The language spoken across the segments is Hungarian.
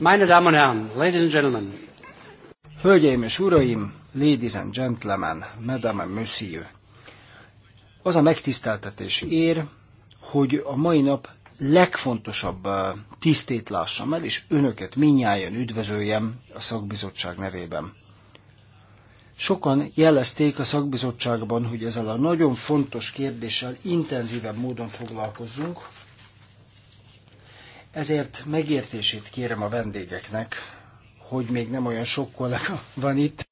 Meine Damen und Herren, Ladies and Gentlemen. Hölgyeim és uraim, Ladies and Gentlemen, Madame and Monsieur. Az a megtiszteltetés ér, hogy a mai nap legfontosabb uh, tisztét lássam el, és önöket minnyáján üdvözöljem a szakbizottság nevében. Sokan jelezték a szakbizottságban, hogy ezzel a nagyon fontos kérdéssel intenzívebb módon foglalkozzunk, ezért megértését kérem a vendégeknek, hogy még nem olyan sok kollega van itt.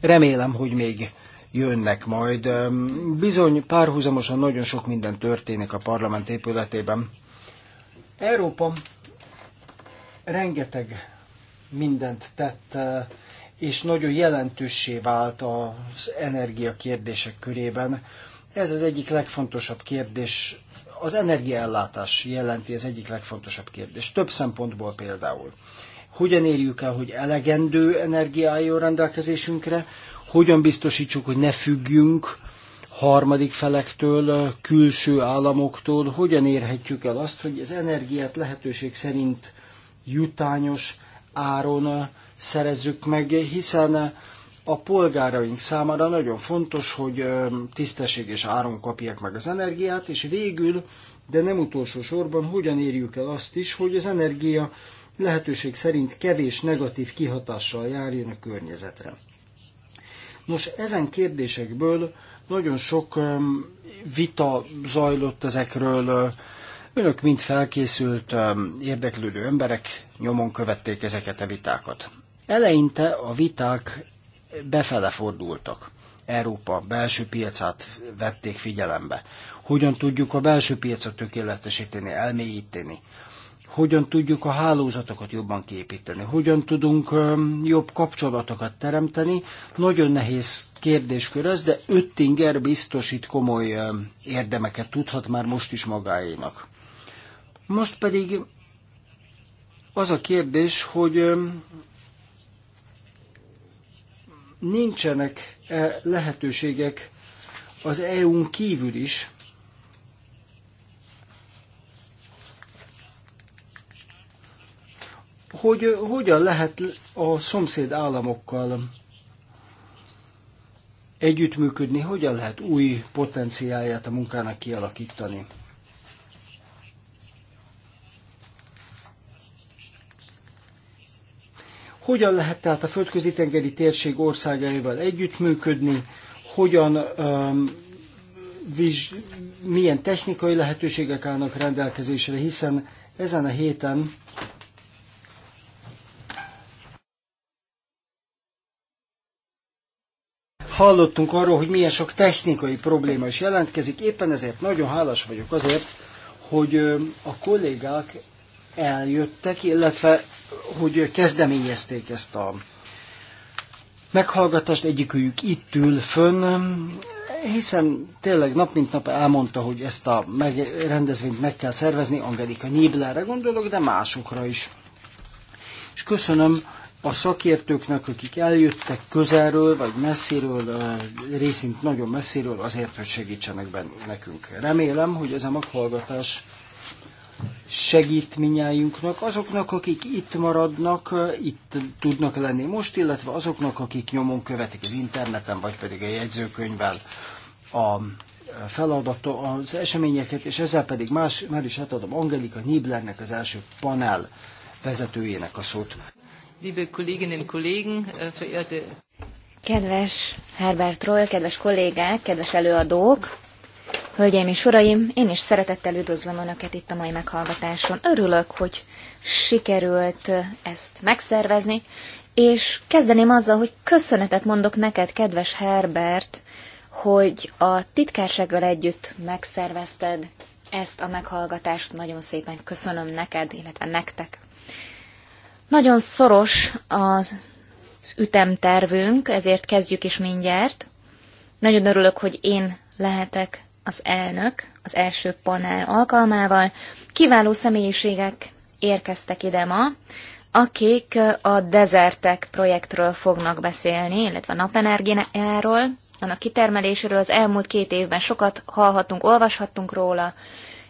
Remélem, hogy még jönnek majd. Bizony párhuzamosan nagyon sok minden történik a parlament épületében. Európa rengeteg mindent tett, és nagyon jelentőssé vált az energia kérdések körében. Ez az egyik legfontosabb kérdés az energiaellátás jelenti az egyik legfontosabb kérdés. Több szempontból például. Hogyan érjük el, hogy elegendő energia álljon rendelkezésünkre, hogyan biztosítsuk, hogy ne függjünk harmadik felektől, külső államoktól, hogyan érhetjük el azt, hogy az energiát lehetőség szerint jutányos áron szerezzük meg, hiszen a polgáraink számára nagyon fontos, hogy tisztességes áron kapják meg az energiát, és végül, de nem utolsó sorban, hogyan érjük el azt is, hogy az energia lehetőség szerint kevés negatív kihatással járjon a környezetre. Nos, ezen kérdésekből nagyon sok vita zajlott ezekről, Önök mind felkészült, érdeklődő emberek nyomon követték ezeket a vitákat. Eleinte a viták befele fordultak. Európa belső piacát vették figyelembe. Hogyan tudjuk a belső piacot tökéletesíteni, elmélyíteni? Hogyan tudjuk a hálózatokat jobban képíteni? Hogyan tudunk jobb kapcsolatokat teremteni? Nagyon nehéz kérdéskör ez, de Öttinger biztosít komoly érdemeket tudhat már most is magáénak. Most pedig az a kérdés, hogy nincsenek -e lehetőségek az EU-n kívül is, hogy hogyan lehet a szomszéd államokkal együttműködni, hogyan lehet új potenciáját a munkának kialakítani. Hogyan lehet tehát a földközi-tengeri térség országaival együttműködni, hogyan um, viz, milyen technikai lehetőségek állnak rendelkezésre, hiszen ezen a héten hallottunk arról, hogy milyen sok technikai probléma is jelentkezik, éppen ezért nagyon hálás vagyok azért, hogy um, a kollégák eljöttek, illetve hogy kezdeményezték ezt a meghallgatást, egyikőjük itt ül fönn, hiszen tényleg nap mint nap elmondta, hogy ezt a meg, rendezvényt meg kell szervezni, Angelika Niblerre gondolok, de másokra is. És köszönöm a szakértőknek, akik eljöttek közelről vagy messziről, részint nagyon messziről, azért, hogy segítsenek benne nekünk. Remélem, hogy ez a meghallgatás segít azoknak, akik itt maradnak, eh, itt tudnak lenni most, illetve azoknak, akik nyomon követik az interneten, vagy pedig a jegyzőkönyvvel a eh, feladatot, az eseményeket, és ezzel pedig más, már is átadom Angelika Nieblernek az első panel vezetőjének a szót. Liebe Kolleginnen Kollegen, eh, verehrte Kedves Herbert Roll, kedves kollégák, kedves előadók! Hölgyeim és uraim, én is szeretettel üdvözlöm Önöket itt a mai meghallgatáson. Örülök, hogy sikerült ezt megszervezni, és kezdeném azzal, hogy köszönetet mondok neked, kedves Herbert, hogy a titkársággal együtt megszervezted ezt a meghallgatást. Nagyon szépen köszönöm neked, illetve nektek. Nagyon szoros az ütemtervünk, ezért kezdjük is mindjárt. Nagyon örülök, hogy én lehetek az elnök az első panel alkalmával. Kiváló személyiségek érkeztek ide ma, akik a Desertek projektről fognak beszélni, illetve a napenergiáról, annak kitermeléséről. Az elmúlt két évben sokat hallhattunk, olvashattunk róla,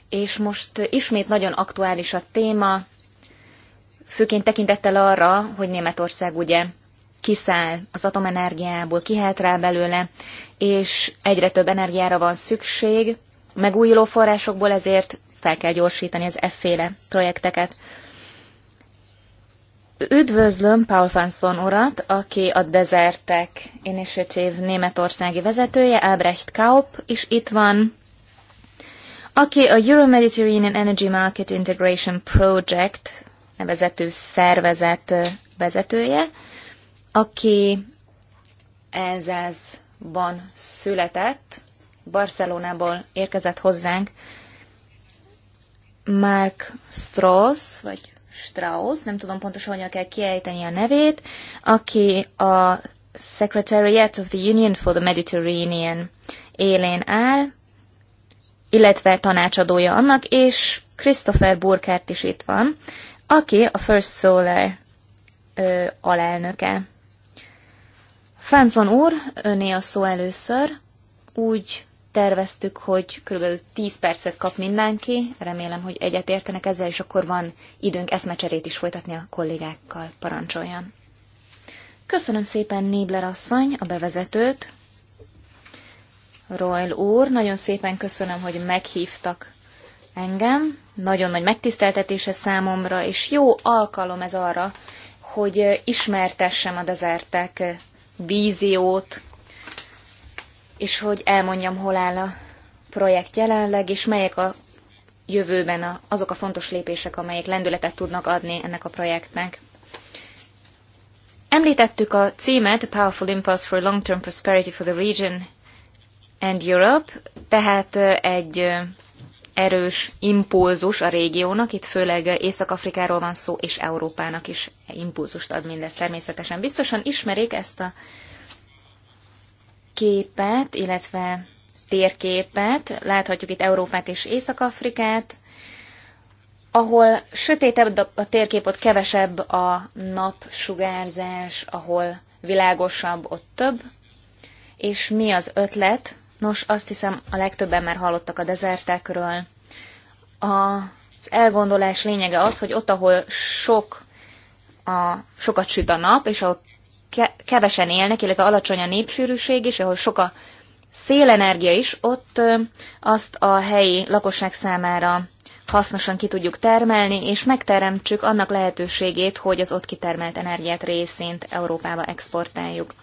és most ismét nagyon aktuális a téma, főként tekintettel arra, hogy Németország ugye kiszáll az atomenergiából, kihelt rá belőle, és egyre több energiára van szükség, megújuló forrásokból ezért fel kell gyorsítani az efféle projekteket. Üdvözlöm Paul Fanson urat, aki a Desertek Initiative németországi vezetője, Albrecht Kaup, és itt van, aki a Euro-Mediterranean Energy Market Integration Project nevezető szervezet vezetője, aki ez az ban született, Barcelonából érkezett hozzánk Mark Strauss, vagy Strauss, nem tudom pontosan, hogyan kell kiejteni a nevét, aki a Secretariat of the Union for the Mediterranean élén áll, illetve tanácsadója annak, és Christopher Burkert is itt van, aki a First Solar ö, alelnöke. Fánzon úr, öné a szó először. Úgy terveztük, hogy kb. 10 percet kap mindenki. Remélem, hogy egyet értenek ezzel, és akkor van időnk eszmecserét is folytatni a kollégákkal. Parancsoljon. Köszönöm szépen, Nébler asszony, a bevezetőt. Royal úr, nagyon szépen köszönöm, hogy meghívtak engem. Nagyon nagy megtiszteltetése számomra, és jó alkalom ez arra, hogy ismertessem a dezertek víziót, és hogy elmondjam, hol áll a projekt jelenleg, és melyek a jövőben a, azok a fontos lépések, amelyek lendületet tudnak adni ennek a projektnek. Említettük a címet, a Powerful Impulse for Long-Term Prosperity for the Region and Europe, tehát egy erős impulzus a régiónak, itt főleg Észak-Afrikáról van szó, és Európának is impulzust ad mindez természetesen. Biztosan ismerik ezt a képet, illetve térképet, láthatjuk itt Európát és Észak-Afrikát, ahol sötétebb a térkép, ott kevesebb a napsugárzás, ahol világosabb, ott több. És mi az ötlet? Nos, azt hiszem, a legtöbben már hallottak a dezertekről. Az elgondolás lényege az, hogy ott, ahol sok a, sokat süt a nap, és ahol kevesen élnek, illetve alacsony a népsűrűség is, ahol sok a szélenergia is, ott azt a helyi lakosság számára hasznosan ki tudjuk termelni, és megteremtsük annak lehetőségét, hogy az ott kitermelt energiát részint Európába exportáljuk.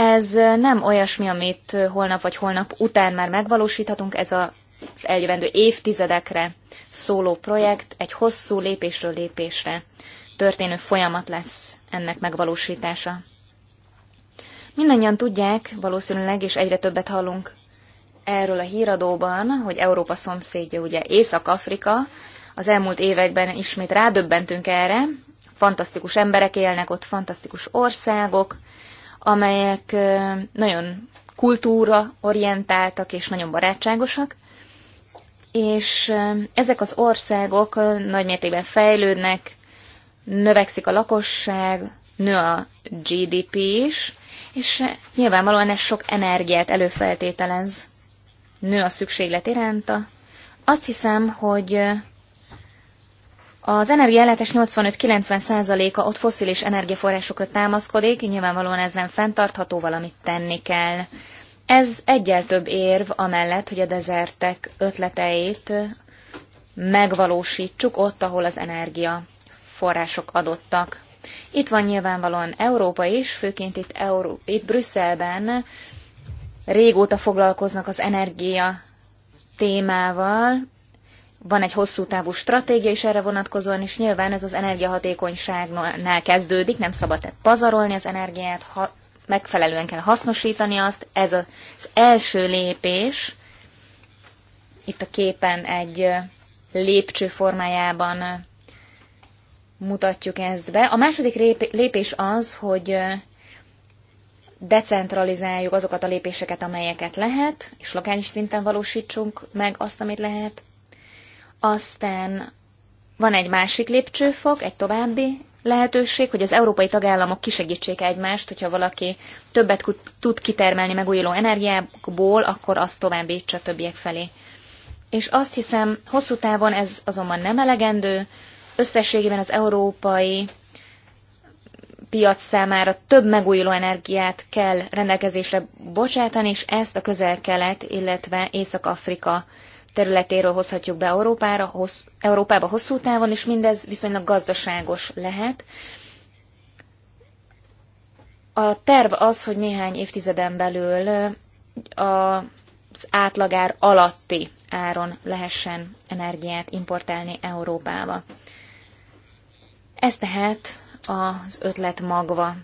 Ez nem olyasmi, amit holnap vagy holnap után már megvalósíthatunk, ez a, az eljövendő évtizedekre szóló projekt egy hosszú lépésről lépésre történő folyamat lesz ennek megvalósítása. Mindannyian tudják, valószínűleg, és egyre többet hallunk erről a híradóban, hogy Európa szomszédja, ugye Észak-Afrika, az elmúlt években ismét rádöbbentünk erre, fantasztikus emberek élnek ott, fantasztikus országok, amelyek nagyon kultúra orientáltak és nagyon barátságosak, és ezek az országok nagymértékben fejlődnek, növekszik a lakosság, nő a GDP is, és nyilvánvalóan ez sok energiát előfeltételez, nő a szükséglet iránta. Azt hiszem, hogy az energiaellátás 85-90%-a ott foszilis energiaforrásokra támaszkodik, nyilvánvalóan ez nem fenntartható, valamit tenni kell. Ez egyel több érv amellett, hogy a dezertek ötleteit megvalósítsuk ott, ahol az energiaforrások adottak. Itt van nyilvánvalóan Európa is, főként itt, Euró- itt Brüsszelben régóta foglalkoznak az energia témával, van egy hosszú távú stratégia is erre vonatkozóan, és nyilván ez az energiahatékonyságnál kezdődik, nem szabad tehát pazarolni az energiát, ha megfelelően kell hasznosítani azt. Ez az első lépés, itt a képen egy lépcső formájában mutatjuk ezt be. A második lépés az, hogy decentralizáljuk azokat a lépéseket, amelyeket lehet, és lokális szinten valósítsunk meg azt, amit lehet. Aztán van egy másik lépcsőfok, egy további lehetőség, hogy az európai tagállamok kisegítsék egymást, hogyha valaki többet tud kitermelni megújuló energiából, akkor azt továbbítsa többiek felé. És azt hiszem, hosszú távon ez azonban nem elegendő, összességében az európai piac számára több megújuló energiát kell rendelkezésre bocsátani, és ezt a közel-kelet, illetve Észak-Afrika területéről hozhatjuk be Európára, hossz, Európába hosszú távon, és mindez viszonylag gazdaságos lehet. A terv az, hogy néhány évtizeden belül az átlagár alatti áron lehessen energiát importálni Európába. Ez tehát az ötlet magva.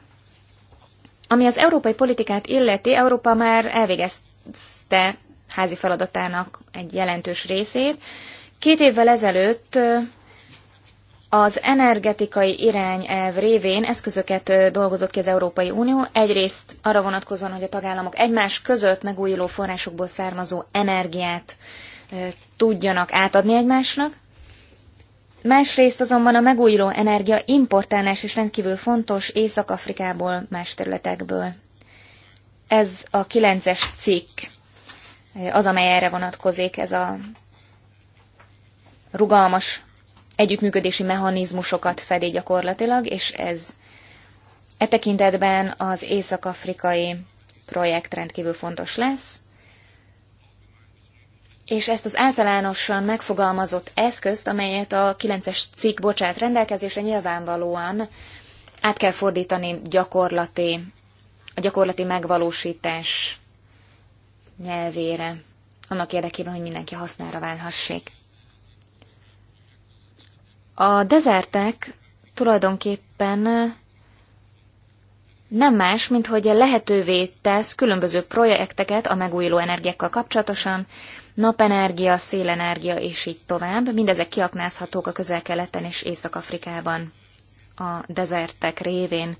Ami az európai politikát illeti, Európa már elvégezte házi feladatának egy jelentős részét. Két évvel ezelőtt az energetikai irányelv révén eszközöket dolgozott ki az Európai Unió. Egyrészt arra vonatkozóan, hogy a tagállamok egymás között megújuló forrásokból származó energiát tudjanak átadni egymásnak. Másrészt azonban a megújuló energia importálás is rendkívül fontos Észak-Afrikából, más területekből. Ez a 9-es cikk az, amely erre vonatkozik, ez a rugalmas együttműködési mechanizmusokat fedi gyakorlatilag, és ez e tekintetben az észak-afrikai projekt rendkívül fontos lesz. És ezt az általánosan megfogalmazott eszközt, amelyet a 9-es cikk bocsát rendelkezésre nyilvánvalóan át kell fordítani gyakorlati, a gyakorlati megvalósítás nyelvére, annak érdekében, hogy mindenki hasznára válhassék. A dezertek tulajdonképpen nem más, mint hogy lehetővé tesz különböző projekteket a megújuló energiákkal kapcsolatosan, napenergia, szélenergia és így tovább. Mindezek kiaknázhatók a közel-keleten és Észak-Afrikában a dezertek révén.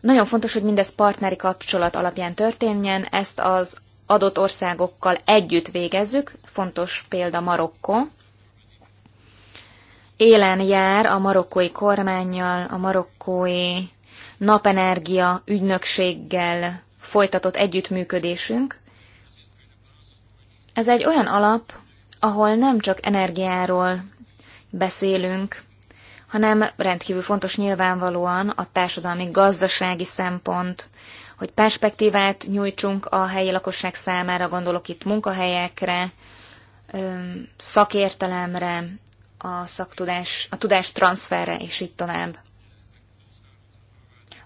Nagyon fontos, hogy mindez partneri kapcsolat alapján történjen, ezt az adott országokkal együtt végezzük, fontos példa Marokkó. Élen jár a marokkói kormányjal, a marokkói napenergia ügynökséggel folytatott együttműködésünk. Ez egy olyan alap, ahol nem csak energiáról beszélünk, hanem rendkívül fontos nyilvánvalóan a társadalmi gazdasági szempont, hogy perspektívát nyújtsunk a helyi lakosság számára, gondolok itt munkahelyekre, szakértelemre, a szaktudás, a tudás transferre, és így tovább.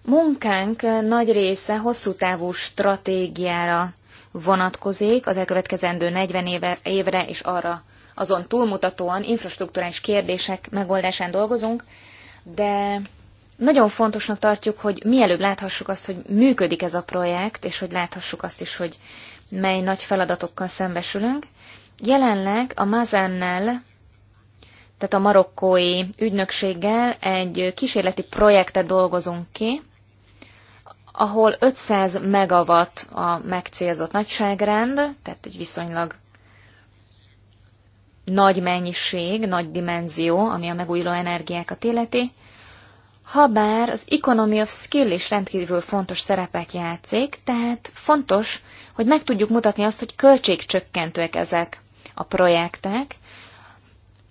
Munkánk nagy része hosszú távú stratégiára vonatkozik az elkövetkezendő 40 éve, évre és arra azon túlmutatóan infrastruktúrás kérdések megoldásán dolgozunk, de nagyon fontosnak tartjuk, hogy mielőbb láthassuk azt, hogy működik ez a projekt, és hogy láthassuk azt is, hogy mely nagy feladatokkal szembesülünk. Jelenleg a Mazennel, tehát a marokkói ügynökséggel egy kísérleti projektet dolgozunk ki, ahol 500 megawatt a megcélzott nagyságrend, tehát egy viszonylag nagy mennyiség, nagy dimenzió, ami a megújuló energiákat illeti, habár az economy of skill is rendkívül fontos szerepet játszik, tehát fontos, hogy meg tudjuk mutatni azt, hogy költségcsökkentőek ezek a projektek.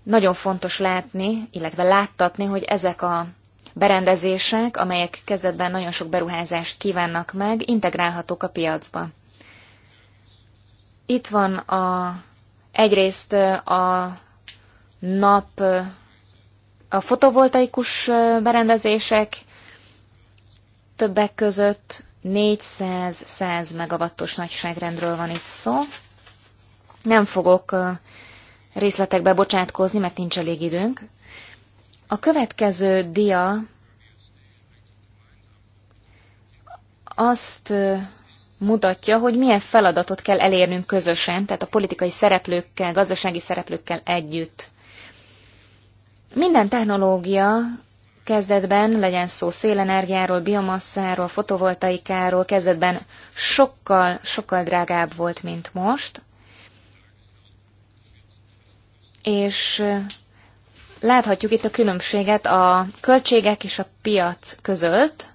Nagyon fontos látni, illetve láttatni, hogy ezek a berendezések, amelyek kezdetben nagyon sok beruházást kívánnak meg, integrálhatók a piacba. Itt van a, egyrészt a nap a fotovoltaikus berendezések többek között 400-100 megawattos nagyságrendről van itt szó. Nem fogok részletekbe bocsátkozni, mert nincs elég időnk. A következő dia azt mutatja, hogy milyen feladatot kell elérnünk közösen, tehát a politikai szereplőkkel, gazdasági szereplőkkel együtt. Minden technológia kezdetben, legyen szó szélenergiáról, biomasszáról, fotovoltaikáról, kezdetben sokkal, sokkal drágább volt, mint most. És láthatjuk itt a különbséget a költségek és a piac között.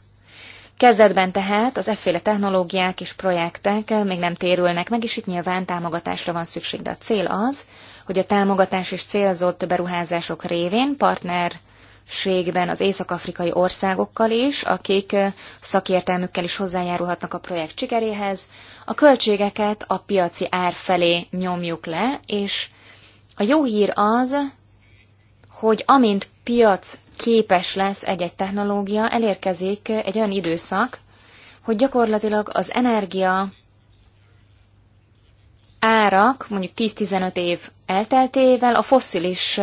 Kezdetben tehát az efféle technológiák és projektek még nem térülnek meg, és itt nyilván támogatásra van szükség, de a cél az, hogy a támogatás és célzott beruházások révén partnerségben az észak-afrikai országokkal is, akik szakértelmükkel is hozzájárulhatnak a projekt sikeréhez, a költségeket a piaci ár felé nyomjuk le, és a jó hír az, hogy amint piac képes lesz egy-egy technológia, elérkezik egy olyan időszak, hogy gyakorlatilag az energia árak mondjuk 10-15 év elteltével a fosszilis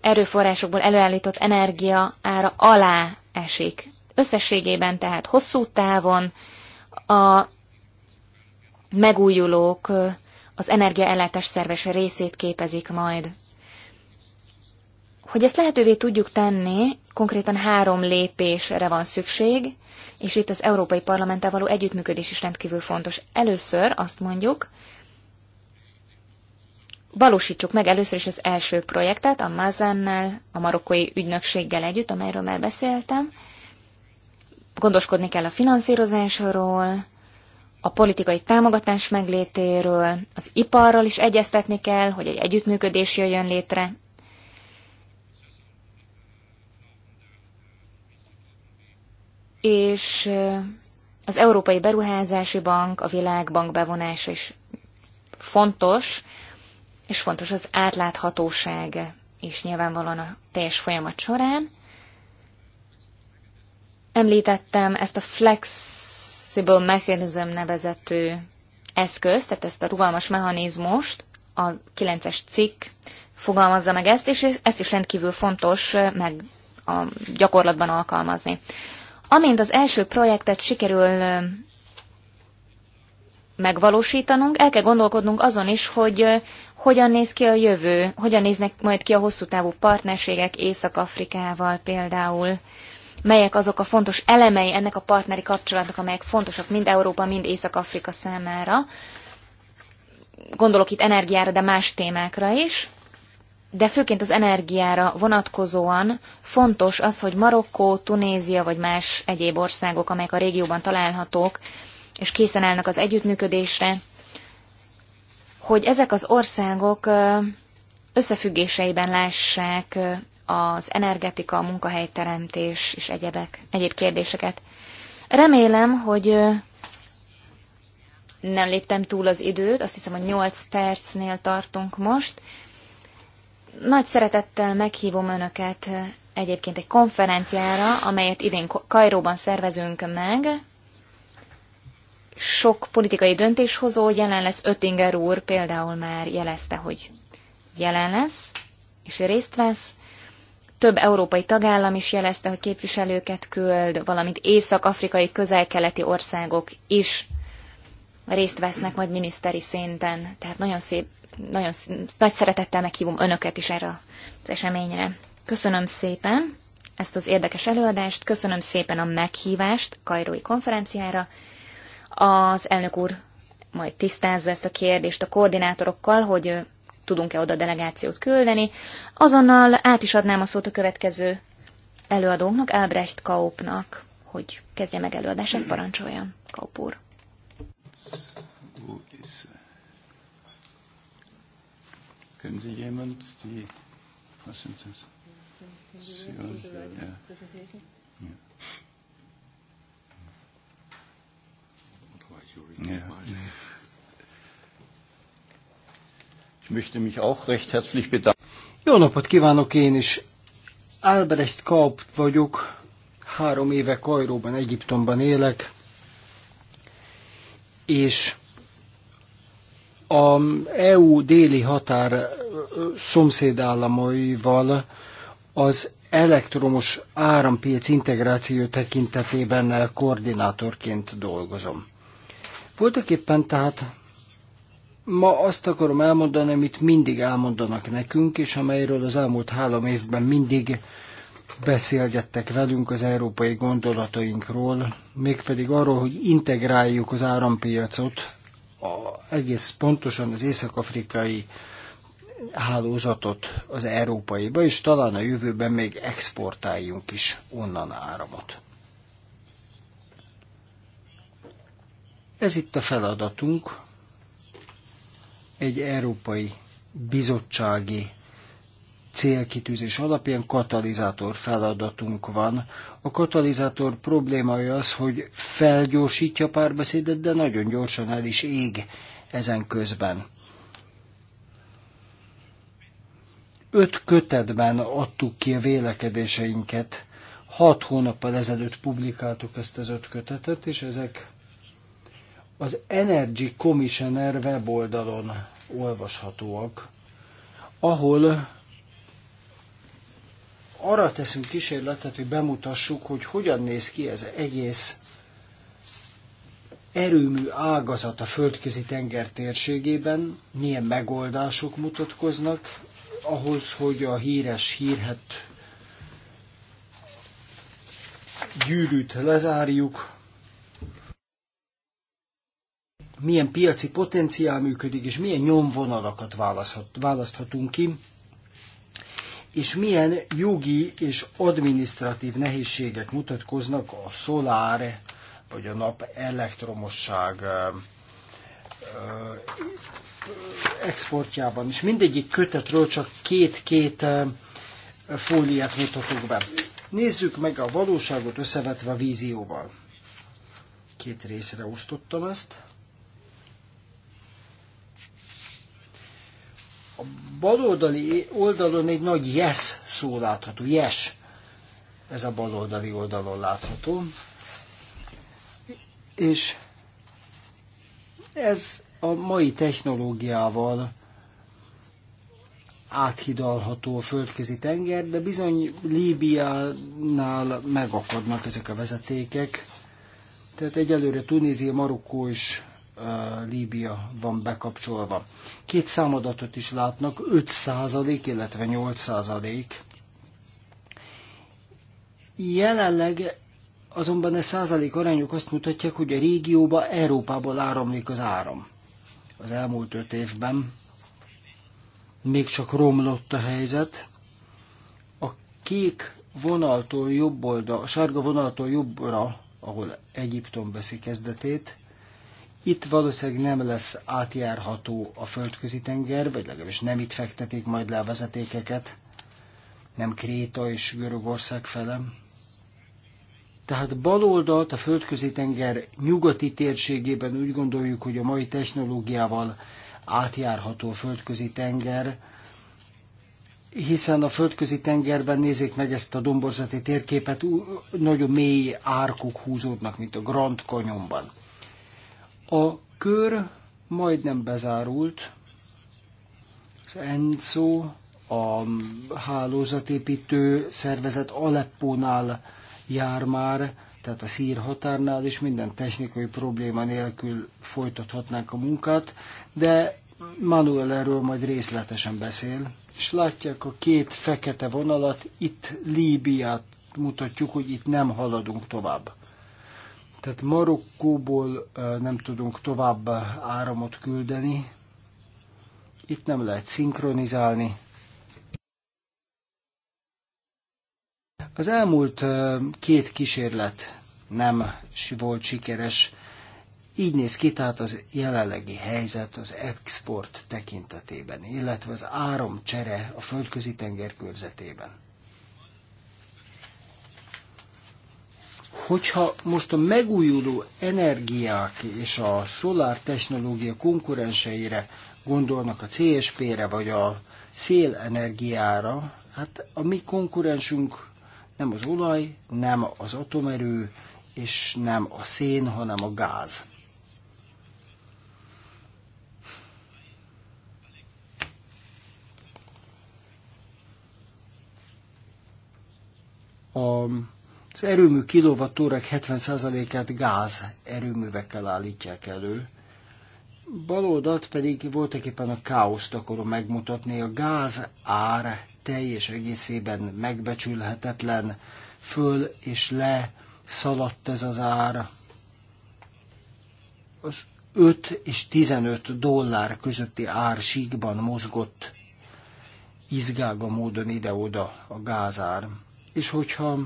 erőforrásokból előállított energia ára alá esik. Összességében tehát hosszú távon a megújulók az energiaellátás szerves részét képezik majd. Hogy ezt lehetővé tudjuk tenni, konkrétan három lépésre van szükség, és itt az Európai Parlamenttel való együttműködés is rendkívül fontos. Először azt mondjuk, valósítsuk meg először is az első projektet, a mazennel, a marokkói ügynökséggel együtt, amelyről már beszéltem. Gondoskodni kell a finanszírozásról, a politikai támogatás meglétéről, az iparral is egyeztetni kell, hogy egy együttműködés jöjjön létre. És eh, az Európai Beruházási Bank, a Világbank bevonása is fontos, és fontos az átláthatóság és nyilvánvalóan a teljes folyamat során. Említettem ezt a Flexible Mechanism nevezető eszközt, tehát ezt a rugalmas mechanizmust, a 9-es cikk fogalmazza meg ezt, és ezt is rendkívül fontos meg a gyakorlatban alkalmazni. Amint az első projektet sikerül megvalósítanunk, el kell gondolkodnunk azon is, hogy hogyan néz ki a jövő, hogyan néznek majd ki a hosszú távú partnerségek Észak-Afrikával például, melyek azok a fontos elemei ennek a partneri kapcsolatnak, amelyek fontosak mind Európa, mind Észak-Afrika számára. Gondolok itt energiára, de más témákra is. De főként az energiára vonatkozóan fontos az, hogy Marokkó, Tunézia vagy más egyéb országok, amelyek a régióban találhatók, és készen állnak az együttműködésre, hogy ezek az országok összefüggéseiben lássák az energetika, munkahelyteremtés és egyebek, egyéb kérdéseket. Remélem, hogy nem léptem túl az időt, azt hiszem, hogy 8 percnél tartunk most. Nagy szeretettel meghívom Önöket egyébként egy konferenciára, amelyet idén Kajróban szervezünk meg, sok politikai döntéshozó jelen lesz, Öttinger úr például már jelezte, hogy jelen lesz, és részt vesz. Több európai tagállam is jelezte, hogy képviselőket küld, valamint észak-afrikai közel-keleti országok is részt vesznek majd miniszteri szinten. Tehát nagyon szép, nagyon szép, nagy szeretettel meghívom önöket is erre az eseményre. Köszönöm szépen ezt az érdekes előadást, köszönöm szépen a meghívást Kairói konferenciára, az elnök úr majd tisztázza ezt a kérdést a koordinátorokkal, hogy tudunk-e oda delegációt küldeni. Azonnal át is adnám a szót a következő előadónknak, Albrecht Kaupnak, hogy kezdje meg előadását, parancsolja Kaup úr. Können jemand die, was sind das? Sie, ja. Jó napot kívánok én is. Albrecht Kaup vagyok, három éve Kajróban, Egyiptomban élek, és a EU déli határ szomszédállamaival az elektromos árampiac integráció tekintetében koordinátorként dolgozom. Voltak éppen tehát ma azt akarom elmondani, amit mindig elmondanak nekünk, és amelyről az elmúlt három évben mindig beszélgettek velünk az európai gondolatainkról, mégpedig arról, hogy integráljuk az árampiacot a, egész pontosan az észak-afrikai hálózatot az európaiba, és talán a jövőben még exportáljunk is onnan áramot. Ez itt a feladatunk, egy európai bizottsági célkitűzés alapján katalizátor feladatunk van. A katalizátor problémája az, hogy felgyorsítja a párbeszédet, de nagyon gyorsan el is ég ezen közben. Öt kötetben adtuk ki a vélekedéseinket, hat hónappal ezelőtt publikáltuk ezt az öt kötetet, és ezek az Energy Commissioner weboldalon olvashatóak, ahol arra teszünk kísérletet, hogy bemutassuk, hogy hogyan néz ki ez egész erőmű ágazat a földközi tenger térségében, milyen megoldások mutatkoznak ahhoz, hogy a híres hírhet gyűrűt lezárjuk, milyen piaci potenciál működik, és milyen nyomvonalakat választhat, választhatunk ki, és milyen jogi és adminisztratív nehézségek mutatkoznak a szolár vagy a nap elektromosság exportjában. És mindegyik kötetről csak két-két fóliát mutatok be. Nézzük meg a valóságot összevetve a vízióval. Két részre osztottam ezt. baloldali oldalon egy nagy yes szó látható, yes. Ez a baloldali oldalon látható. És ez a mai technológiával áthidalható a földközi tenger, de bizony Líbiánál megakadnak ezek a vezetékek. Tehát egyelőre Tunézia, Marokkó és Líbia van bekapcsolva. Két számadatot is látnak, 5 százalék, illetve 8 százalék. Jelenleg azonban a százalék arányok azt mutatják, hogy a régióba, Európából áramlik az áram. Az elmúlt öt évben még csak romlott a helyzet. A kék vonaltól jobb oldal, a sárga vonaltól jobbra, ahol Egyiptom veszi kezdetét, itt valószínűleg nem lesz átjárható a földközi tenger, vagy legalábbis nem itt fektetik majd le a vezetékeket, nem Kréta és Görögország felem. Tehát baloldalt a földközi tenger nyugati térségében úgy gondoljuk, hogy a mai technológiával átjárható a földközi tenger, hiszen a földközi tengerben nézzék meg ezt a domborzati térképet, nagyon mély árkok húzódnak, mint a Grand Canyonban. A kör majdnem bezárult, az Enzo, a hálózatépítő szervezet Aleppónál jár már, tehát a szír határnál, is minden technikai probléma nélkül folytathatnánk a munkát, de Manuel erről majd részletesen beszél. És látják a két fekete vonalat, itt Líbiát mutatjuk, hogy itt nem haladunk tovább. Tehát Marokkóból nem tudunk tovább áramot küldeni, itt nem lehet szinkronizálni. Az elmúlt két kísérlet nem volt sikeres. Így néz ki tehát az jelenlegi helyzet az export tekintetében, illetve az áramcsere a földközi tenger körzetében. Hogyha most a megújuló energiák és a szolár technológia konkurenseire gondolnak a CSP-re vagy a szélenergiára, hát a mi konkurensünk nem az olaj, nem az atomerő, és nem a szén, hanem a gáz. Um, az erőmű kilovattórák 70%-át gáz erőművekkel állítják elő, baloldat pedig voltak éppen a káoszt akarom megmutatni. A gáz ár teljes egészében megbecsülhetetlen, föl és le szaladt ez az ár. Az 5 és 15 dollár közötti ársíkban mozgott izgága módon ide-oda a gázár. És hogyha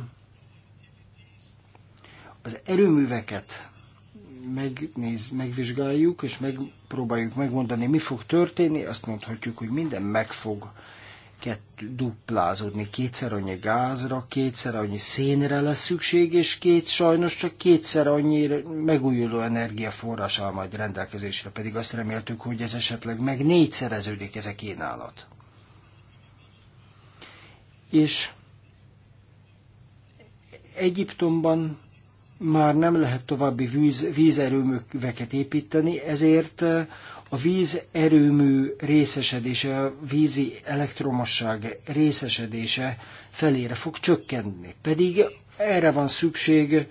az erőműveket megnéz, megvizsgáljuk, és megpróbáljuk megmondani, mi fog történni, azt mondhatjuk, hogy minden meg fog duplázódni, kétszer annyi gázra, kétszer annyi szénre lesz szükség, és két, sajnos csak kétszer annyi megújuló energiaforrás áll majd rendelkezésre, pedig azt reméltük, hogy ez esetleg meg négyszereződik ez a kínálat. És Egyiptomban már nem lehet további víz, vízerőműveket építeni, ezért eh, a vízerőmű részesedése, a vízi elektromosság részesedése felére fog csökkenni. Pedig erre van szükség,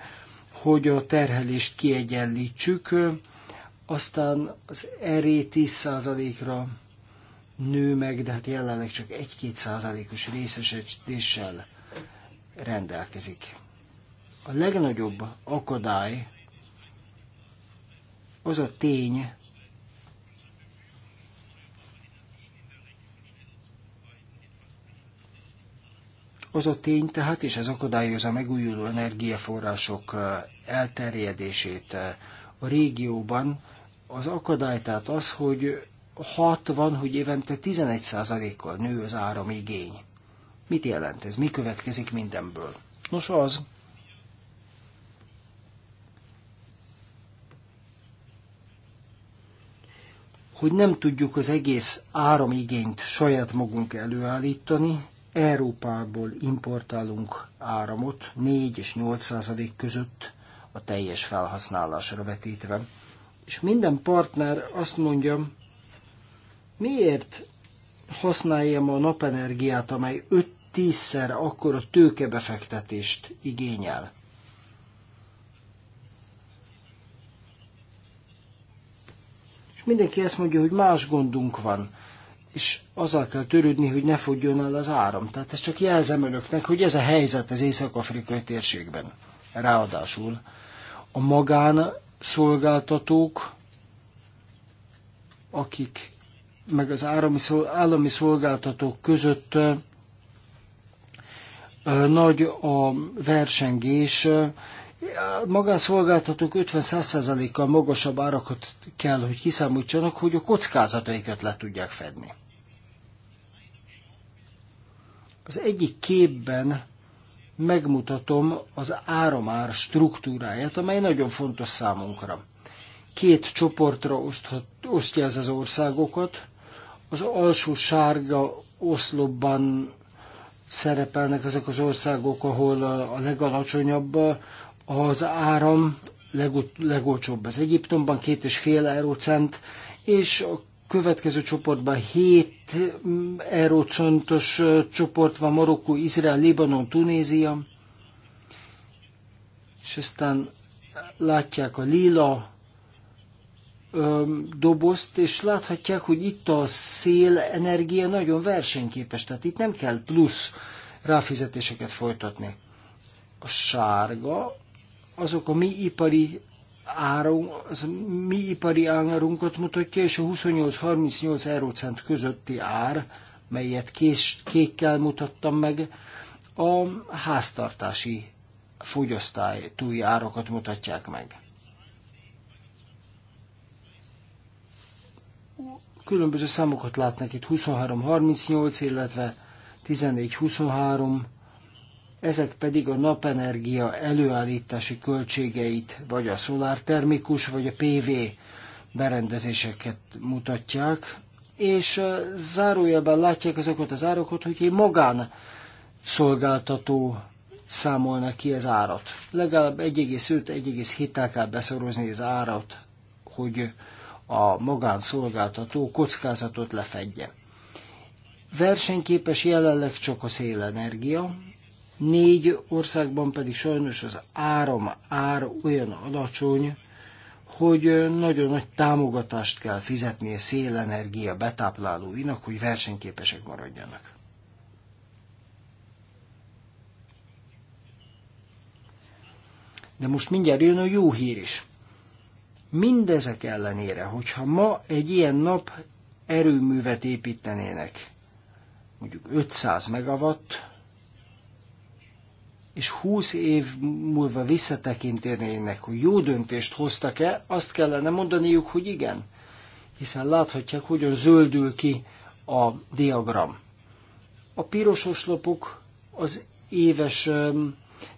hogy a terhelést kiegyenlítsük, eh, aztán az eré 10%-ra nő meg, de hát jelenleg csak 1-2 százalékos részesedéssel rendelkezik a legnagyobb akadály az a tény, Az a tény tehát, és ez akadályozza a megújuló energiaforrások elterjedését a régióban. Az akadály tehát az, hogy 60, hogy évente 11%-kal nő az áramigény. Mit jelent ez? Mi következik mindenből? Nos az, hogy nem tudjuk az egész áramigényt saját magunk előállítani, Európából importálunk áramot 4 és 8 százalék között a teljes felhasználásra vetítve. És minden partner azt mondja, miért használjam a napenergiát, amely 5-10-szer akkora tőkebefektetést igényel. És mindenki ezt mondja, hogy más gondunk van, és azzal kell törődni, hogy ne fogjon el az áram. Tehát ezt csak jelzem önöknek, hogy ez a helyzet az észak-afrikai térségben. Ráadásul a magán szolgáltatók, akik meg az állami, állami szolgáltatók között nagy a versengés, a magánszolgáltatók 50-100%-kal magasabb árakat kell, hogy kiszámítsanak, hogy a kockázataikat le tudják fedni. Az egyik képben megmutatom az áramár struktúráját, amely nagyon fontos számunkra. Két csoportra oszthat, osztja ez az országokat. Az alsó sárga oszlopban szerepelnek ezek az országok, ahol a legalacsonyabb az áram legol, legolcsóbb az Egyiptomban, két és fél eurocent, és a következő csoportban 7 mm, eurocentos csoport van Marokkó, Izrael, Libanon, Tunézia, és aztán látják a lila dobozt, és láthatják, hogy itt a szélenergia nagyon versenyképes, tehát itt nem kell plusz ráfizetéseket folytatni. A sárga azok a mi ipari áron, az mi ipari árunkat mutatja, és a 28-38 eurócent közötti ár, melyet kés, kékkel mutattam meg, a háztartási túli árakat mutatják meg. Különböző számokat látnak itt 23-38, illetve 14-23, ezek pedig a napenergia előállítási költségeit, vagy a szolártermikus, vagy a PV berendezéseket mutatják, és zárójelben látják azokat az árakot, hogy egy magán szolgáltató számolna ki az árat. Legalább 1,5-1,7-tel kell beszorozni az árat, hogy a magánszolgáltató kockázatot lefedje. Versenyképes jelenleg csak a szélenergia, négy országban pedig sajnos az áram ár olyan alacsony, hogy nagyon nagy támogatást kell fizetni a szélenergia betáplálóinak, hogy versenyképesek maradjanak. De most mindjárt jön a jó hír is. Mindezek ellenére, hogyha ma egy ilyen nap erőművet építenének, mondjuk 500 megawatt és húsz év múlva visszatekintenének, hogy jó döntést hoztak-e, azt kellene mondaniuk, hogy igen. Hiszen láthatják, hogyan zöldül ki a diagram. A piros oszlopok az éves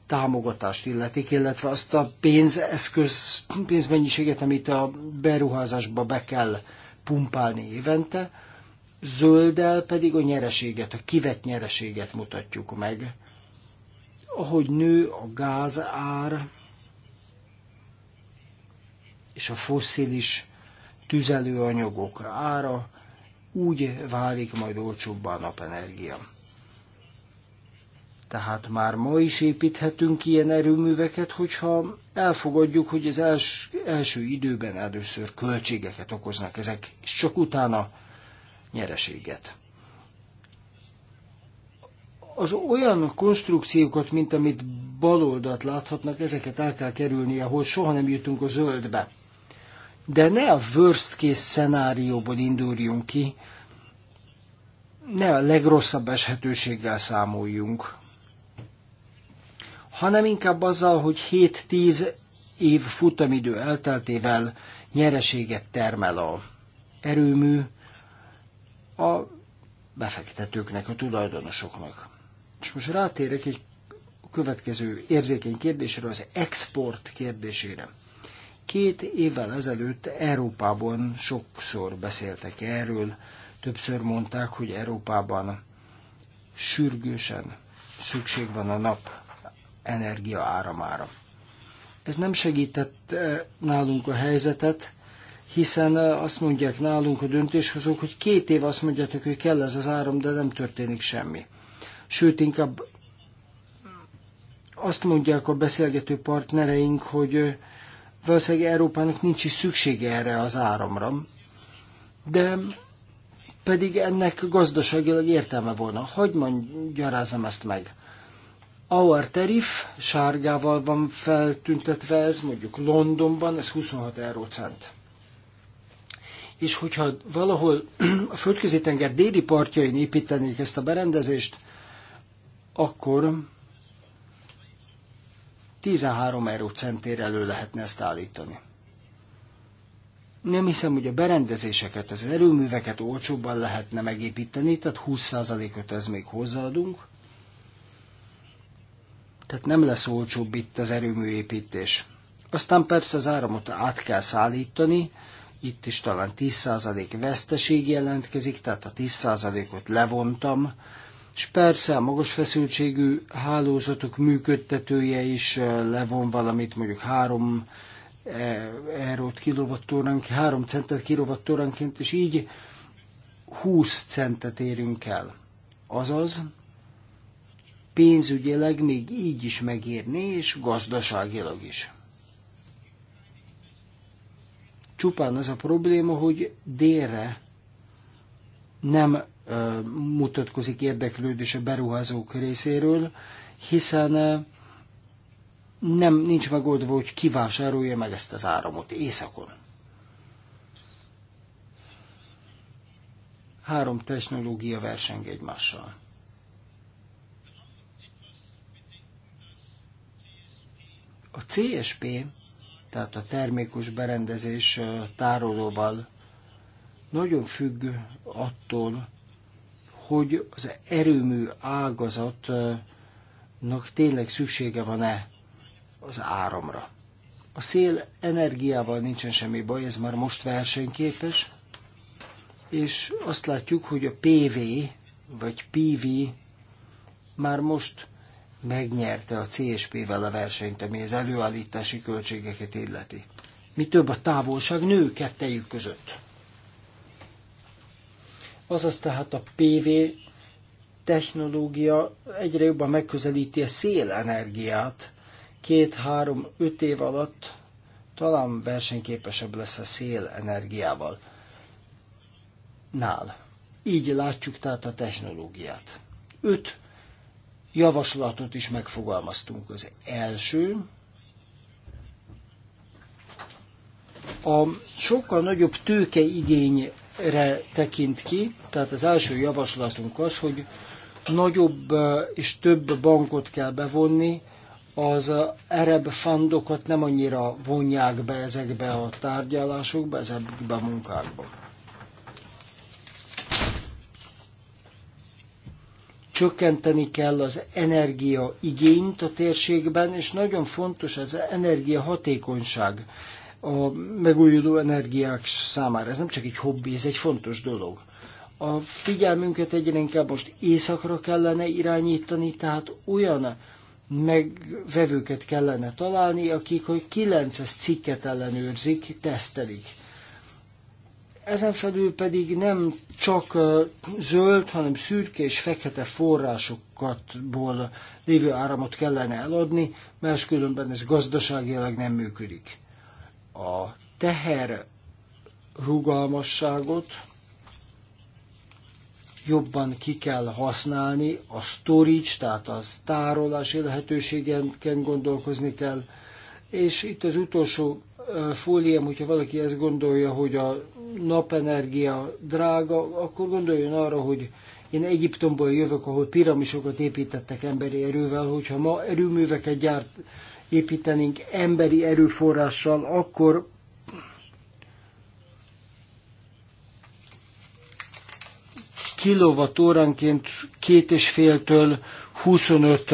támogatást illetik, illetve azt a pénzeszköz, pénzmennyiséget, amit a beruházásba be kell pumpálni évente, zölddel pedig a nyereséget, a kivett nyereséget mutatjuk meg ahogy nő a gázár és a fosszilis tüzelőanyagok ára, úgy válik majd olcsóbbá a napenergia. Tehát már ma is építhetünk ilyen erőműveket, hogyha elfogadjuk, hogy az els, első időben először költségeket okoznak ezek, és csak utána nyereséget az olyan konstrukciókat, mint amit baloldat láthatnak, ezeket el kell kerülni, ahol soha nem jutunk a zöldbe. De ne a worst case szenárióból induljunk ki, ne a legrosszabb eshetőséggel számoljunk, hanem inkább azzal, hogy 7-10 év futamidő elteltével nyereséget termel a erőmű a befektetőknek, a tulajdonosoknak. És most rátérek egy következő érzékeny kérdésre, az export kérdésére. Két évvel ezelőtt Európában sokszor beszéltek erről, többször mondták, hogy Európában sürgősen szükség van a nap energia áramára. Ez nem segített eh, nálunk a helyzetet, hiszen eh, azt mondják nálunk a döntéshozók, hogy két év azt mondjátok, hogy kell ez az áram, de nem történik semmi sőt inkább azt mondják a beszélgető partnereink, hogy valószínűleg Európának nincs is szüksége erre az áramra, de pedig ennek gazdaságilag értelme volna. Hogy magyarázom ezt meg? Our tariff sárgával van feltüntetve ez, mondjuk Londonban, ez 26 eurócent. És hogyha valahol a földközi tenger déli partjain építenék ezt a berendezést, akkor 13 eurócentér elő lehetne ezt állítani. Nem hiszem, hogy a berendezéseket, az erőműveket olcsóbban lehetne megépíteni, tehát 20%-ot ez még hozzáadunk. Tehát nem lesz olcsóbb itt az erőműépítés. Aztán persze az áramot át kell szállítani, itt is talán 10% veszteség jelentkezik, tehát a 10%-ot levontam és persze a magas feszültségű hálózatok működtetője is eh, levon valamit, mondjuk három eh, eurót kilovattóránként, három centet kilovattóránként, és így 20 centet érünk el. Azaz, pénzügyileg még így is megérni, és gazdaságilag is. Csupán az a probléma, hogy délre nem mutatkozik érdeklődés a beruházók részéről, hiszen nem nincs megoldva, hogy kivásárolja meg ezt az áramot éjszakon. Három technológia verseng egymással. A CSP, tehát a termékus berendezés tárolóval nagyon függ attól, hogy az erőmű ágazatnak tényleg szüksége van-e az áramra. A szél energiával nincsen semmi baj, ez már most versenyképes, és azt látjuk, hogy a PV vagy PV már most megnyerte a CSP-vel a versenyt, ami az előállítási költségeket illeti. Mi több a távolság nő kettejük között. Azaz tehát a PV technológia egyre jobban megközelíti a szélenergiát. Két, három, öt év alatt talán versenyképesebb lesz a szélenergiával. Nál. Így látjuk tehát a technológiát. Öt javaslatot is megfogalmaztunk. Az első, a sokkal nagyobb tőkeigényre tekint ki, tehát az első javaslatunk az, hogy nagyobb és több bankot kell bevonni, az erebb fandokat nem annyira vonják be ezekbe a tárgyalásokba, ezekbe a munkákba. Csökkenteni kell az energia igényt a térségben, és nagyon fontos az energia hatékonyság a megújuló energiák számára. Ez nem csak egy hobbi, ez egy fontos dolog a figyelmünket egyre inkább most északra kellene irányítani, tehát olyan megvevőket kellene találni, akik hogy 9 cikket ellenőrzik, tesztelik. Ezen felül pedig nem csak zöld, hanem szürke és fekete forrásokatból lévő áramot kellene eladni, máskülönben ez gazdaságilag nem működik. A teher rugalmasságot jobban ki kell használni, a storage, tehát a tárolási lehetőségen gondolkozni kell, és itt az utolsó fóliám, hogyha valaki ezt gondolja, hogy a napenergia drága, akkor gondoljon arra, hogy én Egyiptomból jövök, ahol piramisokat építettek emberi erővel, hogyha ma erőműveket gyárt építenénk emberi erőforrással, akkor kilovatóránként két és féltől 25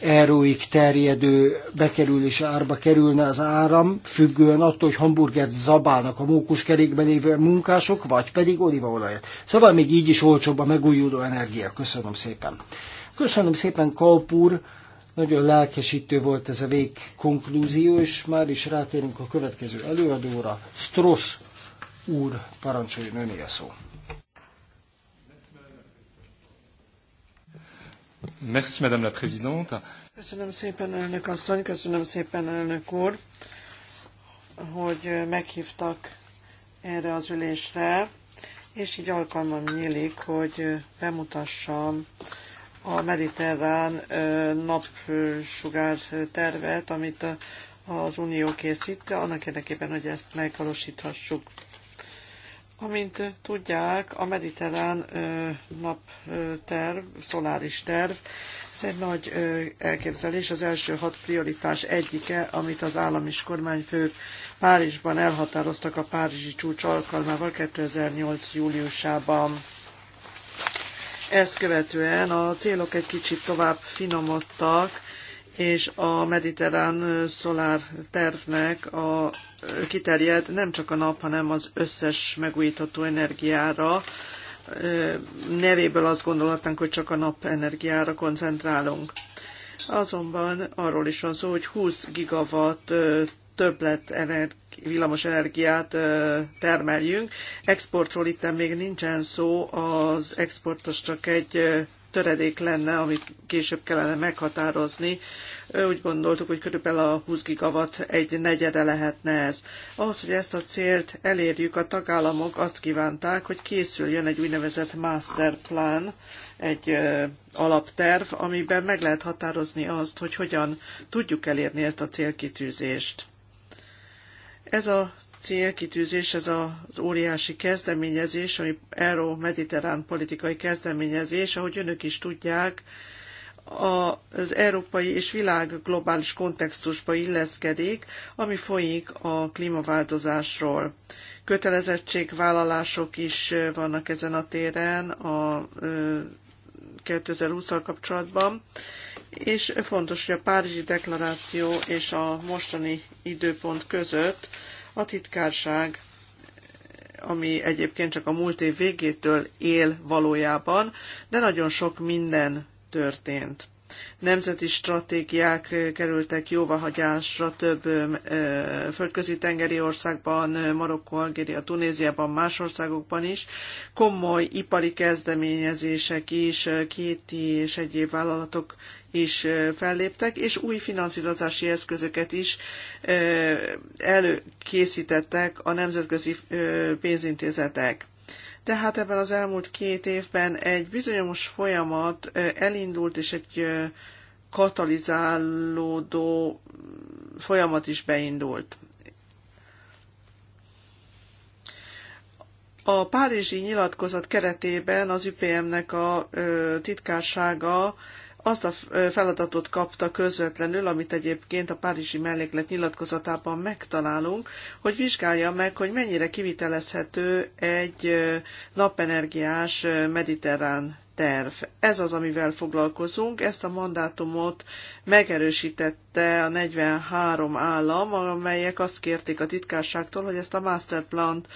euróig terjedő bekerülés árba kerülne az áram, függően attól, hogy hamburgert zabálnak a mókuskerékben lévő munkások, vagy pedig olívaolajat. Szóval még így is olcsóbb a megújuló energia. Köszönöm szépen. Köszönöm szépen, Kalpúr. Nagyon lelkesítő volt ez a végkonklúzió, és már is rátérünk a következő előadóra. Strossz úr, parancsoljon öné a szó. Merci, Madame la Présidente. Köszönöm szépen, elnök asszony, köszönöm szépen, elnök úr, hogy meghívtak erre az ülésre, és így alkalmam nyílik, hogy bemutassam a mediterrán napsugár tervet, amit az Unió készít, annak érdekében, hogy ezt megvalósíthassuk. Amint tudják, a mediterrán napterv, szoláris terv, ez egy nagy elképzelés, az első hat prioritás egyike, amit az állami kormányfő kormányfők Párizsban elhatároztak a Párizsi csúcs alkalmával 2008. júliusában. Ezt követően a célok egy kicsit tovább finomodtak, és a mediterrán szolár tervnek a kiterjed nem csak a nap, hanem az összes megújítható energiára. Nevéből azt gondolhatnánk, hogy csak a nap energiára koncentrálunk. Azonban arról is van szó, hogy 20 gigawatt többlet energi- villamos energiát termeljünk. Exportról itt még nincsen szó, az exportos csak egy töredék lenne, amit később kellene meghatározni. Úgy gondoltuk, hogy körülbelül a 20 gigawatt egy negyede lehetne ez. Ahhoz, hogy ezt a célt elérjük, a tagállamok azt kívánták, hogy készüljön egy úgynevezett master plan, egy alapterv, amiben meg lehet határozni azt, hogy hogyan tudjuk elérni ezt a célkitűzést. Ez a célkitűzés, ez az óriási kezdeményezés, ami euró-mediterrán politikai kezdeményezés, ahogy önök is tudják, az európai és világ globális kontextusba illeszkedik, ami folyik a klímaváltozásról. Kötelezettségvállalások is vannak ezen a téren a 2020-al kapcsolatban, és fontos, hogy a Párizsi Deklaráció és a mostani időpont között a titkárság, ami egyébként csak a múlt év végétől él valójában, de nagyon sok minden történt. Nemzeti stratégiák kerültek jóvahagyásra több földközi tengeri országban, Marokkó, Algéria, Tunéziában, más országokban is. Komoly ipari kezdeményezések is, kéti és egyéb vállalatok is felléptek, és új finanszírozási eszközöket is előkészítettek a nemzetközi pénzintézetek. Tehát ebben az elmúlt két évben egy bizonyos folyamat elindult, és egy katalizálódó folyamat is beindult. A Párizsi nyilatkozat keretében az UPM-nek a titkársága azt a feladatot kapta közvetlenül, amit egyébként a Párizsi melléklet nyilatkozatában megtalálunk, hogy vizsgálja meg, hogy mennyire kivitelezhető egy napenergiás mediterrán terv. Ez az, amivel foglalkozunk. Ezt a mandátumot megerősítette a 43 állam, amelyek azt kérték a titkárságtól, hogy ezt a masterplant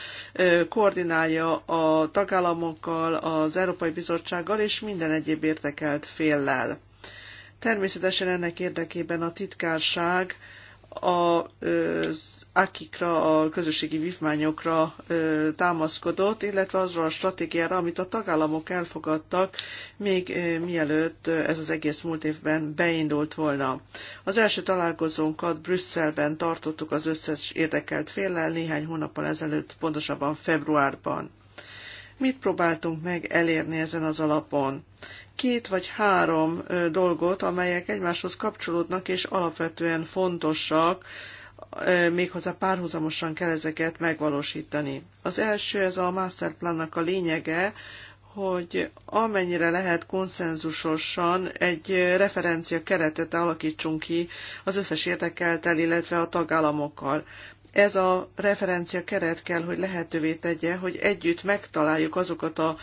koordinálja a tagállamokkal, az Európai Bizottsággal és minden egyéb értekelt féllel. Természetesen ennek érdekében a titkárság az akikra, a közösségi vívmányokra támaszkodott, illetve azra a stratégiára, amit a tagállamok elfogadtak, még mielőtt ez az egész múlt évben beindult volna. Az első találkozónkat Brüsszelben tartottuk az összes érdekelt féllel néhány hónappal ezelőtt, pontosabban februárban. Mit próbáltunk meg elérni ezen az alapon? két vagy három dolgot, amelyek egymáshoz kapcsolódnak és alapvetően fontosak, méghozzá párhuzamosan kell ezeket megvalósítani. Az első, ez a masterplannak a lényege, hogy amennyire lehet konszenzusosan egy referencia keretet alakítsunk ki az összes érdekeltel, illetve a tagállamokkal. Ez a referencia keret kell, hogy lehetővé tegye, hogy együtt megtaláljuk azokat a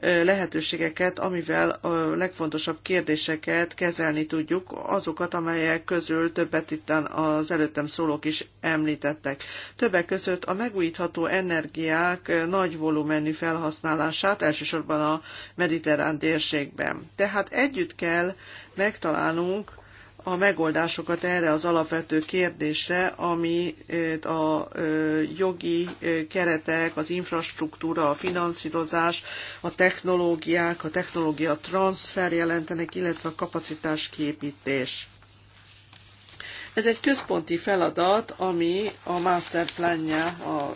lehetőségeket, amivel a legfontosabb kérdéseket kezelni tudjuk, azokat, amelyek közül többet itt az előttem szólók is említettek. Többek között a megújítható energiák nagy volumenű felhasználását, elsősorban a mediterrán térségben. Tehát együtt kell megtalálnunk a megoldásokat erre az alapvető kérdésre, amit a jogi keretek, az infrastruktúra, a finanszírozás, a technológiák, a technológia transfer jelentenek, illetve a kapacitás Ez egy központi feladat, ami a masterplanja,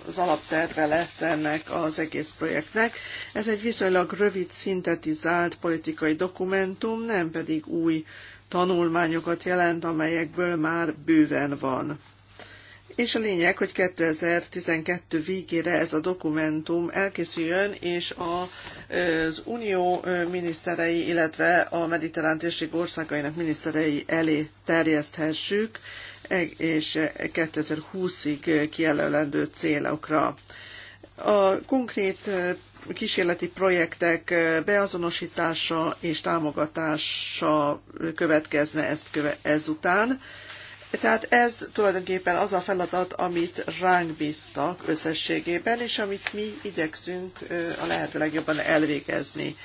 az alapterve lesz ennek az egész projektnek. Ez egy viszonylag rövid, szintetizált politikai dokumentum, nem pedig új tanulmányokat jelent, amelyekből már bőven van. És a lényeg, hogy 2012 végére ez a dokumentum elkészüljön, és a, az unió miniszterei, illetve a mediterrán térség országainak miniszterei elé terjeszthessük, e, és 2020-ig kijelölendő célokra. A konkrét kísérleti projektek beazonosítása és támogatása következne ezt köve, ezután. Tehát ez tulajdonképpen az a feladat, amit ránk bíztak összességében, és amit mi igyekszünk a lehető legjobban elvégezni.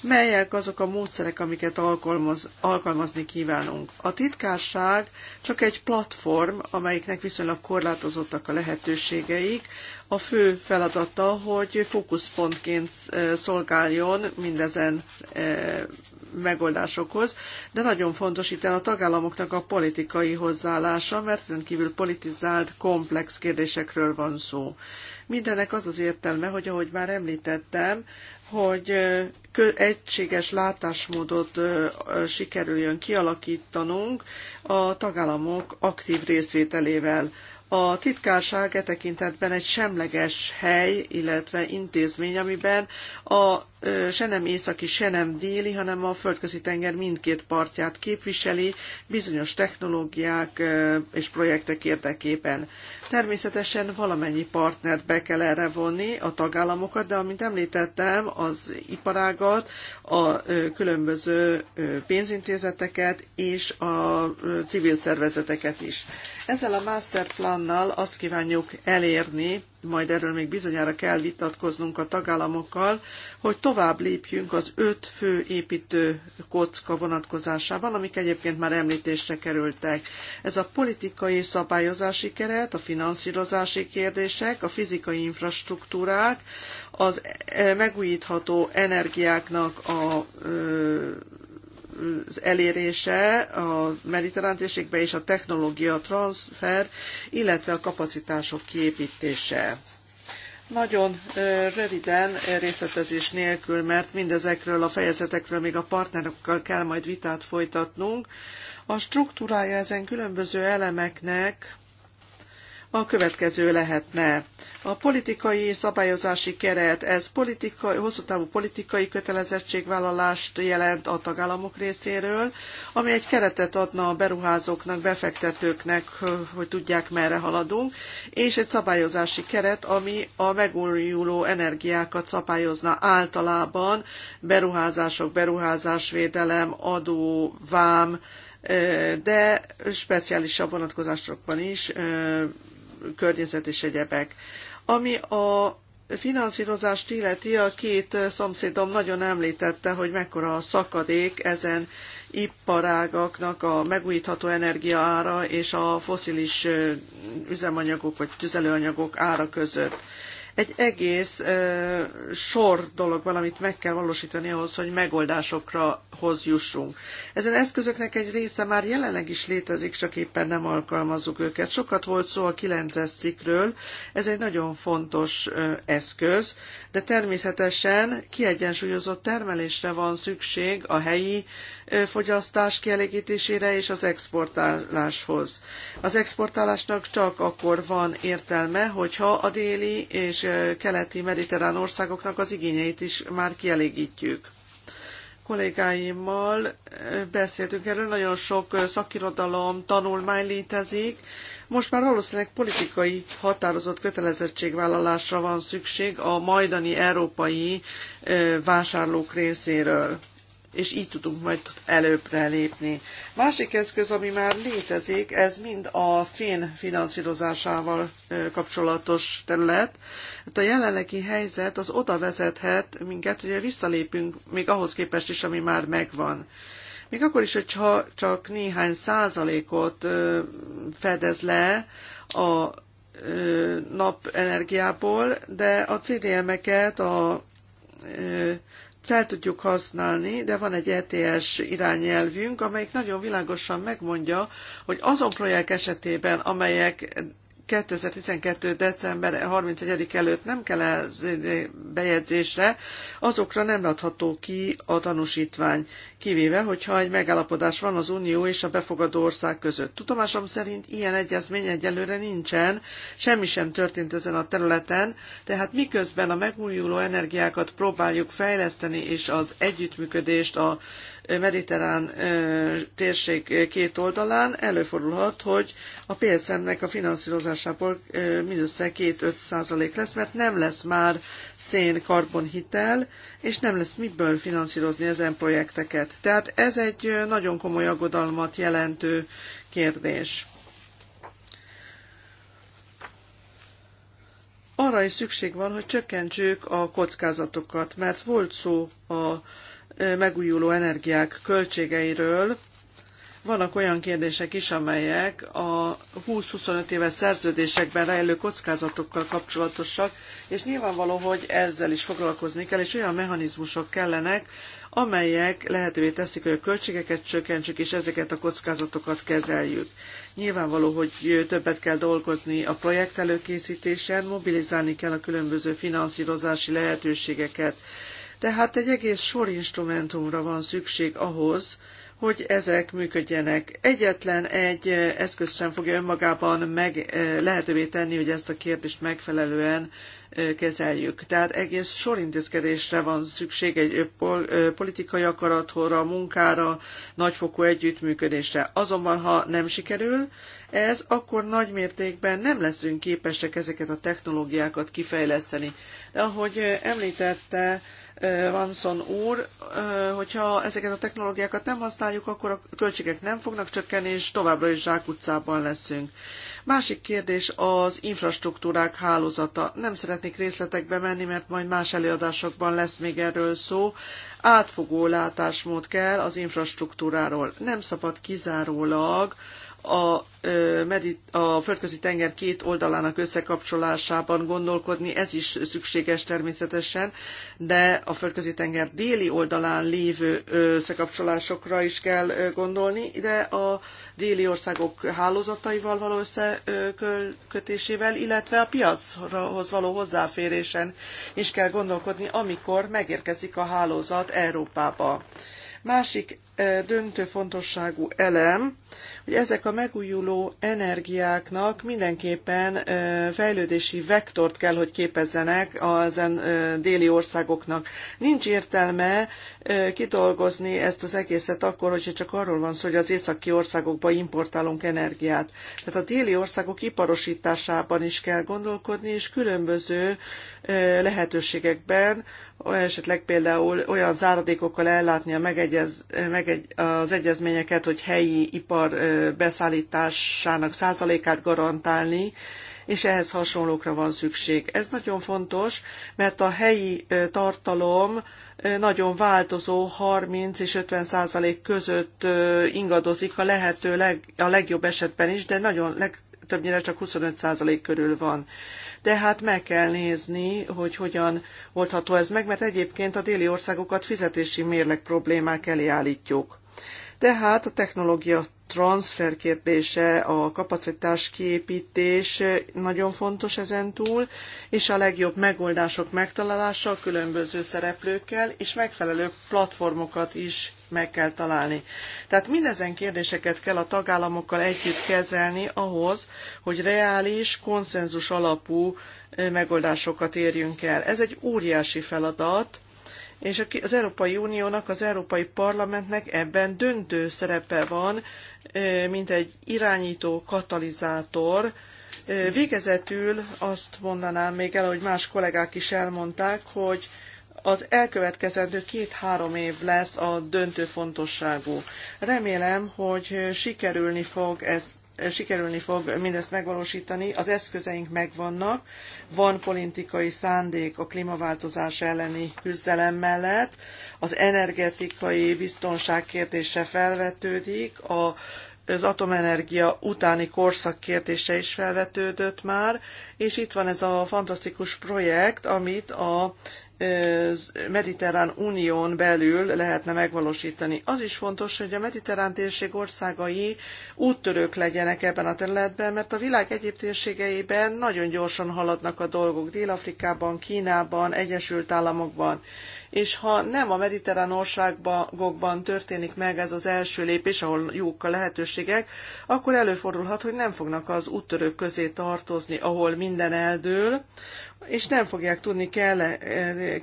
Melyek azok a módszerek, amiket alkalmaz, alkalmazni kívánunk? A titkárság csak egy platform, amelyiknek viszonylag korlátozottak a lehetőségeik, a fő feladata, hogy fókuszpontként szolgáljon mindezen megoldásokhoz, de nagyon fontos itt a tagállamoknak a politikai hozzáállása, mert rendkívül politizált, komplex kérdésekről van szó. Mindennek az az értelme, hogy ahogy már említettem, hogy egységes látásmódot sikerüljön kialakítanunk a tagállamok aktív részvételével. A titkárság e tekintetben egy semleges hely, illetve intézmény, amiben a se nem északi, se nem déli, hanem a földközi tenger mindkét partját képviseli bizonyos technológiák és projektek érdekében. Természetesen valamennyi partnert be kell erre vonni, a tagállamokat, de amint említettem, az iparágat, a különböző pénzintézeteket és a civil szervezeteket is. Ezzel a masterplannal azt kívánjuk elérni, majd erről még bizonyára kell vitatkoznunk a tagállamokkal, hogy tovább lépjünk az öt fő építő kocka vonatkozásában, amik egyébként már említésre kerültek. Ez a politikai szabályozási keret, a finanszírozási kérdések, a fizikai infrastruktúrák, az eh, megújítható energiáknak a az elérése a mediterrán térségbe és a technológia transfer, illetve a kapacitások kiépítése. Nagyon röviden, részletezés nélkül, mert mindezekről a fejezetekről még a partnerekkel kell majd vitát folytatnunk. A struktúrája ezen különböző elemeknek a következő lehetne. A politikai szabályozási keret, ez politikai, hosszú távú politikai kötelezettségvállalást jelent a tagállamok részéről, ami egy keretet adna a beruházóknak, befektetőknek, hogy tudják merre haladunk, és egy szabályozási keret, ami a megújuló energiákat szabályozna általában, beruházások, beruházásvédelem, adó, vám, de speciális vonatkozásokban is környezet és egyebek. Ami a finanszírozást illeti, a két szomszédom nagyon említette, hogy mekkora a szakadék ezen iparágaknak a megújítható energia ára és a foszilis üzemanyagok vagy tüzelőanyagok ára között egy egész ö, sor dolog van, amit meg kell valósítani ahhoz, hogy megoldásokra hoz jussunk. Ezen eszközöknek egy része már jelenleg is létezik, csak éppen nem alkalmazzuk őket. Sokat volt szó a 9-es cikkről, ez egy nagyon fontos ö, eszköz, de természetesen kiegyensúlyozott termelésre van szükség a helyi fogyasztás kielégítésére és az exportáláshoz. Az exportálásnak csak akkor van értelme, hogyha a déli és keleti mediterrán országoknak az igényeit is már kielégítjük kollégáimmal beszéltünk erről, nagyon sok szakirodalom, tanulmány létezik. Most már valószínűleg politikai határozott kötelezettségvállalásra van szükség a majdani európai vásárlók részéről és így tudunk majd előbbre lépni. Másik eszköz, ami már létezik, ez mind a szén finanszírozásával kapcsolatos terület. Hát a jelenlegi helyzet az oda vezethet minket, hogy visszalépünk még ahhoz képest is, ami már megvan. Még akkor is, hogyha csak néhány százalékot fedez le a napenergiából, de a CDM-eket, a fel tudjuk használni, de van egy ETS irányelvünk, amelyik nagyon világosan megmondja, hogy azon projekt esetében, amelyek 2012. december 31 előtt nem kell bejegyzésre, azokra nem adható ki a tanúsítvány kivéve, hogyha egy megállapodás van az Unió és a befogadó ország között. Tudomásom szerint ilyen egyezmény egyelőre nincsen, semmi sem történt ezen a területen, tehát miközben a megújuló energiákat próbáljuk fejleszteni és az együttműködést a mediterrán térség két oldalán, előfordulhat, hogy a PSM-nek a finanszírozásából mindössze 2-5 százalék lesz, mert nem lesz már szén karbonhitel, és nem lesz miből finanszírozni ezen projekteket őket. Tehát ez egy nagyon komoly aggodalmat jelentő kérdés. Arra is szükség van, hogy csökkentsük a kockázatokat, mert volt szó a megújuló energiák költségeiről, vannak olyan kérdések is, amelyek a 20-25 éves szerződésekben rejlő kockázatokkal kapcsolatosak, és nyilvánvaló, hogy ezzel is foglalkozni kell, és olyan mechanizmusok kellenek, amelyek lehetővé teszik, hogy a költségeket csökkentsük, és ezeket a kockázatokat kezeljük. Nyilvánvaló, hogy többet kell dolgozni a projekt előkészítésen, mobilizálni kell a különböző finanszírozási lehetőségeket. Tehát egy egész sor instrumentumra van szükség ahhoz, hogy ezek működjenek. Egyetlen egy eszköz sem fogja önmagában meg, lehetővé tenni, hogy ezt a kérdést megfelelően kezeljük. Tehát egész sorintézkedésre van szükség egy politikai akarathorra, munkára, nagyfokú együttműködésre. Azonban, ha nem sikerül ez, akkor nagy mértékben nem leszünk képesek ezeket a technológiákat kifejleszteni. De ahogy említette, Vanson úr, hogyha ezeket a technológiákat nem használjuk, akkor a költségek nem fognak csökkenni, és továbbra is zsákutcában leszünk. Másik kérdés az infrastruktúrák hálózata. Nem szeretnék részletekbe menni, mert majd más előadásokban lesz még erről szó. Átfogó látásmód kell az infrastruktúráról. Nem szabad kizárólag a, medit- a földközi tenger két oldalának összekapcsolásában gondolkodni, ez is szükséges természetesen, de a földközi tenger déli oldalán lévő összekapcsolásokra is kell gondolni, de a déli országok hálózataival való összekötésével, illetve a piachoz való hozzáférésen is kell gondolkodni, amikor megérkezik a hálózat Európába. Másik döntő fontosságú elem, hogy ezek a megújuló energiáknak mindenképpen fejlődési vektort kell, hogy képezzenek ezen déli országoknak. Nincs értelme kidolgozni ezt az egészet akkor, hogyha csak arról van szó, hogy az északi országokba importálunk energiát. Tehát a déli országok iparosításában is kell gondolkodni, és különböző lehetőségekben, esetleg például olyan záradékokkal ellátni a megegyez, megegy, az egyezményeket, hogy helyi ipar beszállításának százalékát garantálni, és ehhez hasonlókra van szükség. Ez nagyon fontos, mert a helyi tartalom nagyon változó, 30 és 50 százalék között ingadozik a lehető leg, a legjobb esetben is, de nagyon legtöbbnyire csak 25 százalék körül van hát meg kell nézni, hogy hogyan oldható ez meg, mert egyébként a déli országokat fizetési mérleg problémák elé állítjuk. Tehát a technológia transfer kérdése, a kapacitás kiépítés nagyon fontos ezen túl, és a legjobb megoldások megtalálása a különböző szereplőkkel, és megfelelő platformokat is meg kell találni. Tehát mindezen kérdéseket kell a tagállamokkal együtt kezelni ahhoz, hogy reális, konszenzus alapú megoldásokat érjünk el. Ez egy óriási feladat, és az Európai Uniónak, az Európai Parlamentnek ebben döntő szerepe van, mint egy irányító katalizátor. Végezetül azt mondanám még el, hogy más kollégák is elmondták, hogy az elkövetkezendő két-három év lesz a döntő fontosságú. Remélem, hogy sikerülni fog ezt sikerülni fog mindezt megvalósítani. Az eszközeink megvannak, van politikai szándék a klímaváltozás elleni küzdelem mellett, az energetikai biztonság kérdése felvetődik, a az atomenergia utáni korszak kérdése is felvetődött már, és itt van ez a fantasztikus projekt, amit a mediterrán unión belül lehetne megvalósítani. Az is fontos, hogy a mediterrán térség országai úttörők legyenek ebben a területben, mert a világ egyéb térségeiben nagyon gyorsan haladnak a dolgok Dél-Afrikában, Kínában, Egyesült Államokban és ha nem a mediterrán országokban történik meg ez az első lépés, ahol jók a lehetőségek, akkor előfordulhat, hogy nem fognak az úttörők közé tartozni, ahol minden eldől, és nem fogják tudni kell,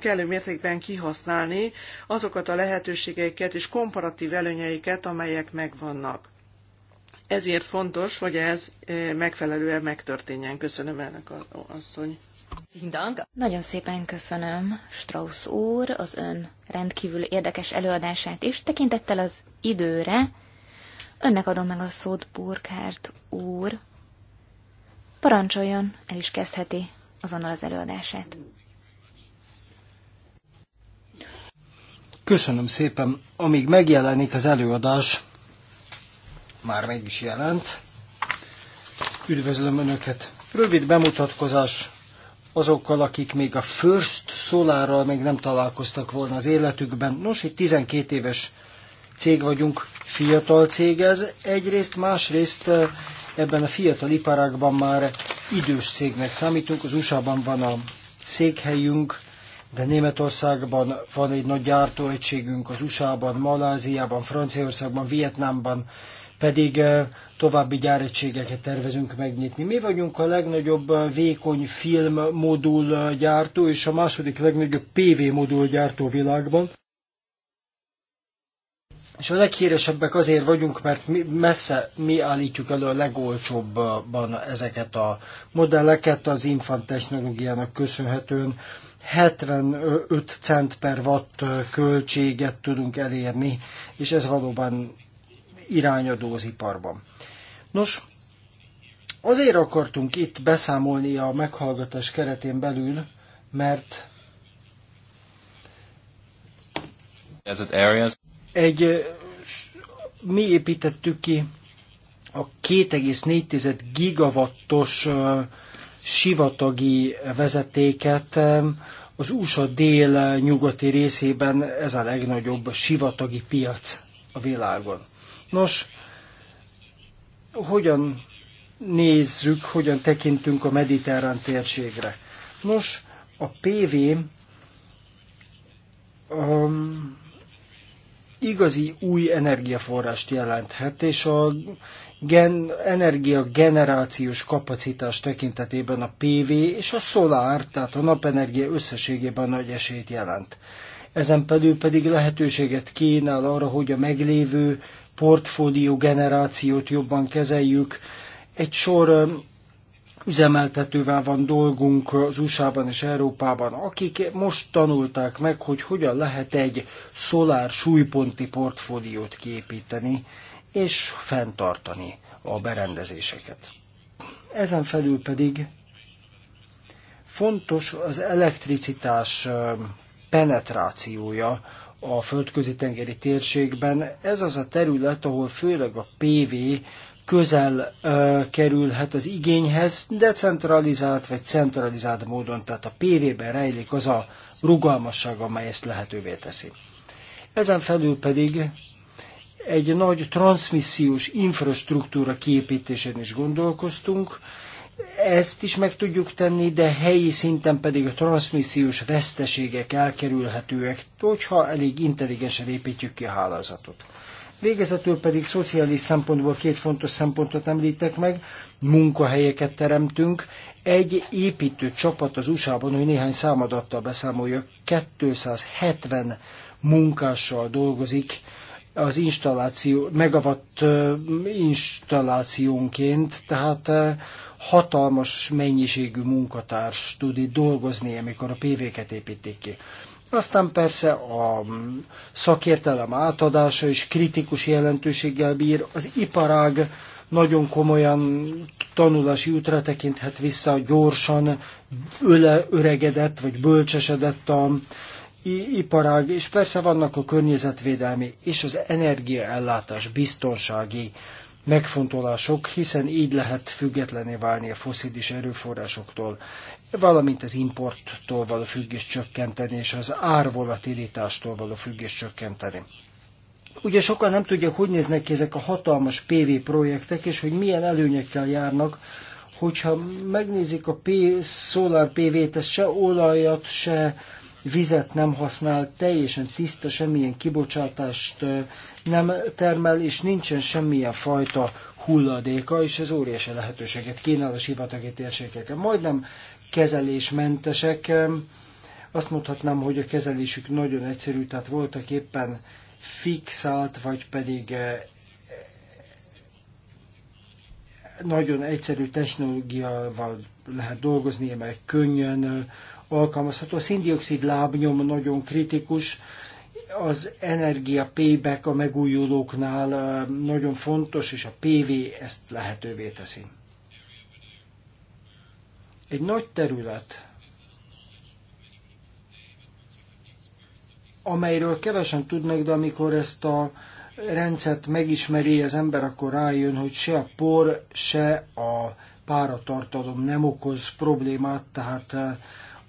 kellő mértékben kihasználni azokat a lehetőségeiket és komparatív előnyeiket, amelyek megvannak. Ezért fontos, hogy ez eh, megfelelően megtörténjen. Köszönöm az asszony. Nagyon szépen köszönöm, Strauss úr, az ön rendkívül érdekes előadását is. Tekintettel az időre, önnek adom meg a szót, Burkhardt úr. Parancsoljon, el is kezdheti azonnal az előadását. Köszönöm szépen. Amíg megjelenik az előadás, már meg is jelent. Üdvözlöm Önöket! Rövid bemutatkozás azokkal, akik még a First Solarral még nem találkoztak volna az életükben. Nos, egy 12 éves cég vagyunk, fiatal cég ez egyrészt, másrészt eh, ebben a fiatal iparágban már idős cégnek számítunk. Az USA-ban van a székhelyünk, de Németországban van egy nagy gyártóegységünk, az USA-ban, Maláziában, Franciaországban, Vietnámban pedig eh, további gyáretségeket tervezünk megnyitni. Mi vagyunk a legnagyobb eh, vékony film modul eh, gyártó és a második legnagyobb PV modul gyártó világban. És a leghíresebbek azért vagyunk, mert mi, messze mi állítjuk elő a legolcsóbban ezeket a modelleket az infant technológiának köszönhetően. 75 cent per watt eh, költséget tudunk elérni, és ez valóban irányadó az iparban. Nos, azért akartunk itt beszámolni a meghallgatás keretén belül, mert egy, mi építettük ki a 2,4 gigawattos sivatagi vezetéket, az USA dél-nyugati részében ez a legnagyobb sivatagi piac a világon. Nos, hogyan nézzük, hogyan tekintünk a mediterrán térségre. Nos, a PV um, igazi új energiaforrást jelenthet, és a gen, energia generációs kapacitás tekintetében a PV és a szolár, tehát a napenergia összességében nagy esélyt jelent. Ezen pedig pedig lehetőséget kínál arra, hogy a meglévő portfólió generációt jobban kezeljük. Egy sor um, üzemeltetővel van dolgunk az USA-ban és Európában, akik most tanulták meg, hogy hogyan lehet egy szolár súlyponti portfóliót kiépíteni és fenntartani a berendezéseket. Ezen felül pedig fontos az elektricitás um, penetrációja a földközi-tengeri térségben. Ez az a terület, ahol főleg a PV közel uh, kerülhet az igényhez, decentralizált vagy centralizált módon, tehát a PV-ben rejlik az a rugalmasság, amely ezt lehetővé teszi. Ezen felül pedig egy nagy transmissziós infrastruktúra kiépítésén is gondolkoztunk, ezt is meg tudjuk tenni, de helyi szinten pedig a transmissziós veszteségek elkerülhetőek, hogyha elég intelligensen építjük ki a hálózatot. Végezetül pedig szociális szempontból két fontos szempontot említek meg, munkahelyeket teremtünk. Egy építő csapat az USA-ban, hogy néhány számadattal beszámoljak, 270 munkással dolgozik az installáció, megavat installációnként, tehát hatalmas mennyiségű munkatárs tud itt dolgozni, amikor a PV-ket építik ki. Aztán persze a mm, szakértelem átadása is kritikus jelentőséggel bír. Az iparág nagyon komolyan tanulási útra tekinthet vissza, gyorsan öle, öregedett vagy bölcsesedett a iparág, és persze vannak a környezetvédelmi és az energiaellátás biztonsági megfontolások, hiszen így lehet függetlené válni a foszilis erőforrásoktól, valamint az importtól való függés csökkenteni, és az árvolatilitástól való függés csökkenteni. Ugye sokan nem tudják, hogy néznek ki ezek a hatalmas PV projektek, és hogy milyen előnyekkel járnak, hogyha megnézik a P Solar PV-t, ez se olajat, se vizet nem használ, teljesen tiszta, semmilyen kibocsátást nem termel, és nincsen semmilyen fajta hulladéka, és ez óriási lehetőséget kínál a sivatagi térségeken. Majdnem kezelésmentesek, azt mondhatnám, hogy a kezelésük nagyon egyszerű, tehát voltak éppen fixált, vagy pedig eh, nagyon egyszerű technológiával lehet dolgozni, mert könnyen eh, alkalmazható. A szindioxid lábnyom nagyon kritikus, az energia payback a megújulóknál nagyon fontos, és a PV ezt lehetővé teszi. Egy nagy terület, amelyről kevesen tudnak, de amikor ezt a rendszert megismeri az ember, akkor rájön, hogy se a por, se a páratartalom nem okoz problémát, tehát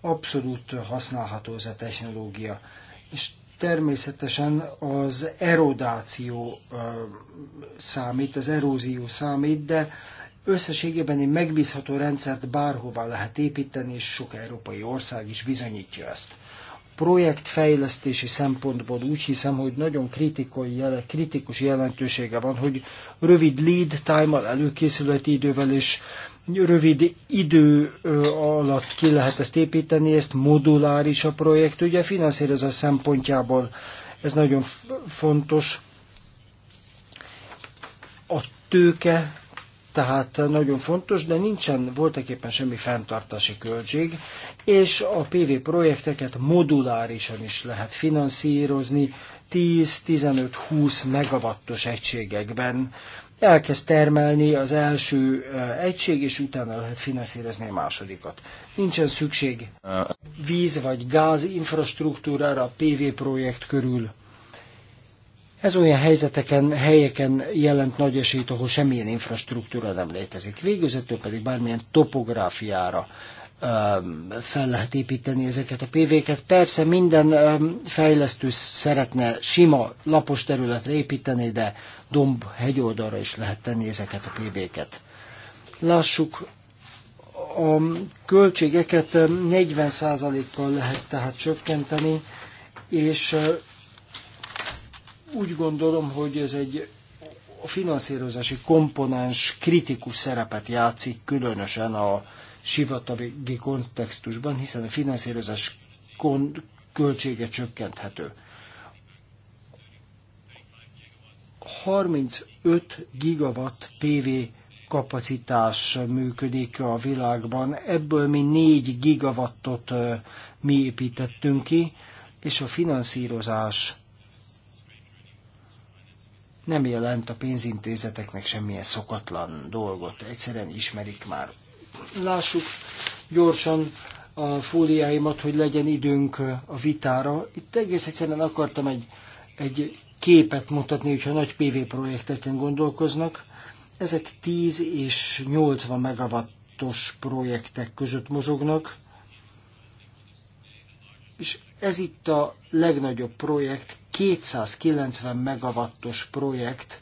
abszolút használható ez a technológia. És természetesen az erodáció számít, az erózió számít, de összességében egy megbízható rendszert bárhová lehet építeni, és sok európai ország is bizonyítja ezt. Projektfejlesztési szempontból úgy hiszem, hogy nagyon kritikai, kritikus jelentősége van, hogy rövid lead time-mal, előkészületi idővel és rövid idő alatt ki lehet ezt építeni, ezt moduláris a projekt, ugye finanszírozás szempontjából ez nagyon fontos. A tőke tehát nagyon fontos, de nincsen voltak éppen semmi fenntartási költség, és a PV projekteket modulárisan is lehet finanszírozni 10-15-20 megawattos egységekben elkezd termelni az első egység, és utána lehet finanszírozni a másodikat. Nincsen szükség víz vagy gáz infrastruktúrára a PV projekt körül. Ez olyan helyzeteken, helyeken jelent nagy esélyt, ahol semmilyen infrastruktúra nem létezik. Végezetül pedig bármilyen topográfiára fel lehet építeni ezeket a PV-ket. Persze minden fejlesztő szeretne sima, lapos területre építeni, de domb hegyoldalra is lehet tenni ezeket a PB-ket. Lássuk, a költségeket 40%-kal eh, lehet tehát csökkenteni, és eh, úgy gondolom, hogy ez egy finanszírozási komponens kritikus szerepet játszik, különösen a sivatagi kontextusban, hiszen a finanszírozás kon- költsége csökkenthető. 35 gigawatt PV kapacitás működik a világban, ebből mi 4 gigawattot mi építettünk ki, és a finanszírozás nem jelent a pénzintézeteknek semmilyen szokatlan dolgot, egyszerűen ismerik már. Lássuk gyorsan a fóliáimat, hogy legyen időnk a vitára. Itt egész egyszerűen akartam egy, egy képet mutatni, hogyha nagy PV projekteken gondolkoznak. Ezek 10 és 80 megawattos projektek között mozognak, és ez itt a legnagyobb projekt, 290 megawattos projekt,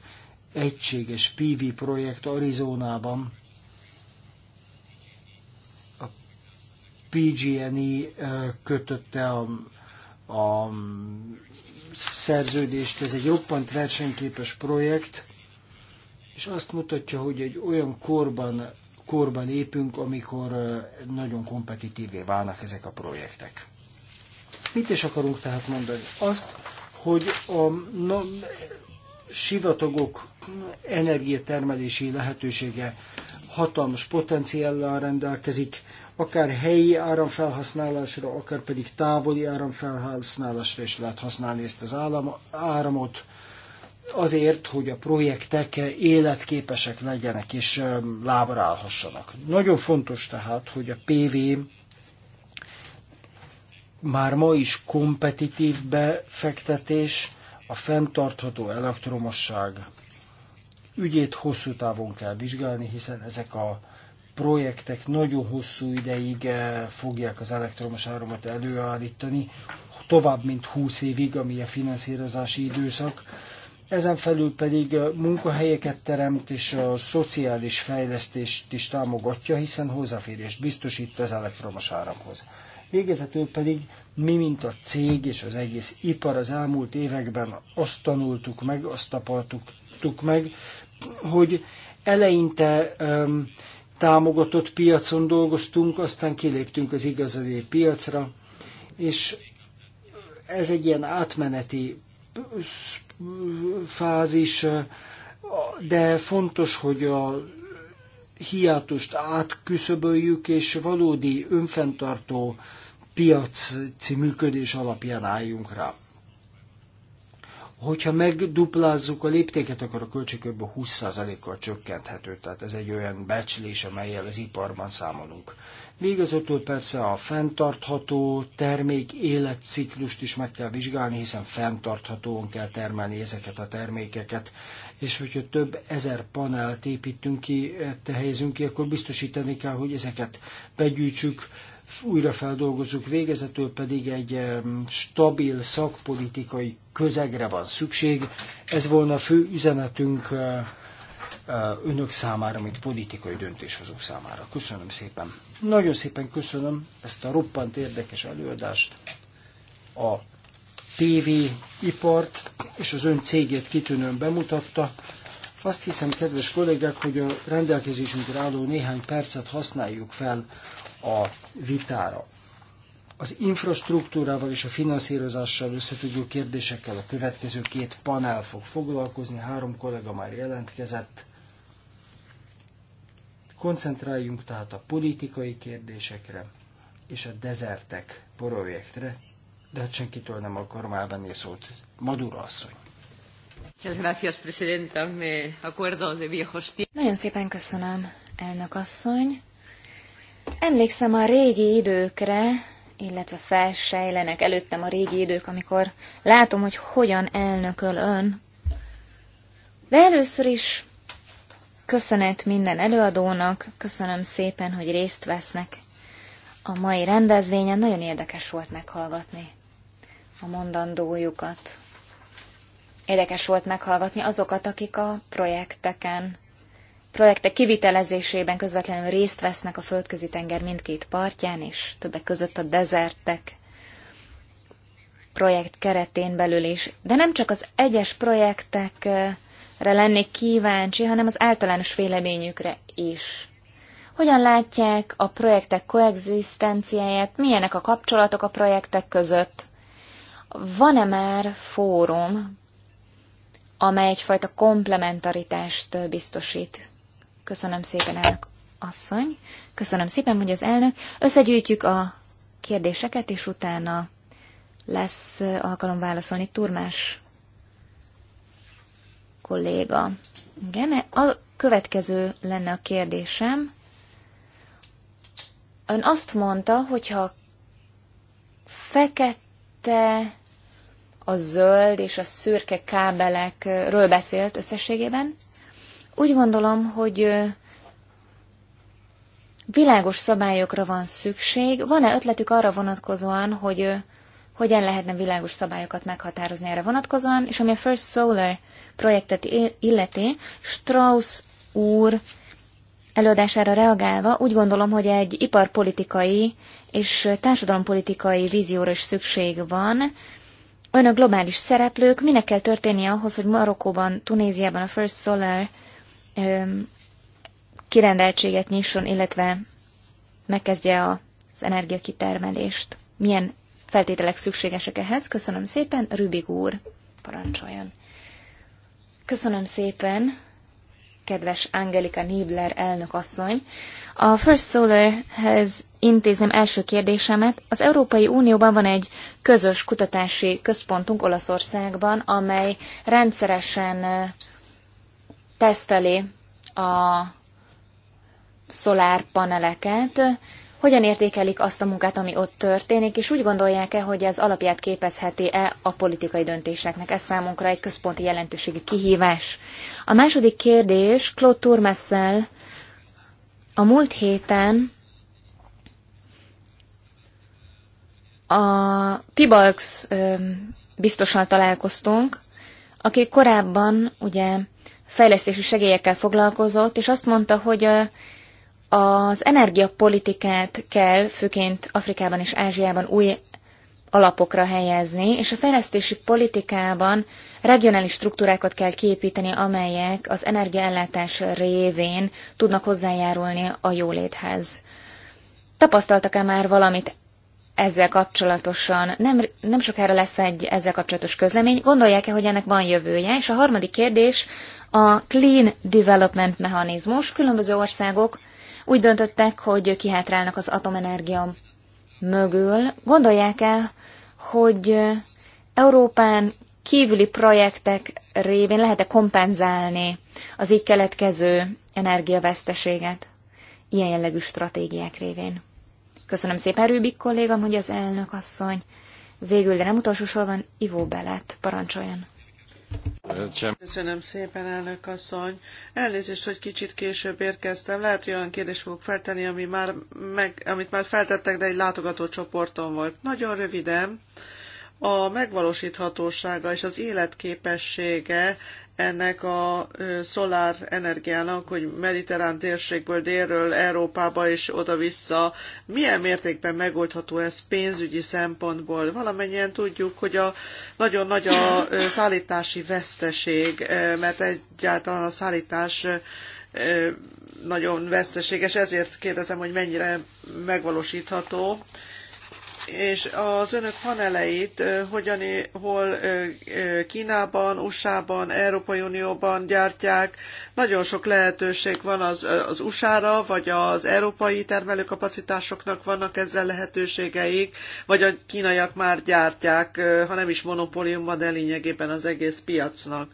egységes PV projekt Arizonában. A PG&E kötötte a, a szerződést, ez egy roppant versenyképes projekt, és azt mutatja, hogy egy olyan korban, korban lépünk, amikor nagyon kompetitívé válnak ezek a projektek. Mit is akarunk tehát mondani? Azt, hogy a na, sivatagok energiatermelési lehetősége hatalmas potenciállal rendelkezik, akár helyi áramfelhasználásra, akár pedig távoli áramfelhasználásra is lehet használni ezt az állam, áramot, azért, hogy a projektek életképesek legyenek és um, lábra állhassanak. Nagyon fontos tehát, hogy a PV már ma is kompetitív befektetés, a fenntartható elektromosság ügyét hosszú távon kell vizsgálni, hiszen ezek a projektek nagyon hosszú ideig eh, fogják az elektromos áramot előállítani, tovább mint 20 évig, ami a finanszírozási időszak. Ezen felül pedig eh, munkahelyeket teremt és a szociális fejlesztést is támogatja, hiszen hozzáférést biztosít az elektromos áramhoz. Végezetül pedig mi, mint a cég és az egész ipar az elmúlt években azt tanultuk meg, azt tapartuk meg, hogy eleinte um, támogatott piacon dolgoztunk, aztán kiléptünk az igazadé piacra, és ez egy ilyen átmeneti fázis, de fontos, hogy a hiátust átküszöböljük, és valódi önfenntartó piaci működés alapján álljunk rá hogyha megduplázzuk a léptéket, akkor a költségkörből 20%-kal csökkenthető. Tehát ez egy olyan becslés, amelyel az iparban számolunk. Végezetül persze a fenntartható termék életciklust is meg kell vizsgálni, hiszen fenntarthatóan kell termelni ezeket a termékeket. És hogyha több ezer panelt építünk ki, tehelyezünk eh, ki, akkor biztosítani kell, hogy ezeket begyűjtsük, újra feldolgozzuk, végezetül pedig egy stabil szakpolitikai közegre van szükség. Ez volna a fő üzenetünk önök számára, mint politikai döntéshozók számára. Köszönöm szépen. Nagyon szépen köszönöm ezt a roppant érdekes előadást, a ipart és az ön cégét kitűnően bemutatta. Azt hiszem, kedves kollégák, hogy a rendelkezésünkre álló néhány percet használjuk fel a vitára. Az infrastruktúrával és a finanszírozással összefüggő kérdésekkel a következő két panel fog foglalkozni, három kollega már jelentkezett. Koncentráljunk tehát a politikai kérdésekre és a dezertek projektre, de hát senkitől nem akarom elvenni szólt Madura asszony. Nagyon szépen köszönöm, elnök asszony. Emlékszem a régi időkre, illetve felsejlenek előttem a régi idők, amikor látom, hogy hogyan elnököl ön. De először is köszönet minden előadónak, köszönöm szépen, hogy részt vesznek a mai rendezvényen. Nagyon érdekes volt meghallgatni a mondandójukat. Érdekes volt meghallgatni azokat, akik a projekteken projektek kivitelezésében közvetlenül részt vesznek a földközi tenger mindkét partján, és többek között a dezertek projekt keretén belül is. De nem csak az egyes projektekre lennék kíváncsi, hanem az általános véleményükre is. Hogyan látják a projektek koexisztenciáját, milyenek a kapcsolatok a projektek között? Van-e már fórum, amely egyfajta komplementaritást biztosít Köszönöm szépen, elnök asszony. Köszönöm szépen, hogy az elnök. Összegyűjtjük a kérdéseket, és utána lesz alkalom válaszolni Turmás kolléga. Igen, a következő lenne a kérdésem. Ön azt mondta, hogyha fekete, a zöld és a szürke kábelekről beszélt összességében, úgy gondolom, hogy világos szabályokra van szükség. Van-e ötletük arra vonatkozóan, hogy hogyan lehetne világos szabályokat meghatározni erre vonatkozóan, és ami a First Solar projektet illeti, Strauss úr előadására reagálva úgy gondolom, hogy egy iparpolitikai és társadalompolitikai vízióra is szükség van. Önök globális szereplők, minek kell történnie ahhoz, hogy Marokkóban, Tunéziában a First Solar kirendeltséget nyisson, illetve megkezdje az energiakitermelést. Milyen feltételek szükségesek ehhez? Köszönöm szépen, Rübig úr, parancsoljon. Köszönöm szépen, kedves Angelika Niebler elnökasszony. A First Solarhez intézem első kérdésemet. Az Európai Unióban van egy közös kutatási központunk Olaszországban, amely rendszeresen teszteli a szolárpaneleket, hogyan értékelik azt a munkát, ami ott történik, és úgy gondolják-e, hogy ez alapját képezheti-e a politikai döntéseknek? Ez számunkra egy központi jelentőségi kihívás. A második kérdés Claude Turmessel a múlt héten a Pibalx biztosan találkoztunk, aki korábban ugye fejlesztési segélyekkel foglalkozott, és azt mondta, hogy az energiapolitikát kell főként Afrikában és Ázsiában új alapokra helyezni, és a fejlesztési politikában regionális struktúrákat kell kiépíteni, amelyek az energiaellátás révén tudnak hozzájárulni a jóléthez. Tapasztaltak-e már valamit ezzel kapcsolatosan? Nem, nem sokára lesz egy ezzel kapcsolatos közlemény. Gondolják-e, hogy ennek van jövője? És a harmadik kérdés a Clean Development mechanizmus. Különböző országok úgy döntöttek, hogy kihátrálnak az atomenergia mögül. Gondolják el, hogy Európán kívüli projektek révén lehet-e kompenzálni az így keletkező energiaveszteséget ilyen jellegű stratégiák révén. Köszönöm szépen Rübik kollégam, hogy az elnök asszony. Végül, de nem utolsó sorban, Ivó Belet, parancsoljon. Köszönöm szépen, elnök asszony. Elnézést, hogy kicsit később érkeztem. Lehet, hogy olyan kérdés fogok feltenni, ami már meg, amit már feltettek, de egy látogató csoporton volt. Nagyon röviden a megvalósíthatósága és az életképessége ennek a szolár energiának, hogy mediterrán térségből délről Európába és oda-vissza, milyen mértékben megoldható ez pénzügyi szempontból? Valamennyien tudjuk, hogy a, nagyon nagy a szállítási veszteség, mert egyáltalán a szállítás nagyon veszteséges, ezért kérdezem, hogy mennyire megvalósítható és az önök paneleit hogyan, hol Kínában, USA-ban, Európai Unióban gyártják. Nagyon sok lehetőség van az, az USA-ra, vagy az európai termelőkapacitásoknak vannak ezzel lehetőségeik, vagy a kínaiak már gyártják, ha nem is monopóliumban, de lényegében az egész piacnak.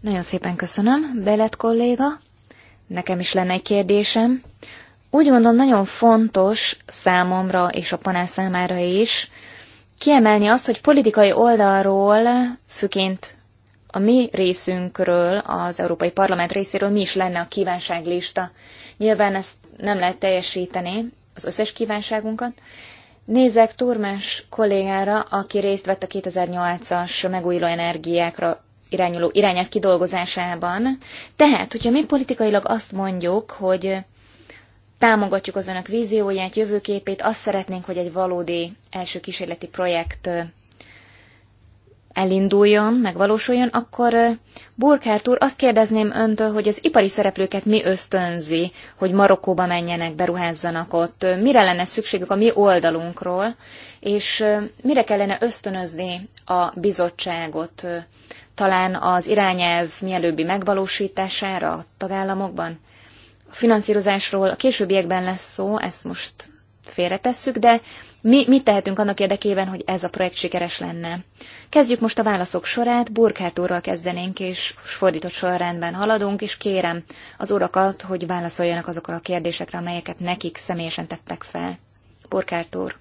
Nagyon szépen köszönöm, Belet kolléga. Nekem is lenne egy kérdésem. Úgy gondolom, nagyon fontos számomra és a panel számára is kiemelni azt, hogy politikai oldalról, főként a mi részünkről, az Európai Parlament részéről mi is lenne a kívánságlista. Nyilván ezt nem lehet teljesíteni, az összes kívánságunkat. Nézek Turmás kollégára, aki részt vett a 2008-as megújuló energiákra irányuló irányelv kidolgozásában. Tehát, hogyha mi politikailag azt mondjuk, hogy Támogatjuk az önök vízióját, jövőképét, azt szeretnénk, hogy egy valódi első kísérleti projekt elinduljon, megvalósuljon, akkor Burkhárt úr, azt kérdezném öntől, hogy az ipari szereplőket mi ösztönzi, hogy Marokkóba menjenek, beruházzanak ott, mire lenne szükségük a mi oldalunkról, és mire kellene ösztönözni a bizottságot, talán az irányelv mielőbbi megvalósítására a tagállamokban? A finanszírozásról a későbbiekben lesz szó, ezt most félretesszük, de mi mit tehetünk annak érdekében, hogy ez a projekt sikeres lenne? Kezdjük most a válaszok sorát, Burkhardt úrral kezdenénk, és fordított sorrendben haladunk, és kérem az urakat, hogy válaszoljanak azokra a kérdésekre, amelyeket nekik személyesen tettek fel. Burkhardt úr.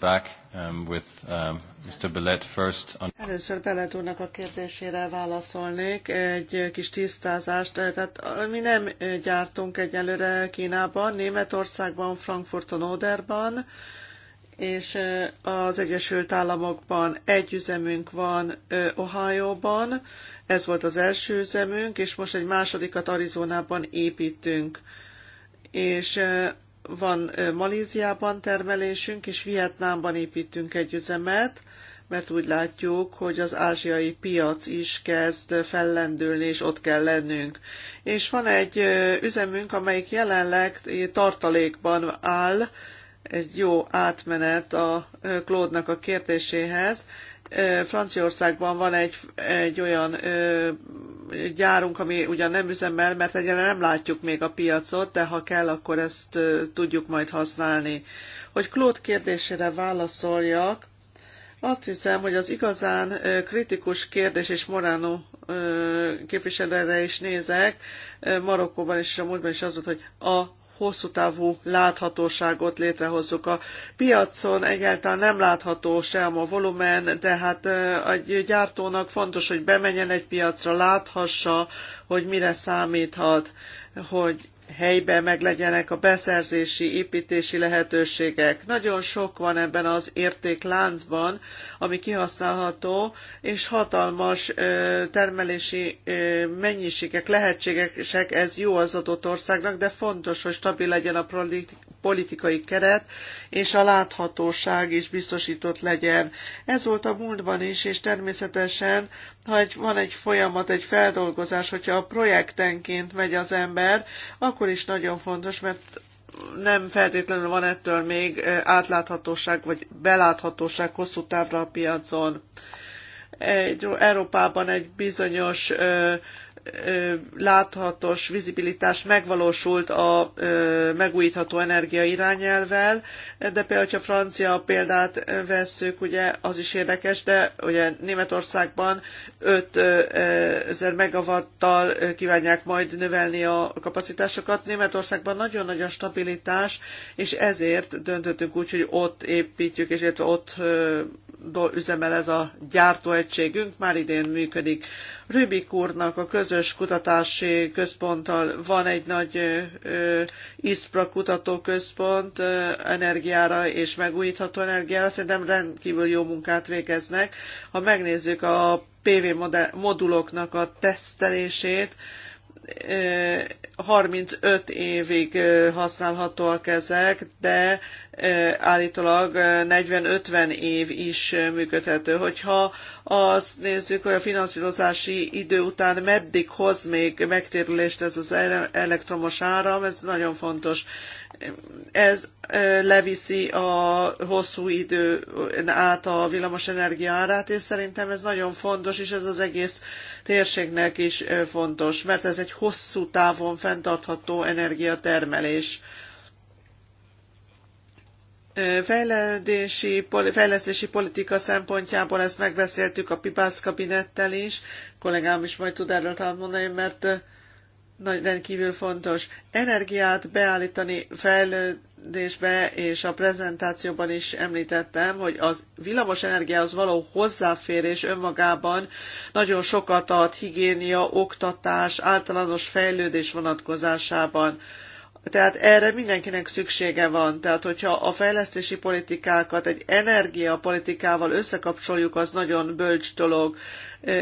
Back, um, with, um, Mr. Bellet first on... Először Bellet úrnak a kérdésére válaszolnék egy kis tisztázást. Eh, tehát eh, mi nem eh, gyártunk egyelőre Kínában, Németországban, Frankfurton, Oderban, és az Egyesült Államokban egy üzemünk van Ohio-ban, ez volt az első üzemünk, és most egy másodikat Arizonában építünk. És van Malíziában termelésünk, és Vietnámban építünk egy üzemet, mert úgy látjuk, hogy az ázsiai piac is kezd fellendülni, és ott kell lennünk. És van egy üzemünk, amelyik jelenleg tartalékban áll, egy jó átmenet a Klódnak a kérdéséhez. Franciaországban van egy, egy olyan gyárunk, ami ugyan nem üzemel, mert egyelőre nem látjuk még a piacot, de ha kell, akkor ezt tudjuk majd használni. Hogy Claude kérdésére válaszoljak, azt hiszem, hogy az igazán kritikus kérdés, és Morano képviselőre is nézek, Marokkóban is, és a múltban is az volt, hogy a hosszú távú láthatóságot létrehozzuk. A piacon egyáltalán nem látható sem a volumen, de hát egy gyártónak fontos, hogy bemenjen egy piacra, láthassa, hogy mire számíthat, hogy helyben meglegyenek a beszerzési, építési lehetőségek. Nagyon sok van ebben az értékláncban, ami kihasználható, és hatalmas termelési mennyiségek lehetségesek, ez jó az adott országnak, de fontos, hogy stabil legyen a politikai keret és a láthatóság is biztosított legyen. Ez volt a múltban is, és természetesen, ha egy, van egy folyamat, egy feldolgozás, hogyha a projektenként megy az ember, akkor is nagyon fontos, mert nem feltétlenül van ettől még átláthatóság vagy beláthatóság hosszú távra a piacon. Egy, Európában egy bizonyos ö, láthatós vizibilitás megvalósult a megújítható energia irányelvel, de például, hogyha francia példát vesszük, ugye az is érdekes, de ugye Németországban 5000 megawattal kívánják majd növelni a kapacitásokat. Németországban nagyon nagy a stabilitás, és ezért döntöttünk úgy, hogy ott építjük, és illetve ott üzemel ez a gyártóegységünk, már idén működik. Rübik úrnak a közös közös kutatási központtal van egy nagy ISPRA kutatóközpont energiára és megújítható energiára. Szerintem rendkívül jó munkát végeznek. Ha megnézzük a PV moduloknak a tesztelését, 35 évig használhatóak ezek, de állítólag 40-50 év is működhető. Hogyha azt nézzük, hogy a finanszírozási idő után meddig hoz még megtérülést ez az e- elektromos áram, ez nagyon fontos ez leviszi a hosszú idő át a villamosenergia árát, és szerintem ez nagyon fontos, és ez az egész térségnek is fontos, mert ez egy hosszú távon fenntartható energiatermelés fejlesztési, fejlesztési politika szempontjából ezt megbeszéltük a PIPASZ kabinettel is, a kollégám is majd tud erről talán mondani, mert nagy, rendkívül fontos. Energiát beállítani fejlődésbe, és a prezentációban is említettem, hogy az villamos energiához való hozzáférés önmagában nagyon sokat ad higiénia, oktatás, általános fejlődés vonatkozásában. Tehát erre mindenkinek szüksége van. Tehát, hogyha a fejlesztési politikákat egy energiapolitikával összekapcsoljuk, az nagyon bölcs dolog.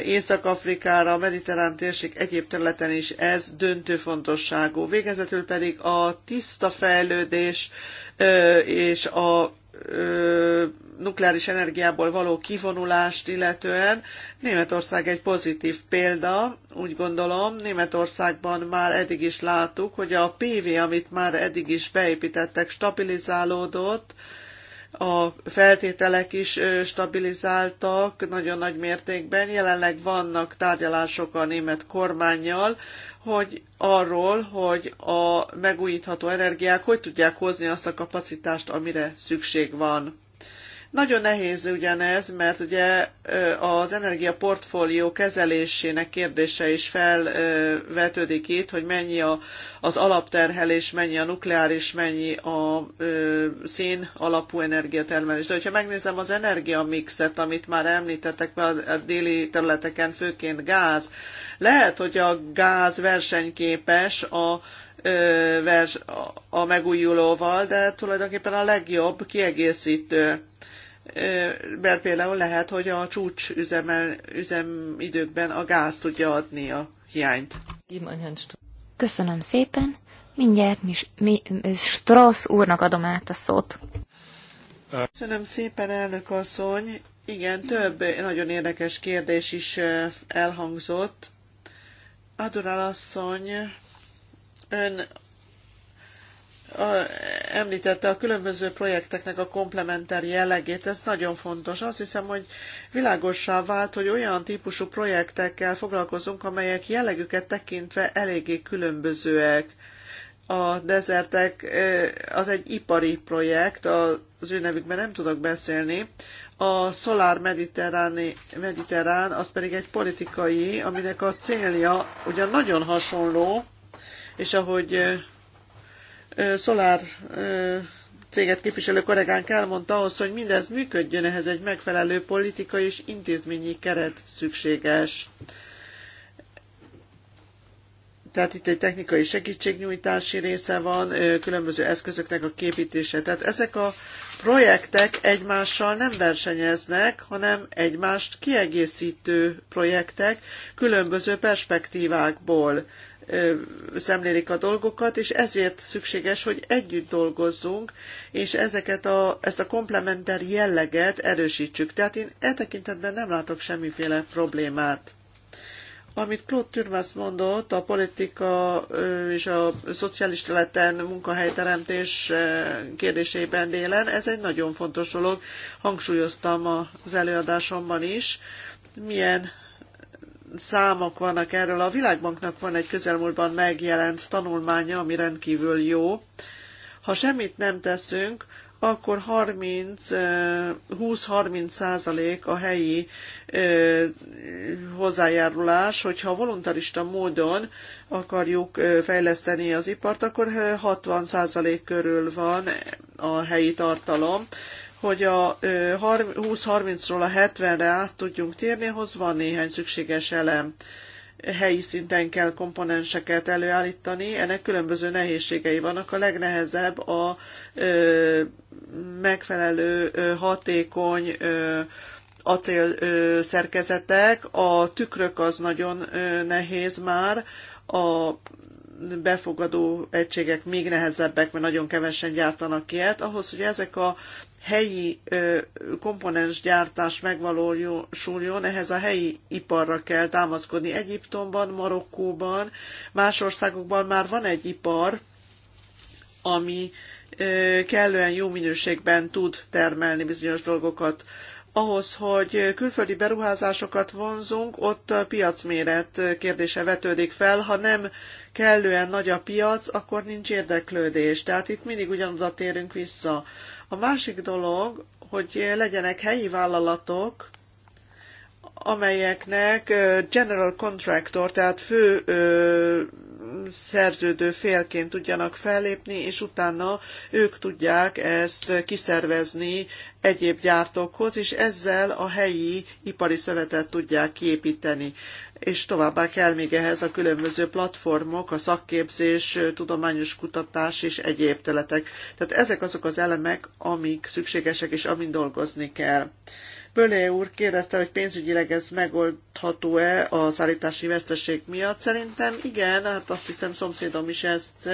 Észak-Afrikára, a mediterrán térség egyéb területen is ez döntő fontosságú. Végezetül pedig a tiszta fejlődés és a nukleáris energiából való kivonulást illetően Németország egy pozitív példa, úgy gondolom. Németországban már eddig is láttuk, hogy a PV, amit már eddig is beépítettek, stabilizálódott, a feltételek is stabilizáltak nagyon nagy mértékben. Jelenleg vannak tárgyalások a német kormányjal, hogy arról, hogy a megújítható energiák hogy tudják hozni azt a kapacitást, amire szükség van. Nagyon nehéz ugyanez, mert ugye az energiaportfólió kezelésének kérdése is felvetődik itt, hogy mennyi a, az alapterhelés, mennyi a nukleáris, mennyi a ö, szín alapú energiatermelés. De hogyha megnézem az energiamixet, amit már említettek be a déli területeken, főként gáz, lehet, hogy a gáz versenyképes a vers a megújulóval, de tulajdonképpen a legjobb kiegészítő mert például lehet, hogy a csúcs üzemel, üzemidőkben a gáz tudja adni a hiányt. Köszönöm szépen. Mindjárt mi, mi, Strauss úrnak adom át a szót. Köszönöm szépen, elnök asszony. Igen, több nagyon érdekes kérdés is elhangzott. Adurál asszony, ön a, említette a különböző projekteknek a komplementer jellegét, ez nagyon fontos. Azt hiszem, hogy világossá vált, hogy olyan típusú projektekkel foglalkozunk, amelyek jellegüket tekintve eléggé különbözőek. A Desertek az egy ipari projekt, az ő nevükben nem tudok beszélni. A Solar Mediterrán az pedig egy politikai, aminek a célja ugyan nagyon hasonló, és ahogy szolár céget képviselő kollégánk elmondta ahhoz, hogy mindez működjön, ehhez egy megfelelő politikai és intézményi keret szükséges. Tehát itt egy technikai segítségnyújtási része van, különböző eszközöknek a képítése. Tehát ezek a projektek egymással nem versenyeznek, hanem egymást kiegészítő projektek különböző perspektívákból szemlélik a dolgokat, és ezért szükséges, hogy együtt dolgozzunk, és ezeket a, ezt a komplementer jelleget erősítsük. Tehát én e tekintetben nem látok semmiféle problémát. Amit Claude Turmas mondott, a politika és a szociális területen munkahelyteremtés kérdésében délen, ez egy nagyon fontos dolog, hangsúlyoztam az előadásomban is, milyen számok vannak erről. A Világbanknak van egy közelmúltban megjelent tanulmánya, ami rendkívül jó. Ha semmit nem teszünk, akkor 30, 20-30 százalék a helyi hozzájárulás, hogyha voluntarista módon akarjuk fejleszteni az ipart, akkor 60 százalék körül van a helyi tartalom hogy a 20-30-ról a 70-re át tudjunk térni, ahhoz van néhány szükséges elem. Helyi szinten kell komponenseket előállítani, ennek különböző nehézségei vannak. A legnehezebb a ö, megfelelő, ö, hatékony ö, acél ö, szerkezetek, a tükrök az nagyon ö, nehéz már, a befogadó egységek még nehezebbek, mert nagyon kevesen gyártanak ilyet. Ahhoz, hogy ezek a helyi komponensgyártás megvalósuljon, ehhez a helyi iparra kell támaszkodni. Egyiptomban, Marokkóban, más országokban már van egy ipar, ami kellően jó minőségben tud termelni bizonyos dolgokat. Ahhoz, hogy külföldi beruházásokat vonzunk, ott a piacméret kérdése vetődik fel. Ha nem kellően nagy a piac, akkor nincs érdeklődés. Tehát itt mindig ugyanoda térünk vissza. A másik dolog, hogy legyenek helyi vállalatok, amelyeknek general contractor, tehát fő szerződő félként tudjanak fellépni, és utána ők tudják ezt kiszervezni egyéb gyártókhoz, és ezzel a helyi ipari szövetet tudják kiépíteni. És továbbá kell még ehhez a különböző platformok, a szakképzés, tudományos kutatás és egyéb területek. Tehát ezek azok az elemek, amik szükségesek, és amin dolgozni kell. Bölé úr kérdezte, hogy pénzügyileg ez megoldható-e a szállítási veszteség miatt. Szerintem igen, hát azt hiszem szomszédom is ezt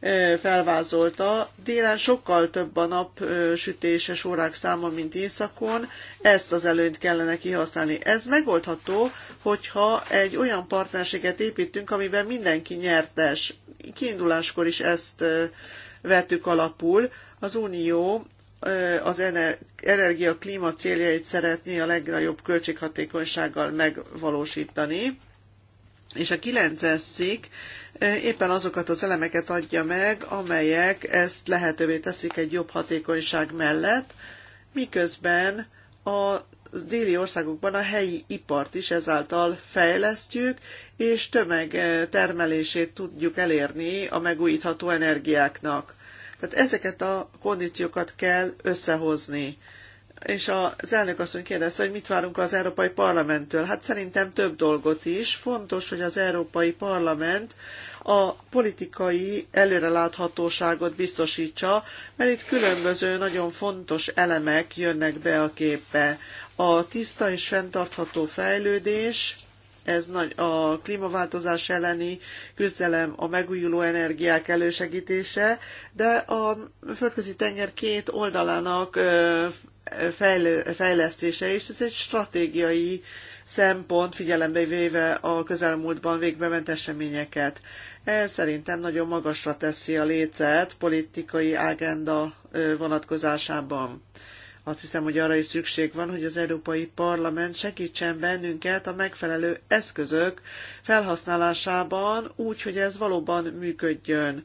eh, felvázolta. Délen sokkal több a nap eh, sütéses órák száma, mint éjszakon. Ezt az előnyt kellene kihasználni. Ez megoldható, hogyha egy olyan partnerséget építünk, amiben mindenki nyertes. Kiinduláskor is ezt eh, vettük alapul. Az Unió az energia klíma céljait szeretné a legnagyobb költséghatékonysággal megvalósítani. És a kilences cikk éppen azokat az elemeket adja meg, amelyek ezt lehetővé teszik egy jobb hatékonyság mellett, miközben a déli országokban a helyi ipart is ezáltal fejlesztjük, és tömegtermelését tudjuk elérni a megújítható energiáknak. Tehát ezeket a kondíciókat kell összehozni. És az elnök asszony kérdezte, hogy mit várunk az Európai Parlamenttől. Hát szerintem több dolgot is. Fontos, hogy az Európai Parlament a politikai előreláthatóságot biztosítsa, mert itt különböző nagyon fontos elemek jönnek be a képbe. A tiszta és fenntartható fejlődés, ez nagy, a klímaváltozás elleni küzdelem, a megújuló energiák elősegítése, de a földközi tenger két oldalának fejlesztése is, ez egy stratégiai szempont, figyelembe véve a közelmúltban végbement eseményeket. Ez szerintem nagyon magasra teszi a lécet politikai ágenda vonatkozásában. Azt hiszem, hogy arra is szükség van, hogy az Európai Parlament segítsen bennünket a megfelelő eszközök felhasználásában úgy, hogy ez valóban működjön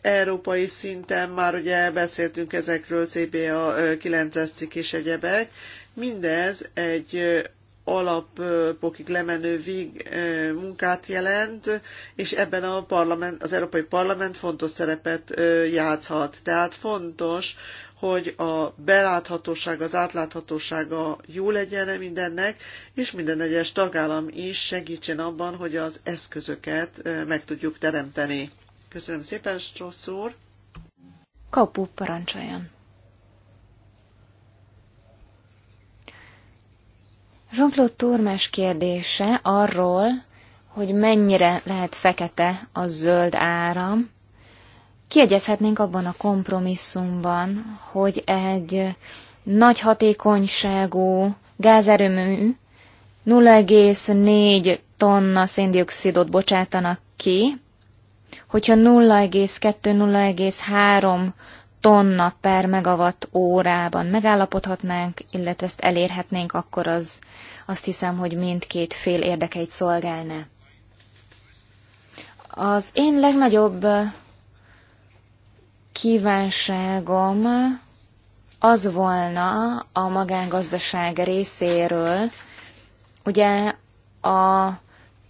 európai szinten már ugye beszéltünk ezekről, CBA 9-es cikk és egyebek, mindez egy alapokig lemenő vég munkát jelent, és ebben a parlament, az Európai Parlament fontos szerepet játszhat. Tehát fontos, hogy a beláthatóság, az átláthatósága jó legyen mindennek, és minden egyes tagállam is segítsen abban, hogy az eszközöket meg tudjuk teremteni. Köszönöm szépen, Strossz úr! Kapu parancsoljon! Jean-Claude Turmes kérdése arról, hogy mennyire lehet fekete a zöld áram, kiegyezhetnénk abban a kompromisszumban, hogy egy nagy hatékonyságú gázerőmű 0,4 tonna széndiokszidot bocsátanak ki, hogyha 0,2-0,3 tonna per megawatt órában megállapodhatnánk, illetve ezt elérhetnénk, akkor az azt hiszem, hogy mindkét fél érdekeit szolgálna. Az én legnagyobb kívánságom az volna a magángazdaság részéről, ugye a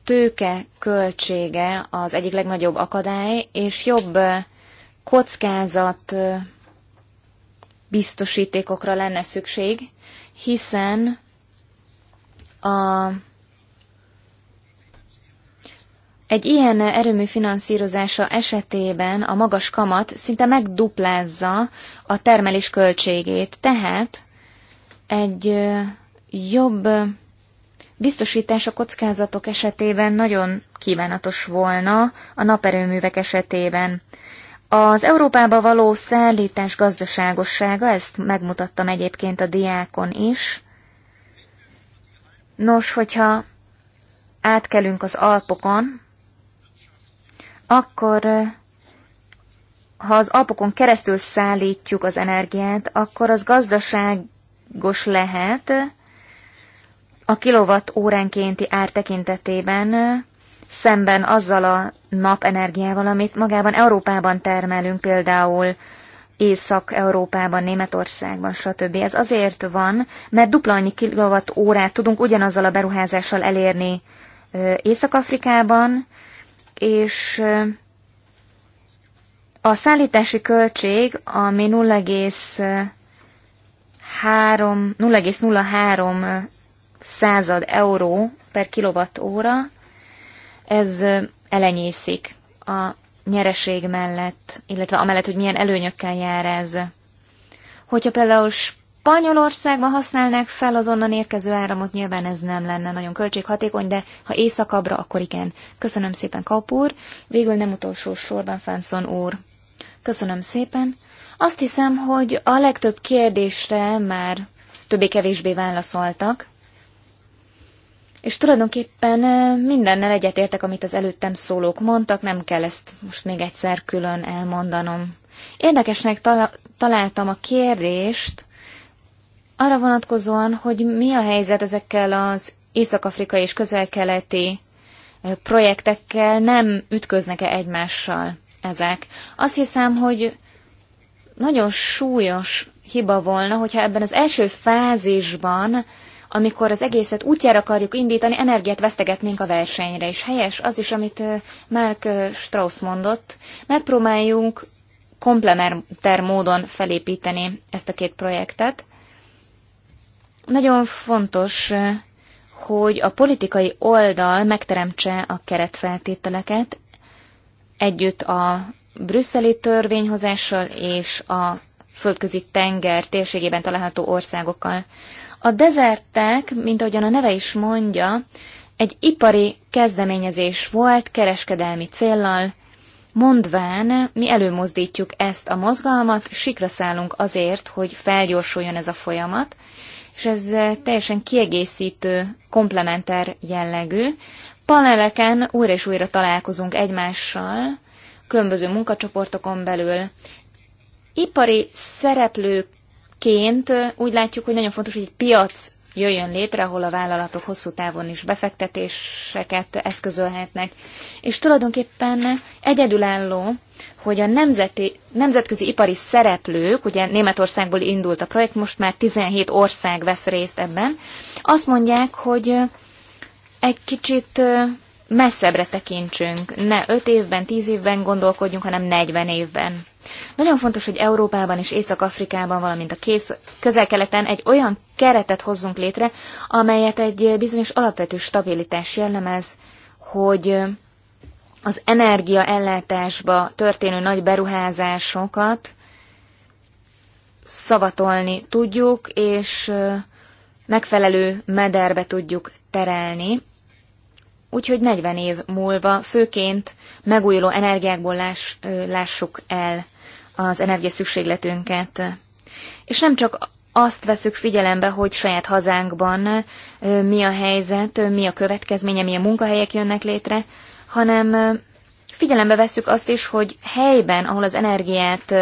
tőke költsége az egyik legnagyobb akadály, és jobb kockázat biztosítékokra lenne szükség, hiszen a egy ilyen erőmű finanszírozása esetében a magas kamat szinte megduplázza a termelés költségét, tehát egy jobb biztosítás a kockázatok esetében nagyon kívánatos volna a naperőművek esetében. Az Európába való szállítás gazdaságossága, ezt megmutattam egyébként a diákon is. Nos, hogyha átkelünk az Alpokon, akkor ha az apokon keresztül szállítjuk az energiát, akkor az gazdaságos lehet a kilovatt óránkénti ár tekintetében szemben azzal a napenergiával, amit magában Európában termelünk, például Észak-Európában, Németországban, stb. Ez azért van, mert dupla annyi kilowatt órát tudunk ugyanazzal a beruházással elérni Észak-Afrikában, és a szállítási költség, ami 0,3, 0,03 század euró per kilowatt óra, ez elenyészik a nyereség mellett, illetve amellett, hogy milyen előnyökkel jár ez. Hogyha például Spanyolországban használnák fel az onnan érkező áramot, nyilván ez nem lenne nagyon költséghatékony, de ha éjszakabbra, akkor igen. Köszönöm szépen, Kapúr. Végül nem utolsó sorban, Fánszon úr. Köszönöm szépen. Azt hiszem, hogy a legtöbb kérdésre már többé-kevésbé válaszoltak, és tulajdonképpen mindennel egyetértek, amit az előttem szólók mondtak, nem kell ezt most még egyszer külön elmondanom. Érdekesnek találtam a kérdést, arra vonatkozóan, hogy mi a helyzet ezekkel az észak-afrikai és közel-keleti projektekkel, nem ütköznek-e egymással ezek? Azt hiszem, hogy nagyon súlyos hiba volna, hogyha ebben az első fázisban, amikor az egészet útjára akarjuk indítani, energiát vesztegetnénk a versenyre, és helyes az is, amit Mark Strauss mondott, megpróbáljunk komplementer módon felépíteni ezt a két projektet, nagyon fontos, eh, hogy a politikai oldal megteremtse a keretfeltételeket együtt a brüsszeli törvényhozással és a földközi tenger térségében található országokkal. A dezertek, mint ahogyan a neve is mondja, egy ipari kezdeményezés volt kereskedelmi céllal, mondván mi előmozdítjuk ezt a mozgalmat, sikra szállunk azért, hogy felgyorsuljon ez a folyamat, és ez teljesen kiegészítő, komplementer jellegű. Paneleken újra és újra találkozunk egymással, különböző munkacsoportokon belül. Ipari szereplőként úgy látjuk, hogy nagyon fontos, hogy egy piac jöjjön létre, ahol a vállalatok hosszú távon is befektetéseket eszközölhetnek. És tulajdonképpen egyedülálló, hogy a nemzeti, nemzetközi ipari szereplők, ugye Németországból indult a projekt, most már 17 ország vesz részt ebben, azt mondják, hogy egy kicsit messzebbre tekintsünk, ne 5 évben, 10 évben gondolkodjunk, hanem 40 évben. Nagyon fontos, hogy Európában és Észak-Afrikában, valamint a kész, közel-keleten egy olyan keretet hozzunk létre, amelyet egy bizonyos alapvető stabilitás jellemez, hogy az energiaellátásba történő nagy beruházásokat szavatolni tudjuk, és megfelelő mederbe tudjuk terelni, Úgyhogy 40 év múlva főként megújuló energiákból láss, lássuk el az energiaszükségletünket. És nem csak azt veszük figyelembe, hogy saját hazánkban mi a helyzet, mi a következménye, milyen munkahelyek jönnek létre, hanem figyelembe veszük azt is, hogy helyben, ahol az energiát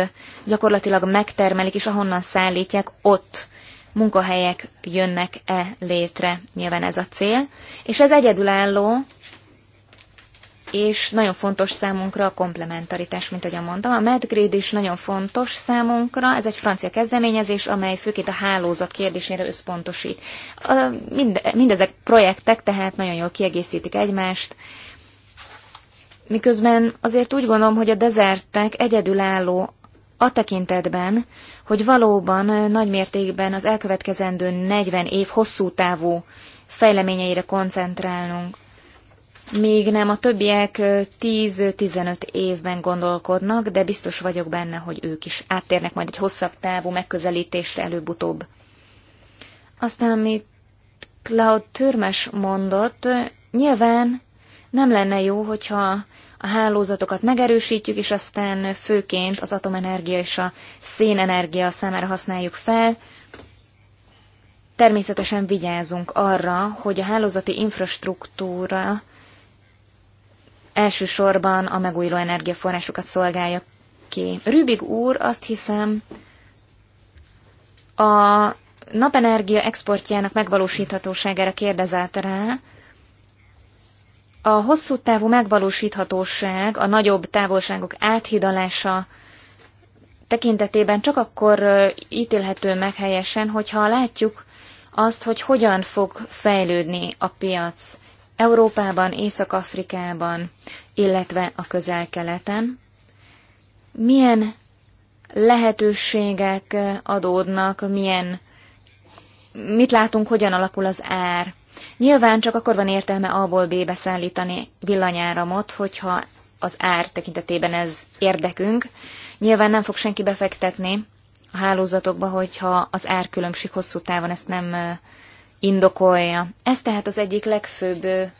gyakorlatilag megtermelik és ahonnan szállítják, ott munkahelyek jönnek-e létre, nyilván ez a cél, és ez egyedülálló, és nagyon fontos számunkra a komplementaritás, mint ahogyan mondtam. A MedGrid is nagyon fontos számunkra, ez egy francia kezdeményezés, amely főként a hálózat kérdésére összpontosít. Mind mindezek projektek tehát nagyon jól kiegészítik egymást, miközben azért úgy gondolom, hogy a dezertek egyedülálló a tekintetben, hogy valóban nagy mértékben az elkövetkezendő 40 év hosszú távú fejleményeire koncentrálnunk. Még nem a többiek 10-15 évben gondolkodnak, de biztos vagyok benne, hogy ők is áttérnek majd egy hosszabb távú megközelítésre előbb-utóbb. Aztán, amit Cloud Türmes mondott, nyilván nem lenne jó, hogyha a hálózatokat megerősítjük, és aztán főként az atomenergia és a szénenergia számára használjuk fel. Természetesen vigyázunk arra, hogy a hálózati infrastruktúra elsősorban a megújuló energiaforrásokat szolgálja ki. Rübig úr azt hiszem a napenergia exportjának megvalósíthatóságára kérdezett rá, a hosszú távú megvalósíthatóság, a nagyobb távolságok áthidalása tekintetében csak akkor ítélhető meg helyesen, hogyha látjuk azt, hogy hogyan fog fejlődni a piac Európában, Észak-Afrikában, illetve a közel-keleten. Milyen lehetőségek adódnak, milyen, mit látunk, hogyan alakul az ár. Nyilván csak akkor van értelme A-ból B-be szállítani villanyáramot, hogyha az ár tekintetében ez érdekünk. Nyilván nem fog senki befektetni a hálózatokba, hogyha az árkülönbség hosszú távon ezt nem indokolja. Ez tehát az egyik legfőbb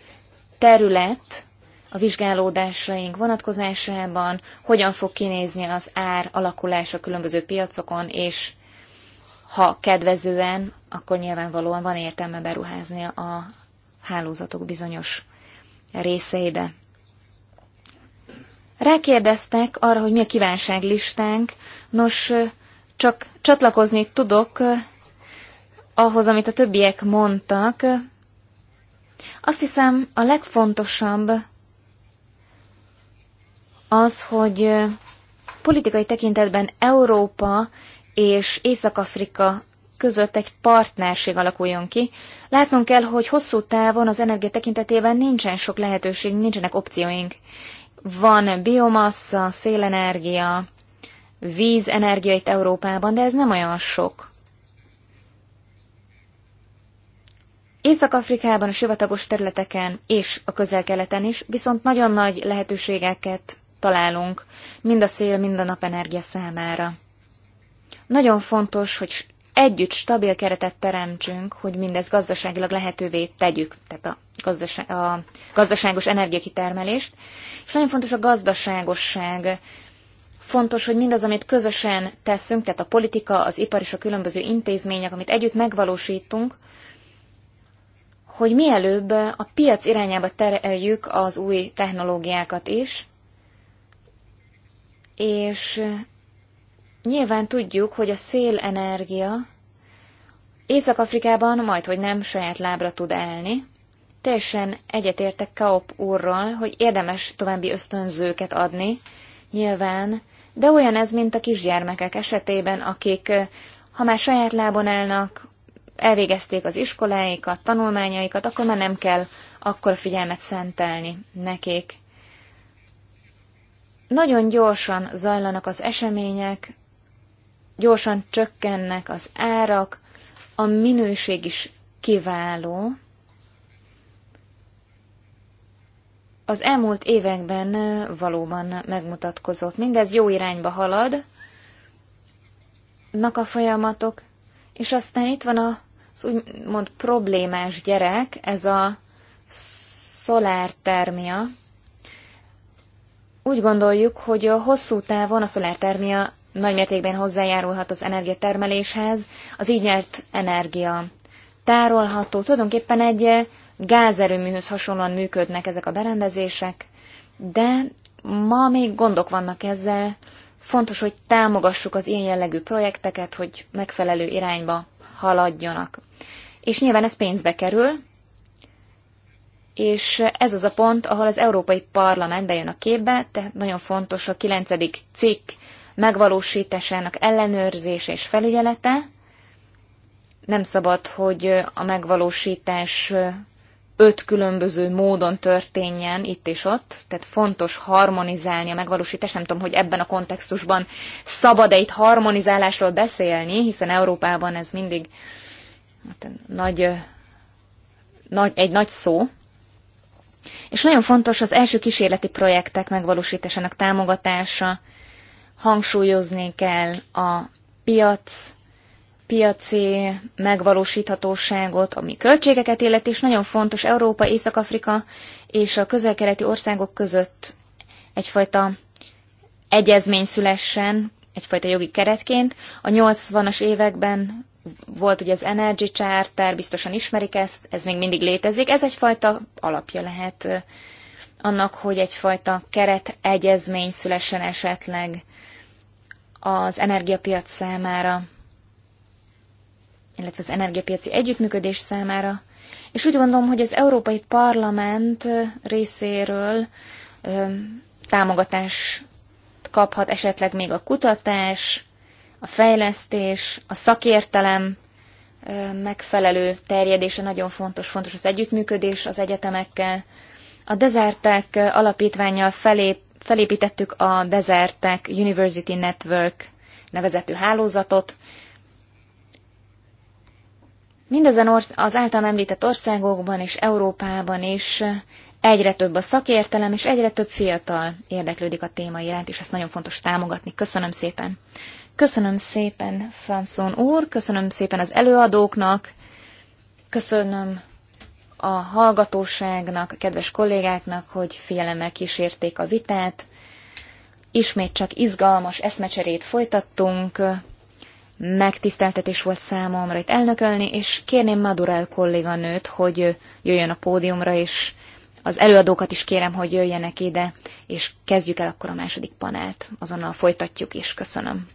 terület a vizsgálódásaink vonatkozásában, hogyan fog kinézni az ár alakulása különböző piacokon, és ha kedvezően, akkor nyilvánvalóan van értelme beruházni a hálózatok bizonyos részeibe. Rákérdeztek arra, hogy mi a kívánságlistánk. Nos, csak csatlakozni tudok ahhoz, amit a többiek mondtak. Azt hiszem, a legfontosabb az, hogy politikai tekintetben Európa és Észak-Afrika között egy partnerség alakuljon ki. Látnunk kell, hogy hosszú távon az energia tekintetében nincsen sok lehetőség, nincsenek opcióink. Van biomassa, szélenergia, vízenergia itt Európában, de ez nem olyan sok. Észak-Afrikában, a sivatagos területeken és a közel-keleten is viszont nagyon nagy lehetőségeket találunk, mind a szél, mind a napenergia számára. Nagyon fontos, hogy együtt stabil keretet teremtsünk, hogy mindezt gazdaságilag lehetővé tegyük, tehát a, gazdaság, a gazdaságos energiakitermelést. És nagyon fontos a gazdaságosság. Fontos, hogy mindaz, amit közösen teszünk, tehát a politika, az ipar és a különböző intézmények, amit együtt megvalósítunk, hogy mielőbb a piac irányába tereljük az új technológiákat is, és Nyilván tudjuk, hogy a szélenergia Észak-Afrikában majdhogy nem saját lábra tud állni. Teljesen egyetértek Kaop úrral, hogy érdemes további ösztönzőket adni, nyilván, de olyan ez, mint a kisgyermekek esetében, akik, eh, ha már saját lábon állnak, elvégezték az iskoláikat, tanulmányaikat, akkor már nem kell akkor figyelmet szentelni nekik. Nagyon gyorsan zajlanak az események, gyorsan csökkennek az árak, a minőség is kiváló. Az elmúlt években valóban megmutatkozott. Mindez jó irányba halad, nak a folyamatok, és aztán itt van az úgymond problémás gyerek, ez a szolártermia. Úgy gondoljuk, hogy a hosszú távon a szolártermia nagy mértékben hozzájárulhat az energiatermeléshez. Az így nyert energia tárolható. Tulajdonképpen egy gázerőműhöz hasonlóan működnek ezek a berendezések, de ma még gondok vannak ezzel. Fontos, hogy támogassuk az ilyen jellegű projekteket, hogy megfelelő irányba haladjanak. És nyilván ez pénzbe kerül, és ez az a pont, ahol az Európai Parlament bejön a képbe, tehát nagyon fontos a kilencedik cikk megvalósításának ellenőrzése és felügyelete. Nem szabad, hogy a megvalósítás öt különböző módon történjen itt és ott, tehát fontos harmonizálni a megvalósítást. Nem tudom, hogy ebben a kontextusban szabad-e itt harmonizálásról beszélni, hiszen Európában ez mindig hát, nagy, nagy, egy nagy szó. És nagyon fontos az első kísérleti projektek megvalósításának támogatása, hangsúlyozni kell a piac, piaci megvalósíthatóságot, ami költségeket illeti, és nagyon fontos Európa, Észak-Afrika és a közel-keleti országok között egyfajta egyezmény szülessen, egyfajta jogi keretként. A 80-as években volt ugye az Energy Charter, biztosan ismerik ezt, ez még mindig létezik. Ez egyfajta alapja lehet annak, hogy egyfajta keret egyezmény szülessen esetleg az energiapiac számára, illetve az energiapiaci együttműködés számára, és úgy gondolom, hogy az Európai Parlament részéről támogatást kaphat esetleg még a kutatás, a fejlesztés, a szakértelem megfelelő terjedése nagyon fontos, fontos az együttműködés az egyetemekkel. A Dezertek alapítványjal felép, Felépítettük a Desertec University Network nevezetű hálózatot. Mindezen orsz- az általam említett országokban és Európában is egyre több a szakértelem, és egyre több fiatal érdeklődik a téma iránt, és ezt nagyon fontos támogatni. Köszönöm szépen! Köszönöm szépen, Fanson úr, köszönöm szépen az előadóknak, köszönöm a hallgatóságnak, a kedves kollégáknak, hogy figyelemmel kísérték a vitát. Ismét csak izgalmas eszmecserét folytattunk. Megtiszteltetés volt számomra itt elnökölni, és kérném Madurel kolléganőt, hogy jöjjön a pódiumra, és az előadókat is kérem, hogy jöjjenek ide, és kezdjük el akkor a második panelt. Azonnal folytatjuk, és köszönöm.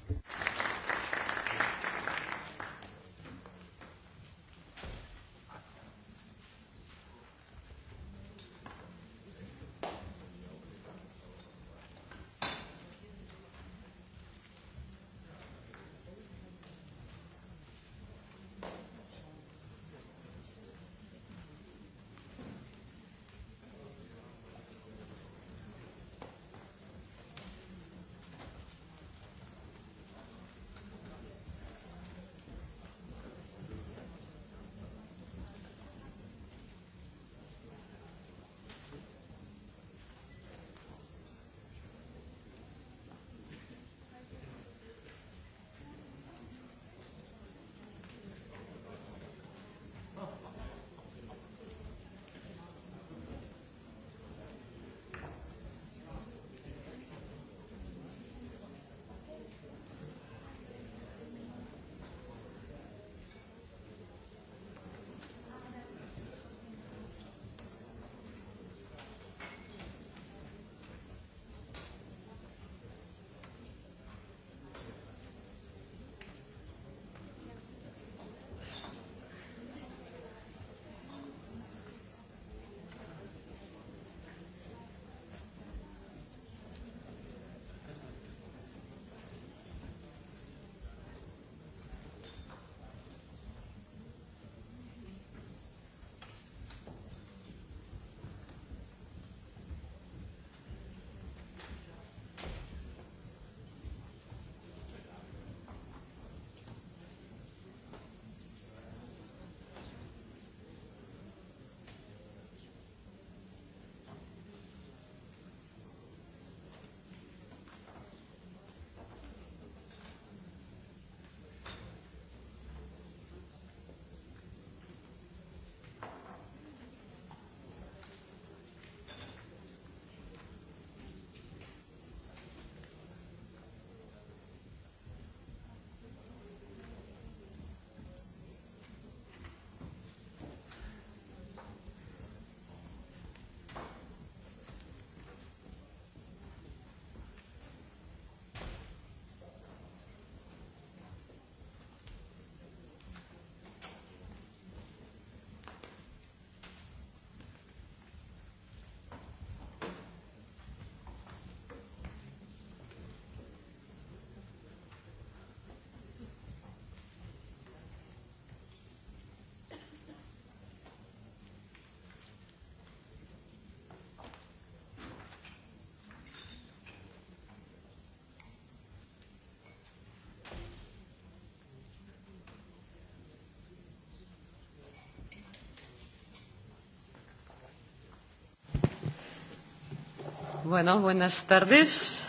Bueno, buenas tardes.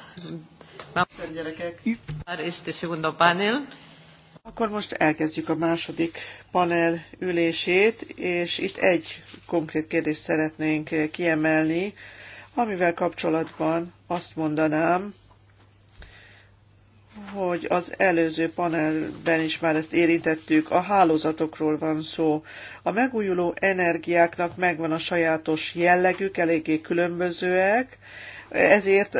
Vamos, gyerekek. Már este segundo panel. Akkor most elkezdjük a második panel ülését, és itt egy konkrét kérdést szeretnénk kiemelni, amivel kapcsolatban azt mondanám, ahogy az előző panelben is már ezt érintettük, a hálózatokról van szó. A megújuló energiáknak megvan a sajátos jellegük, eléggé különbözőek, ezért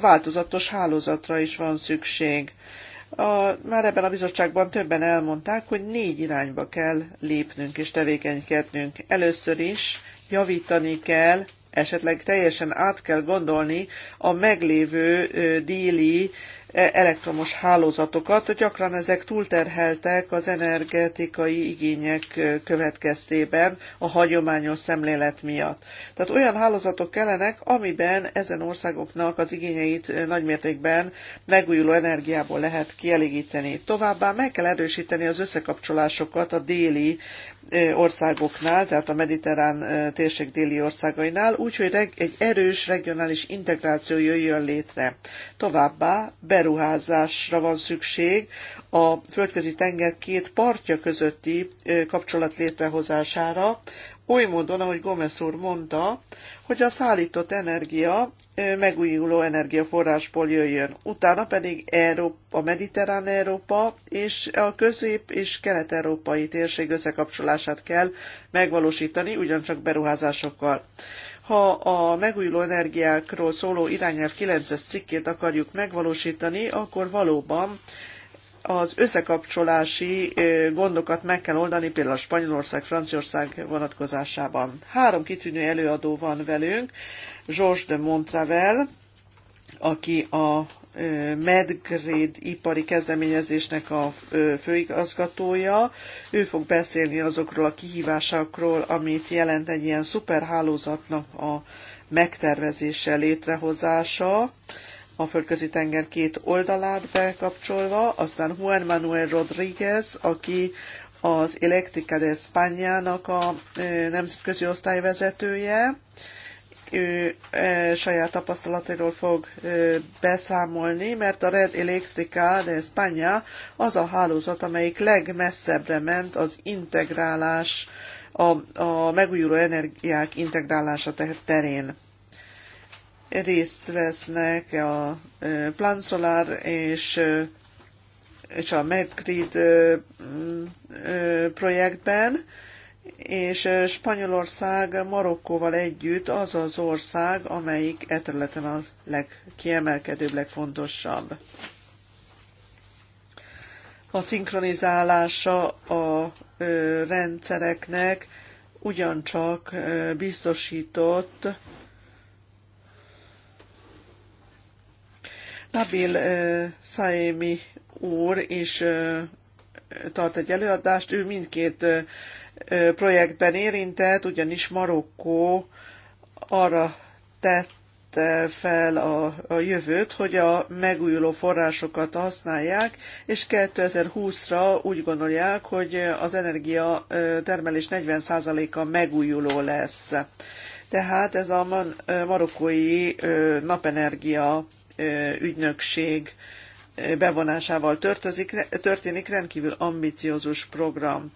változatos hálózatra is van szükség. A, már ebben a bizottságban többen elmondták, hogy négy irányba kell lépnünk és tevékenykednünk. Először is javítani kell, esetleg teljesen át kell gondolni a meglévő ö, déli E, elektromos hálózatokat. Gyakran ezek túlterheltek az energetikai igények e, következtében a hagyományos szemlélet miatt. Tehát olyan hálózatok kellenek, amiben ezen országoknak az igényeit e, nagymértékben megújuló energiából lehet kielégíteni. Továbbá meg kell erősíteni az összekapcsolásokat a déli országoknál, tehát a mediterrán térség déli országainál, úgyhogy egy erős regionális integráció jöjjön létre. Továbbá be beruházásra van szükség a földközi tenger két partja közötti kapcsolat létrehozására, oly módon, ahogy Gomez úr mondta, hogy a szállított energia megújuló energiaforrásból jöjjön. Utána pedig Európa, a mediterrán Európa és a közép- és kelet-európai térség összekapcsolását kell megvalósítani, ugyancsak beruházásokkal. Ha a megújuló energiákról szóló irányelv 9-es cikkét akarjuk megvalósítani, akkor valóban az összekapcsolási gondokat meg kell oldani, például Spanyolország, Franciaország vonatkozásában. Három kitűnő előadó van velünk, Georges de Montravel, aki a Medgrid ipari kezdeményezésnek a főigazgatója. Ő fog beszélni azokról a kihívásokról, amit jelent egy ilyen szuperhálózatnak a megtervezése, létrehozása a földközi tenger két oldalát bekapcsolva, aztán Juan Manuel Rodríguez, aki az Electrica de España-nak a nemzetközi osztályvezetője, vezetője, ő e, saját tapasztalatairól fog e, beszámolni, mert a Red Electrica de España az a hálózat, amelyik legmesszebbre ment az integrálás, a, a megújuló energiák integrálása terén. Részt vesznek a e, Plan Solar és e, és a Medgrid projektben, és Spanyolország Marokkóval együtt az az ország, amelyik e területen a legkiemelkedőbb, legfontosabb. A szinkronizálása a rendszereknek ugyancsak biztosított Nabil Saemi úr is tart egy előadást, ő mindkét projektben érintett, ugyanis Marokkó arra tette fel a, a jövőt, hogy a megújuló forrásokat használják, és 2020-ra úgy gondolják, hogy az energia termelés 40%-a megújuló lesz. Tehát ez a marokkói napenergia ügynökség bevonásával történik, rendkívül ambiciózus program.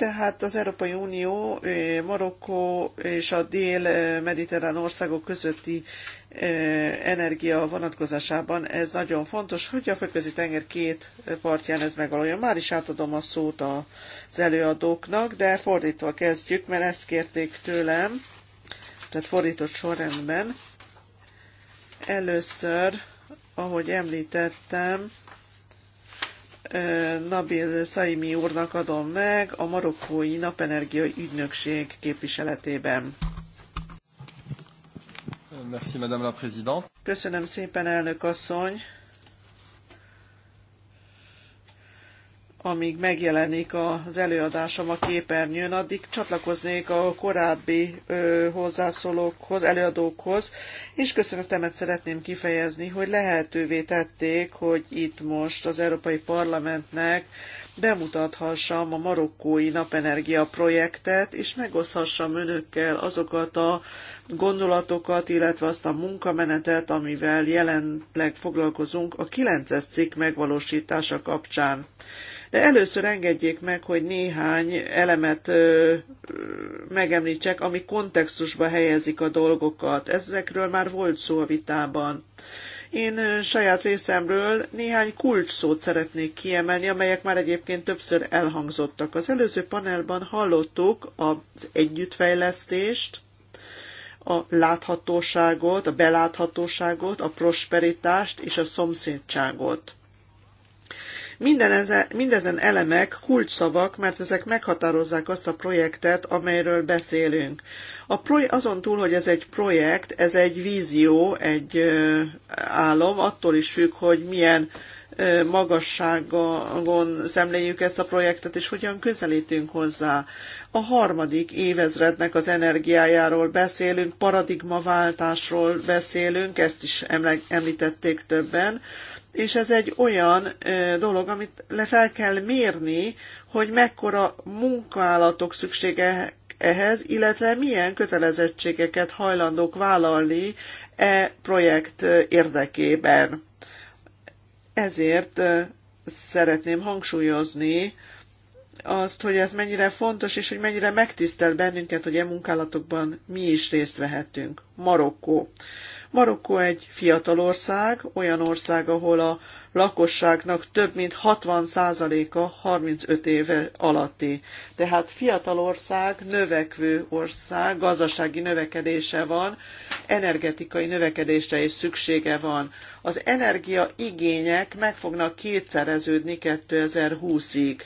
Tehát az Európai Unió, Marokkó és a dél-mediterrán országok közötti energia vonatkozásában ez nagyon fontos, hogy a földközi tenger két partján ez megvalója. Már is átadom a szót az előadóknak, de fordítva kezdjük, mert ezt kérték tőlem, tehát fordított sorrendben. Először, ahogy említettem, Nabil Saimi úrnak adom meg a marokkói napenergia ügynökség képviseletében. Köszönöm szépen, elnök asszony. amíg megjelenik az előadásom a képernyőn, addig csatlakoznék a korábbi ö, hozzászólókhoz, előadókhoz, és köszönetemet szeretném kifejezni, hogy lehetővé tették, hogy itt most az Európai Parlamentnek bemutathassam a marokkói napenergia projektet, és megoszhassam önökkel azokat a gondolatokat, illetve azt a munkamenetet, amivel jelenleg foglalkozunk a 9-es cikk megvalósítása kapcsán. De először engedjék meg, hogy néhány elemet megemlítsek, ami kontextusba helyezik a dolgokat. Ezekről már volt szó a vitában. Én saját részemről néhány kulcsszót szeretnék kiemelni, amelyek már egyébként többször elhangzottak. Az előző panelban hallottuk az együttfejlesztést, a láthatóságot, a beláthatóságot, a prosperitást és a szomszédságot. Minden mindezen elemek kulcsszavak, mert ezek meghatározzák azt a projektet, amelyről beszélünk. A proj- azon túl, hogy ez egy projekt, ez egy vízió, egy ö, álom, attól is függ, hogy milyen ö, magasságon szemléljük ezt a projektet, és hogyan közelítünk hozzá. A harmadik évezrednek az energiájáról beszélünk, paradigmaváltásról beszélünk, ezt is említették többen és ez egy olyan dolog, amit le fel kell mérni, hogy mekkora munkaállatok szüksége ehhez, illetve milyen kötelezettségeket hajlandók vállalni e projekt érdekében. Ezért szeretném hangsúlyozni azt, hogy ez mennyire fontos, és hogy mennyire megtisztel bennünket, hogy e munkálatokban mi is részt vehetünk. Marokkó. Marokkó egy fiatal ország, olyan ország, ahol a lakosságnak több mint 60%-a 35 éve alatti. Tehát fiatal ország, növekvő ország, gazdasági növekedése van, energetikai növekedésre is szüksége van. Az energia igények meg fognak kétszereződni 2020-ig.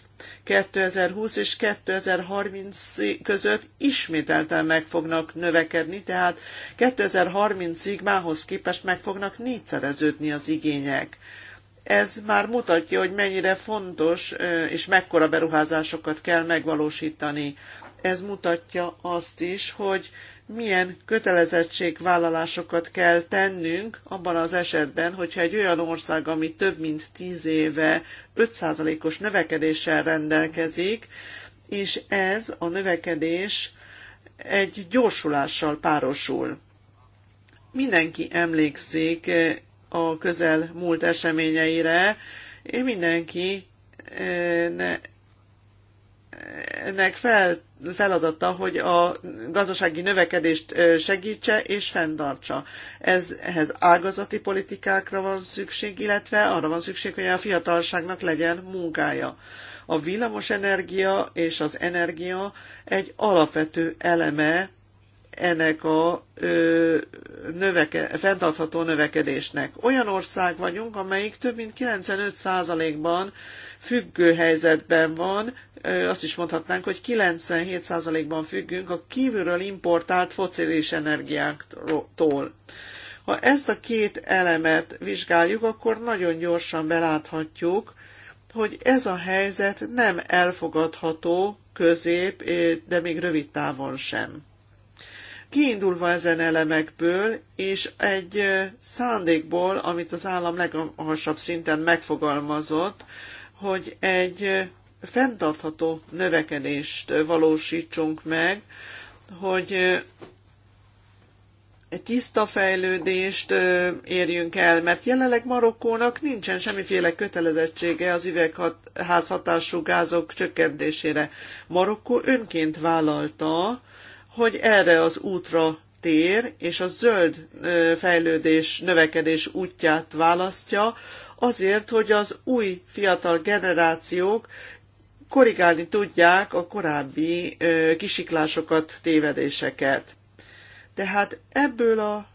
2020 és 2030 között ismételten meg fognak növekedni, tehát 2030-ig mához képest meg fognak négyszereződni az igények. Ez már mutatja, hogy mennyire fontos és mekkora beruházásokat kell megvalósítani. Ez mutatja azt is, hogy milyen kötelezettségvállalásokat kell tennünk abban az esetben, hogyha egy olyan ország, ami több mint 10 éve 5%-os növekedéssel rendelkezik, és ez a növekedés egy gyorsulással párosul. Mindenki emlékszik a közel múlt eseményeire, és mindenki eh, ennek fel feladata, hogy a gazdasági növekedést segítse és fenntartsa. Ez, ehhez ágazati politikákra van szükség, illetve arra van szükség, hogy a fiatalságnak legyen munkája. A villamosenergia és az energia egy alapvető eleme ennek a ö, növeke, fenntartható növekedésnek. Olyan ország vagyunk, amelyik több mint 95%-ban függő helyzetben van azt is mondhatnánk, hogy 97%-ban függünk a kívülről importált foszilis energiáktól. Ha ezt a két elemet vizsgáljuk, akkor nagyon gyorsan beláthatjuk, hogy ez a helyzet nem elfogadható közép, de még rövid távon sem. Kiindulva ezen elemekből, és egy szándékból, amit az állam legmagasabb szinten megfogalmazott, hogy egy fenntartható növekedést valósítsunk meg, hogy egy tiszta fejlődést érjünk el, mert jelenleg Marokkónak nincsen semmiféle kötelezettsége az üvegházhatású gázok csökkentésére. Marokkó önként vállalta, hogy erre az útra tér, és a zöld fejlődés, növekedés útját választja, azért, hogy az új fiatal generációk korrigálni tudják a korábbi kisiklásokat, tévedéseket. Tehát ebből a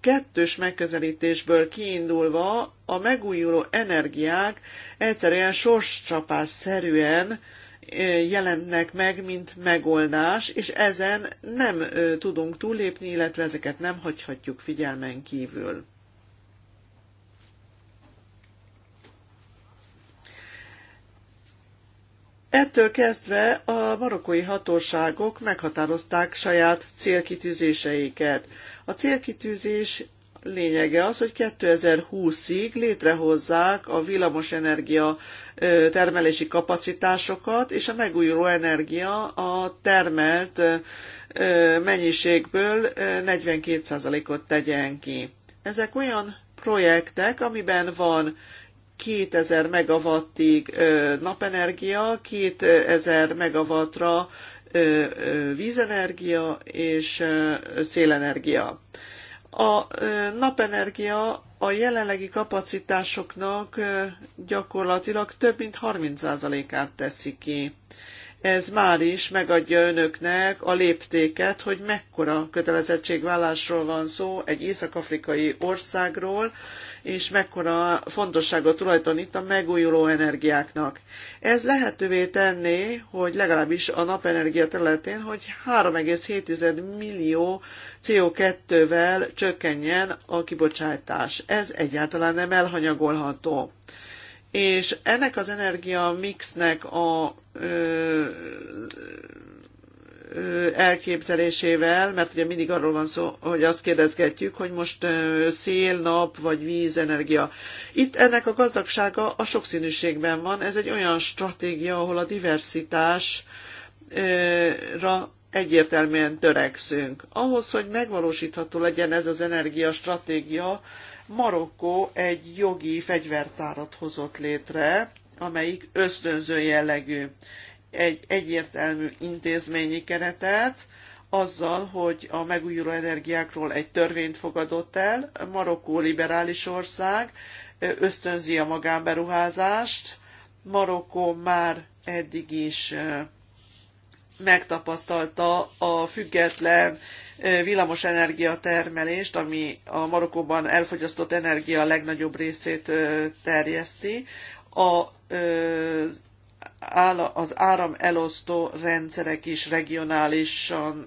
kettős megközelítésből kiindulva a megújuló energiák egyszerűen sorscsapásszerűen szerűen jelentnek meg, mint megoldás, és ezen nem tudunk túllépni, illetve ezeket nem hagyhatjuk figyelmen kívül. Ettől kezdve a marokkói hatóságok meghatározták saját célkitűzéseiket. A célkitűzés lényege az, hogy 2020-ig létrehozzák a villamosenergia termelési kapacitásokat, és a megújuló energia a termelt mennyiségből 42%-ot tegyen ki. Ezek olyan projektek, amiben van 2000 megawattig napenergia, 2000 megawattra vízenergia és szélenergia. A napenergia a jelenlegi kapacitásoknak gyakorlatilag több mint 30%-át teszi ki. Ez már is megadja önöknek a léptéket, hogy mekkora kötelezettségvállásról van szó egy észak-afrikai országról, és mekkora fontosságot tulajdonít a megújuló energiáknak. Ez lehetővé tenné, hogy legalábbis a napenergia területén, hogy 3,7 millió CO2-vel csökkenjen a kibocsátás. Ez egyáltalán nem elhanyagolható és ennek az energia mixnek a ö, elképzelésével, mert ugye mindig arról van szó, hogy azt kérdezgetjük, hogy most szél, nap vagy víz, energia. Itt ennek a gazdagsága a sokszínűségben van. Ez egy olyan stratégia, ahol a diversitásra egyértelműen törekszünk. Ahhoz, hogy megvalósítható legyen ez az energiastratégia, Marokkó egy jogi fegyvertárat hozott létre, amelyik ösztönző jellegű egy egyértelmű intézményi keretet, azzal, hogy a megújuló energiákról egy törvényt fogadott el. Marokkó liberális ország, ösztönzi a magánberuházást. Marokkó már eddig is megtapasztalta a független villamos energiatermelést, ami a Marokkóban elfogyasztott energia legnagyobb részét terjeszti. A az áram elosztó rendszerek is regionálisan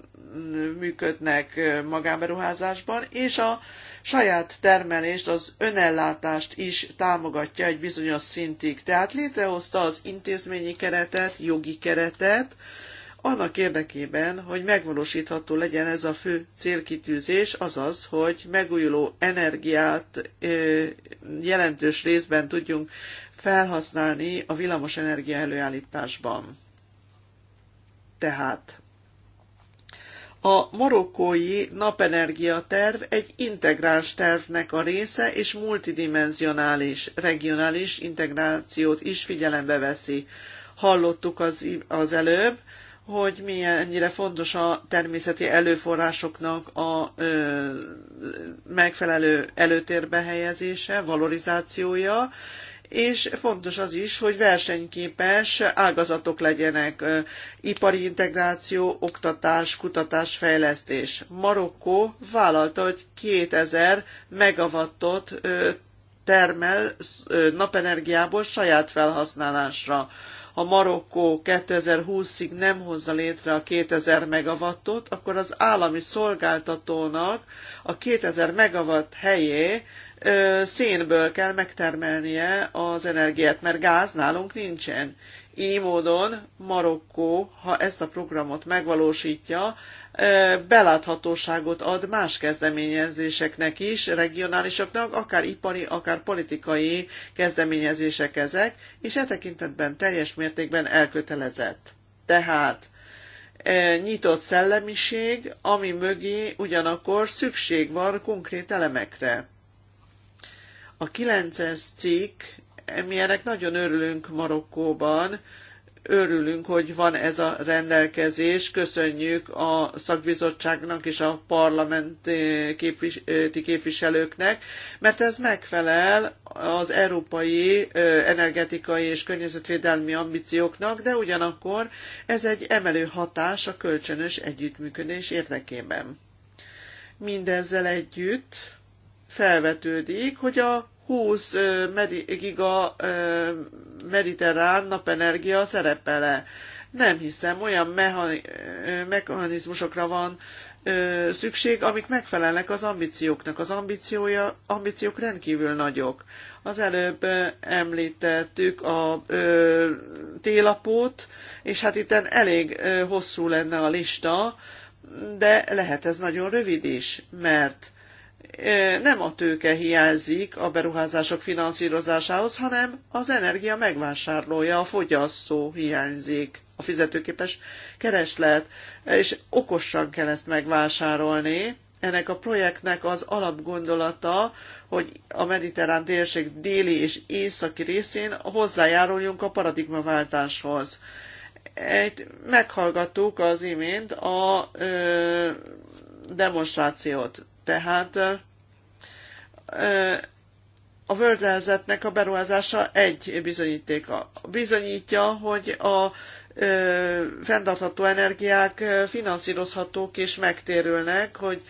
működnek magánberuházásban, és a saját termelést, az önellátást is támogatja egy bizonyos szintig. Tehát létrehozta az intézményi keretet, jogi keretet, annak érdekében, hogy megvalósítható legyen ez a fő célkitűzés, azaz, hogy megújuló energiát jelentős részben tudjunk felhasználni a villamos energia előállításban. Tehát a marokkói napenergia terv egy integráns tervnek a része, és multidimensionális, regionális integrációt is figyelembe veszi. Hallottuk az, az előbb, hogy milyen ennyire fontos a természeti előforrásoknak a ö, megfelelő előtérbe helyezése, valorizációja, és fontos az is, hogy versenyképes ágazatok legyenek, ipari integráció, oktatás, kutatás, fejlesztés. Marokkó vállalta, hogy 2000 megawattot termel napenergiából saját felhasználásra. Ha Marokkó 2020-ig nem hozza létre a 2000 megawattot, akkor az állami szolgáltatónak a 2000 megawatt helyé ö, szénből kell megtermelnie az energiát, mert gáz nálunk nincsen. Így módon Marokkó, ha ezt a programot megvalósítja, beláthatóságot ad más kezdeményezéseknek is, regionálisoknak, akár ipari, akár politikai kezdeményezések ezek, és e tekintetben teljes mértékben elkötelezett. Tehát nyitott szellemiség, ami mögé ugyanakkor szükség van konkrét elemekre. A 9 cikk, mi ennek nagyon örülünk Marokkóban, örülünk, hogy van ez a rendelkezés. Köszönjük a szakbizottságnak és a parlamenti képviselőknek, mert ez megfelel az európai energetikai és környezetvédelmi ambícióknak, de ugyanakkor ez egy emelő hatás a kölcsönös együttműködés érdekében. Mindezzel együtt felvetődik, hogy a 20 giga mediterrán napenergia szerepele. Nem hiszem, olyan mechanizmusokra van szükség, amik megfelelnek az ambícióknak. Az ambíciója, ambíciók rendkívül nagyok. Az előbb említettük a ö, télapót, és hát itt elég ö, hosszú lenne a lista, de lehet ez nagyon rövid is, mert nem a tőke hiányzik a beruházások finanszírozásához, hanem az energia megvásárlója, a fogyasztó hiányzik, a fizetőképes kereslet, és okosan kell ezt megvásárolni. Ennek a projektnek az alapgondolata, hogy a mediterrán térség déli és északi részén hozzájáruljunk a paradigmaváltáshoz. Egy, meghallgattuk az imént a ö, demonstrációt tehát a völgyelzetnek a beruházása egy bizonyítéka. Bizonyítja, hogy a fenntartható energiák finanszírozhatók és megtérülnek, hogy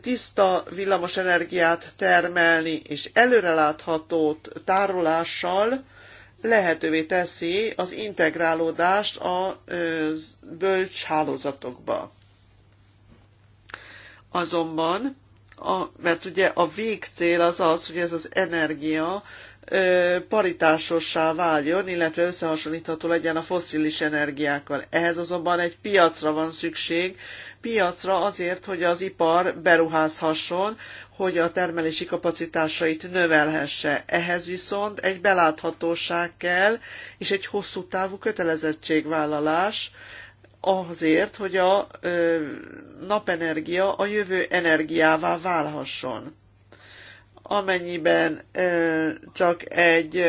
tiszta villamos energiát termelni és előrelátható tárolással lehetővé teszi az integrálódást a bölcs hálózatokba. Azonban a, mert ugye a végcél az az, hogy ez az energia ö, paritásossá váljon, illetve összehasonlítható legyen a fosszilis energiákkal. Ehhez azonban egy piacra van szükség, piacra azért, hogy az ipar beruházhasson, hogy a termelési kapacitásait növelhesse. Ehhez viszont egy beláthatóság kell, és egy hosszú távú kötelezettségvállalás, azért, hogy a napenergia a jövő energiává válhasson. Amennyiben csak egy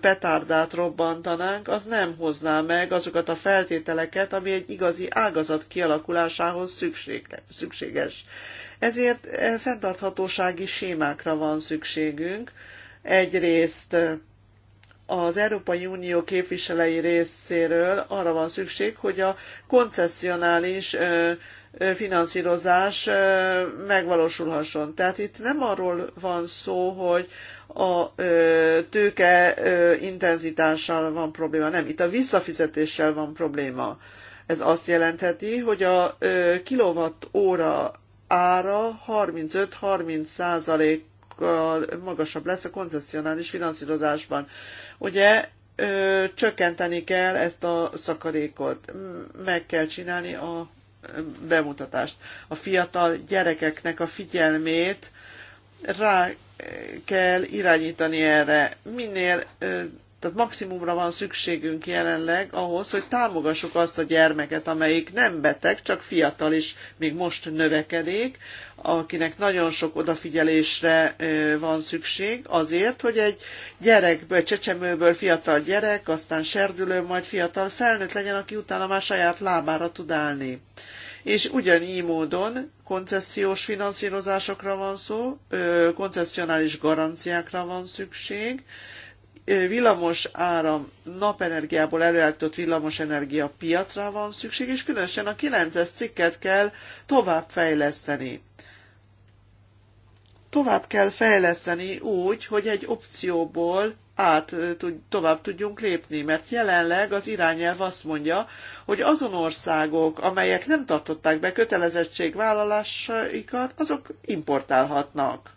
petárdát robbantanánk, az nem hozná meg azokat a feltételeket, ami egy igazi ágazat kialakulásához szükséges. Ezért fenntarthatósági sémákra van szükségünk. Egyrészt az Európai Unió képviselei részéről arra van szükség, hogy a koncessionális finanszírozás megvalósulhasson. Tehát itt nem arról van szó, hogy a tőke intenzitással van probléma, nem, itt a visszafizetéssel van probléma. Ez azt jelentheti, hogy a kilowatt óra ára 35-30 százalék sokkal magasabb lesz a koncesszionális finanszírozásban. Ugye ö, csökkenteni kell ezt a szakadékot, meg kell csinálni a bemutatást. A fiatal gyerekeknek a figyelmét rá kell irányítani erre. Minél tehát maximumra van szükségünk jelenleg ahhoz, hogy támogassuk azt a gyermeket, amelyik nem beteg, csak fiatal is még most növekedik, akinek nagyon sok odafigyelésre van szükség, azért, hogy egy gyerekből, csecsemőből fiatal gyerek, aztán serdülő, majd fiatal felnőtt legyen, aki utána már saját lábára tud állni. És ugyanígy módon koncesziós finanszírozásokra van szó, koncessionális garanciákra van szükség, villamos áram, napenergiából előállított villamos energia piacra van szükség, és különösen a 9-es cikket kell tovább fejleszteni. Tovább kell fejleszteni úgy, hogy egy opcióból át tovább tudjunk lépni, mert jelenleg az irányelv azt mondja, hogy azon országok, amelyek nem tartották be kötelezettségvállalásaikat, azok importálhatnak.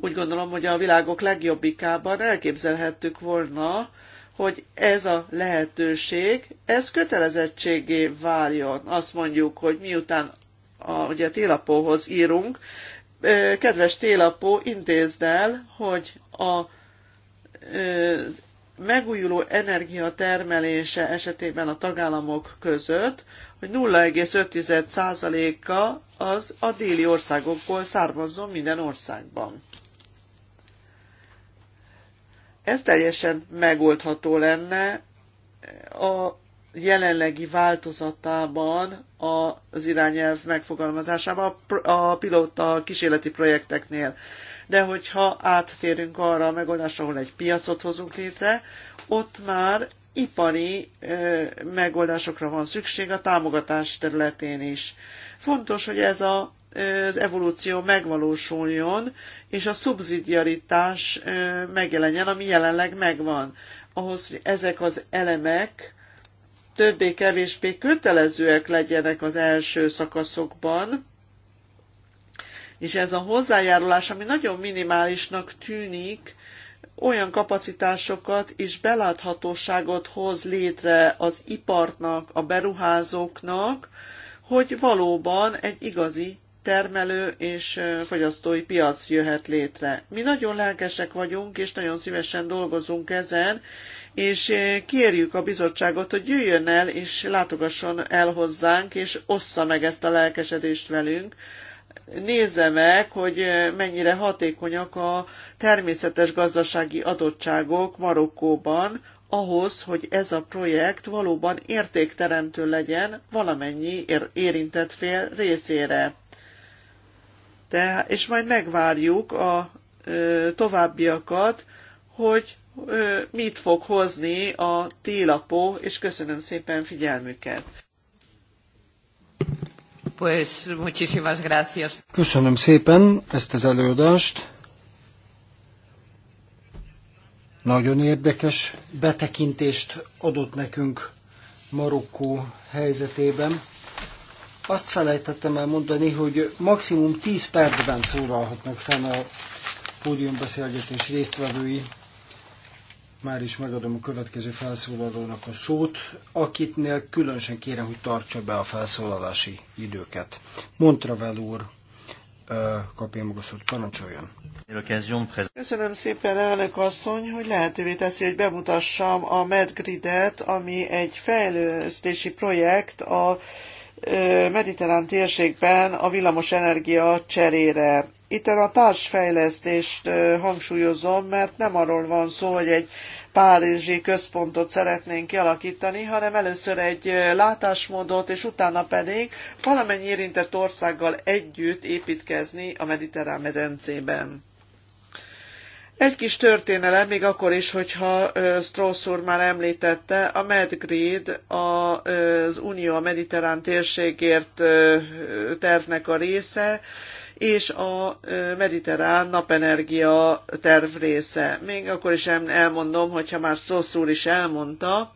Úgy gondolom, hogy a világok legjobbikában elképzelhettük volna, hogy ez a lehetőség, ez kötelezettségé váljon. Azt mondjuk, hogy miután a, ugye a télapóhoz írunk, kedves télapó, intézd el, hogy a megújuló energia termelése esetében a tagállamok között, hogy 0,5%-a az a déli országokból származzon minden országban. Ez teljesen megoldható lenne a jelenlegi változatában az irányelv megfogalmazásában a pilóta kísérleti projekteknél. De hogyha áttérünk arra a megoldásra, ahol egy piacot hozunk létre, ott már ipari ö, megoldásokra van szükség a támogatás területén is. Fontos, hogy ez a az evolúció megvalósuljon, és a szubszidiaritás megjelenjen, ami jelenleg megvan. Ahhoz, hogy ezek az elemek többé-kevésbé kötelezőek legyenek az első szakaszokban, és ez a hozzájárulás, ami nagyon minimálisnak tűnik, olyan kapacitásokat és beláthatóságot hoz létre az ipartnak, a beruházóknak, hogy valóban egy igazi termelő és fogyasztói piac jöhet létre. Mi nagyon lelkesek vagyunk, és nagyon szívesen dolgozunk ezen, és kérjük a bizottságot, hogy jöjjön el, és látogasson el hozzánk, és ossza meg ezt a lelkesedést velünk, nézze meg, hogy mennyire hatékonyak a természetes gazdasági adottságok Marokkóban, ahhoz, hogy ez a projekt valóban értékteremtő legyen valamennyi érintett fél részére. De, és majd megvárjuk a ö, továbbiakat, hogy ö, mit fog hozni a télapó, és köszönöm szépen figyelmüket. Pues, muchísimas gracias. Köszönöm szépen ezt az előadást. Nagyon érdekes betekintést adott nekünk Marokkó helyzetében. Azt felejtettem el mondani, hogy maximum 10 percben szólalhatnak fenn a pódiumbeszélgetés résztvevői. Már is megadom a következő felszólalónak a szót, akitnél különösen kérem, hogy tartsa be a felszólalási időket. Montravel úr, kapja maga szót, parancsoljon. Köszönöm szépen, elnök asszony, hogy lehetővé teszi, hogy bemutassam a MedGrid-et, ami egy fejlesztési projekt a mediterrán térségben a villamos energia cserére. Itt a társfejlesztést hangsúlyozom, mert nem arról van szó, hogy egy párizsi központot szeretnénk kialakítani, hanem először egy látásmódot, és utána pedig valamennyi érintett országgal együtt építkezni a mediterrán medencében. Egy kis történelem, még akkor is, hogyha Strauss úr már említette, a Medgrid az Unió a Mediterrán térségért tervnek a része, és a mediterrán napenergia terv része. Még akkor is elmondom, hogyha már Strauss úr is elmondta,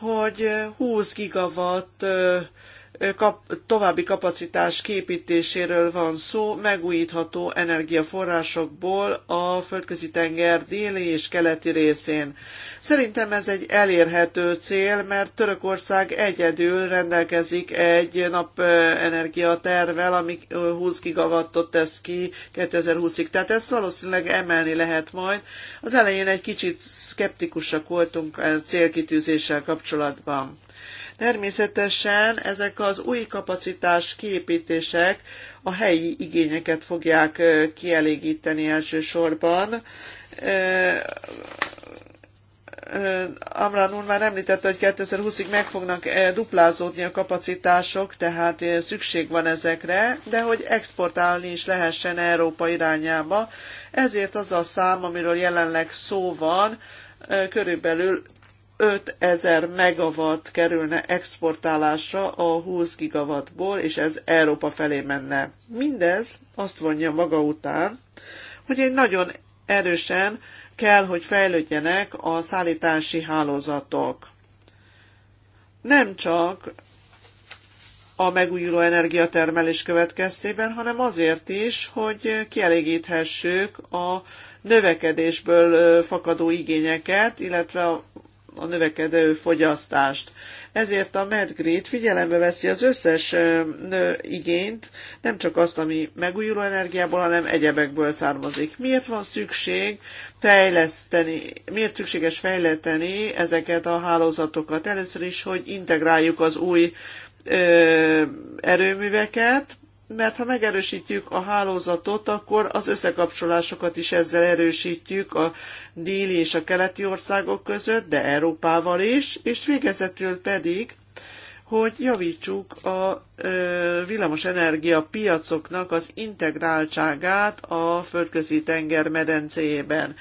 hogy 20 gigawatt kap, további kapacitás képítéséről van szó, megújítható energiaforrásokból a földközi tenger déli és keleti részén. Szerintem ez egy elérhető cél, mert Törökország egyedül rendelkezik egy napenergia tervvel, ami 20 gigawattot tesz ki 2020-ig. Tehát ezt valószínűleg emelni lehet majd. Az elején egy kicsit szkeptikusak voltunk a célkitűzéssel kapcsolatban. Természetesen ezek az új kapacitás kiépítések a helyi igényeket fogják kielégíteni elsősorban. Amran úr már említette, hogy 2020-ig meg fognak duplázódni a kapacitások, tehát szükség van ezekre, de hogy exportálni is lehessen Európa irányába. Ezért az a szám, amiről jelenleg szó van, körülbelül 5000 megawatt kerülne exportálásra a 20 gigawattból, és ez Európa felé menne. Mindez azt vonja maga után, hogy egy nagyon erősen kell, hogy fejlődjenek a szállítási hálózatok. Nem csak a megújuló energiatermelés következtében, hanem azért is, hogy kielégíthessük a növekedésből fakadó igényeket, illetve a növekedő fogyasztást. Ezért a MedGrid figyelembe veszi az összes igényt, nem csak azt, ami megújuló energiából, hanem egyebekből származik. Miért van szükség fejleszteni, miért szükséges fejleszteni ezeket a hálózatokat? Először is, hogy integráljuk az új erőműveket, mert ha megerősítjük a hálózatot, akkor az összekapcsolásokat is ezzel erősítjük a déli és a keleti országok között, de Európával is, és végezetül pedig, hogy javítsuk a villamosenergia piacoknak az integráltságát a földközi tenger medencéjében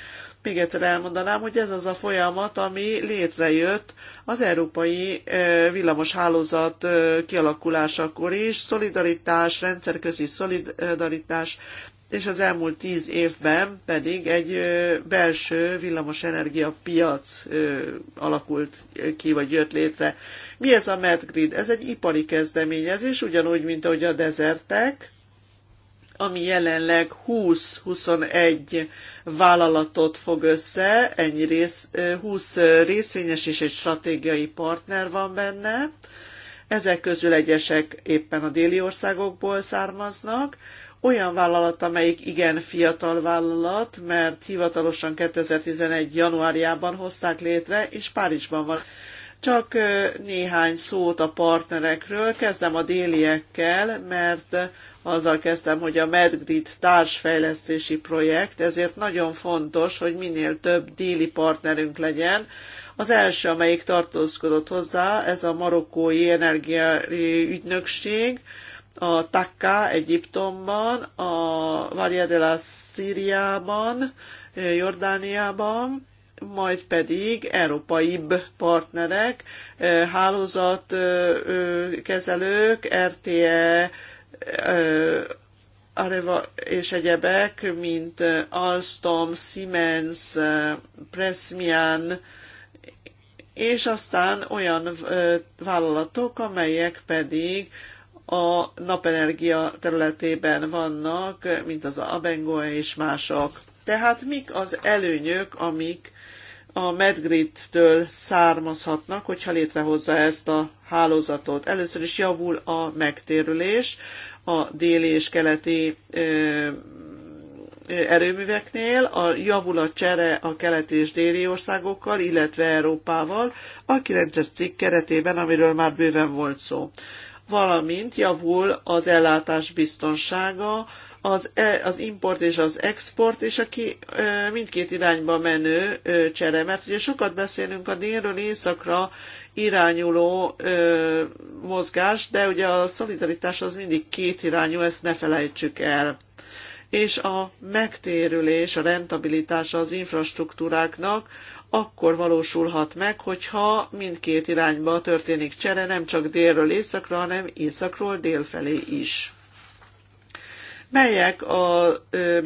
még egyszer elmondanám, hogy ez az a folyamat, ami létrejött az európai villamos hálózat kialakulásakor is, szolidaritás, rendszerközi szolidaritás, és az elmúlt tíz évben pedig egy belső villamosenergia piac alakult ki, vagy jött létre. Mi ez a Medgrid? Ez egy ipari kezdeményezés, ugyanúgy, mint ahogy a dezertek, ami jelenleg 20-21 vállalatot fog össze, ennyi rész, 20 részvényes és egy stratégiai partner van benne. Ezek közül egyesek éppen a déli országokból származnak, olyan vállalat, amelyik igen fiatal vállalat, mert hivatalosan 2011. januárjában hozták létre, és Párizsban van. Csak néhány szót a partnerekről, kezdem a déliekkel, mert azzal kezdtem, hogy a Medgrid társfejlesztési projekt, ezért nagyon fontos, hogy minél több déli partnerünk legyen. Az első, amelyik tartózkodott hozzá, ez a marokkói energiaügynökség, a Takka Egyiptomban, a Varia de la Szíriában, Jordániában, majd pedig európai partnerek, eh, hálózatkezelők, RTE, Areva és egyebek, mint Alstom, Siemens, Pressmian, és aztán olyan vállalatok, amelyek pedig a napenergia területében vannak, mint az Abengoa és mások. Tehát mik az előnyök, amik a Medgrid-től származhatnak, hogyha létrehozza ezt a hálózatot. Először is javul a megtérülés, a déli és keleti erőműveknél, a javul a csere a keleti és déli országokkal, illetve Európával, a 9 cikk keretében, amiről már bőven volt szó. Valamint javul az ellátás biztonsága, az, e, az import és az export, és aki mindkét irányba menő csere, mert ugye sokat beszélünk a délről északra irányuló ö, mozgás, de ugye a szolidaritás az mindig két irányú, ezt ne felejtsük el. És a megtérülés, a rentabilitása az infrastruktúráknak akkor valósulhat meg, hogyha mindkét irányba történik csere, nem csak délről északra, hanem északról délfelé is. Melyek a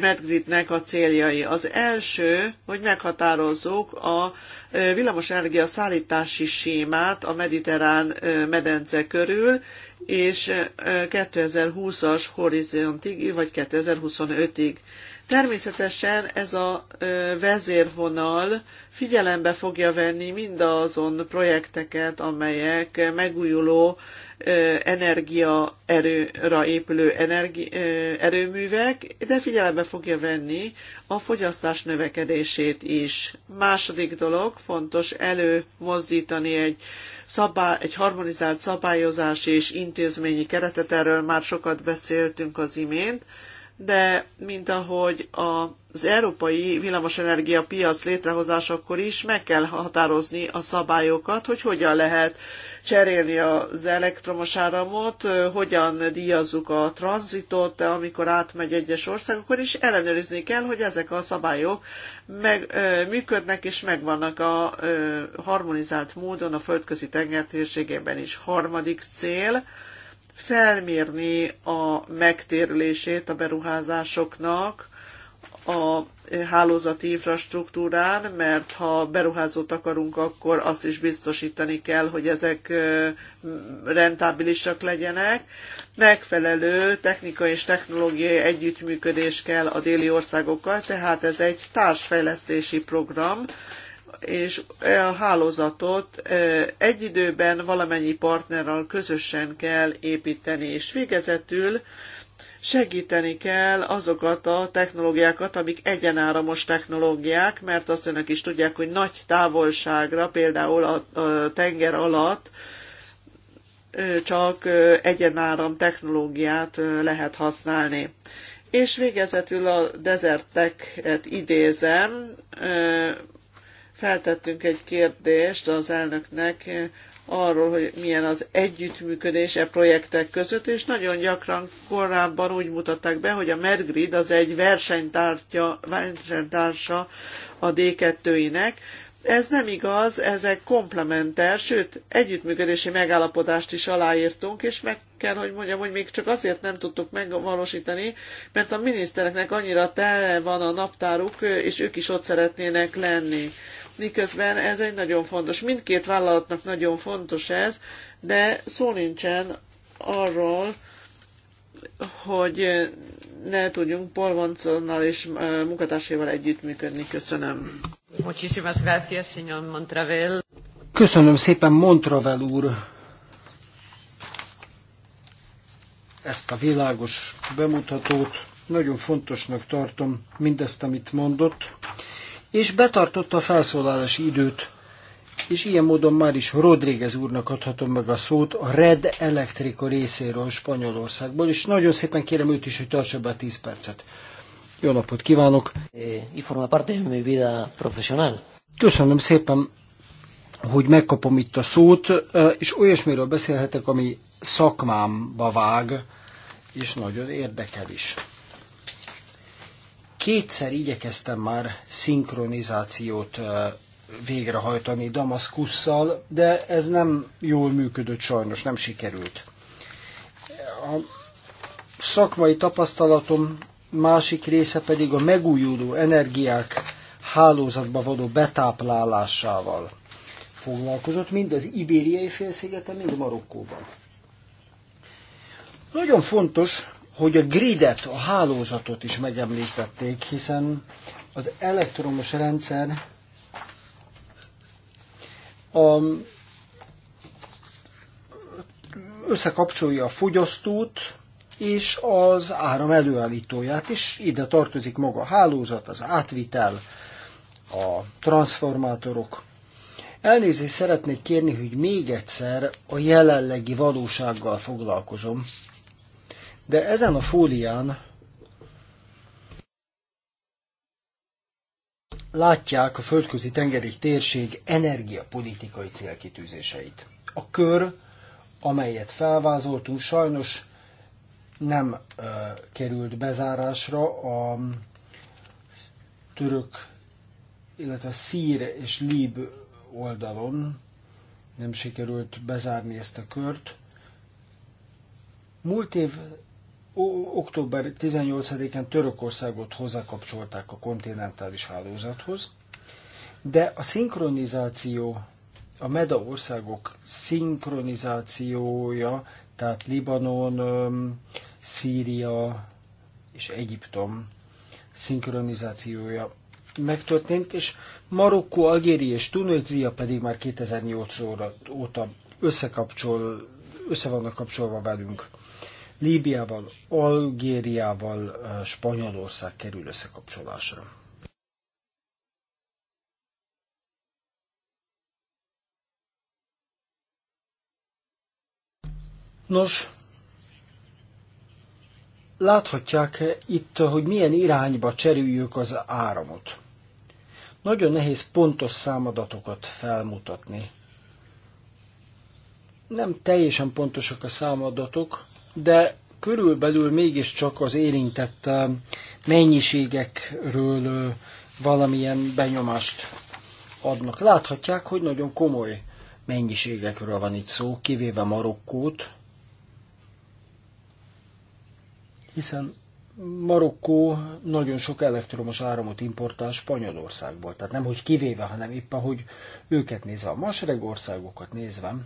Medgridnek a céljai? Az első, hogy meghatározzuk a villamosenergia szállítási sémát a mediterrán medence körül, és 2020-as horizontig, vagy 2025-ig. Természetesen ez a vezérvonal figyelembe fogja venni mindazon projekteket, amelyek megújuló energia erőra épülő energi, erőművek, de figyelembe fogja venni a fogyasztás növekedését is. Második dolog, fontos előmozdítani egy, szabály, egy harmonizált szabályozás és intézményi keretet, erről már sokat beszéltünk az imént, de mint ahogy a az európai villamosenergia piac létrehozásakor is meg kell határozni a szabályokat, hogy hogyan lehet cserélni az elektromos áramot, hogyan díjazzuk a tranzitot, amikor átmegy egyes országokon, és ellenőrizni kell, hogy ezek a szabályok meg, működnek és megvannak a harmonizált módon a földközi tenger térségében is. Harmadik cél, felmérni a megtérülését a beruházásoknak, a hálózati infrastruktúrán, mert ha beruházót akarunk, akkor azt is biztosítani kell, hogy ezek rentábilisak legyenek. Megfelelő technikai és technológiai együttműködés kell a déli országokkal, tehát ez egy társfejlesztési program, és e a hálózatot egy időben valamennyi partnerrel közösen kell építeni, és végezetül segíteni kell azokat a technológiákat, amik egyenáramos technológiák, mert azt önök is tudják, hogy nagy távolságra, például a, a tenger alatt csak egyenáram technológiát lehet használni. És végezetül a dezerteket idézem. Feltettünk egy kérdést az elnöknek, arról, hogy milyen az együttműködés e projektek között, és nagyon gyakran korábban úgy mutatták be, hogy a Medgrid az egy versenytártya, versenytársa a D2-inek, ez nem igaz, ez egy komplementer, sőt, együttműködési megállapodást is aláírtunk, és meg kell, hogy mondjam, hogy még csak azért nem tudtuk megvalósítani, mert a minisztereknek annyira tele van a naptáruk, és ők is ott szeretnének lenni miközben ez egy nagyon fontos, mindkét vállalatnak nagyon fontos ez, de szó nincsen arról, hogy ne tudjunk Polvonconnal és munkatársaival együttműködni. Köszönöm. Muchísimas gracias, señor Montravel. Köszönöm szépen, Montravel úr, ezt a világos bemutatót. Nagyon fontosnak tartom mindezt, amit mondott, és betartotta a felszólalási időt, és ilyen módon már is Rodríguez úrnak adhatom meg a szót a Red Electrico részéről Spanyolországból, és nagyon szépen kérem őt is, hogy tartsa be a 10 percet. Jó napot kívánok! Eh, Köszönöm szépen, hogy megkapom itt a szót, eh, és olyasmiről beszélhetek, ami szakmámba vág, és nagyon érdekel is. Kétszer igyekeztem már szinkronizációt végrehajtani Damaszkusszal, de ez nem jól működött sajnos, nem sikerült. A szakmai tapasztalatom másik része pedig a megújuló energiák hálózatba való betáplálásával foglalkozott, mind az ibériai félszigeten, mind a Marokkóban. Nagyon fontos, hogy a gridet, a hálózatot is megemlítették, hiszen az elektromos rendszer a összekapcsolja a fogyasztót és az áram előállítóját is. Ide tartozik maga a hálózat, az átvitel, a transformátorok. Elnézést szeretnék kérni, hogy még egyszer a jelenlegi valósággal foglalkozom, de ezen a fólián látják a földközi tengeri térség energiapolitikai célkitűzéseit. A kör, amelyet felvázoltunk, sajnos nem ö, került bezárásra a török, illetve szír és líb oldalon nem sikerült bezárni ezt a kört. Múlt év október 18-án Törökországot hozzákapcsolták a kontinentális hálózathoz, de a szinkronizáció, a MEDA országok szinkronizációja, tehát Libanon, Szíria és Egyiptom szinkronizációja megtörtént, és Marokkó, Algéria és Tunézia pedig már 2008 óta összekapcsol, össze vannak kapcsolva velünk. Líbiával, Algériával, Spanyolország kerül összekapcsolásra. Nos, láthatják itt, hogy milyen irányba cserüljük az áramot. Nagyon nehéz pontos számadatokat felmutatni. Nem teljesen pontosak a számadatok, de körülbelül mégiscsak az érintett mennyiségekről valamilyen benyomást adnak. Láthatják, hogy nagyon komoly mennyiségekről van itt szó, kivéve Marokkót, hiszen Marokkó nagyon sok elektromos áramot importál Spanyolországból, tehát nem hogy kivéve, hanem éppen hogy őket nézve, a masreg országokat nézve,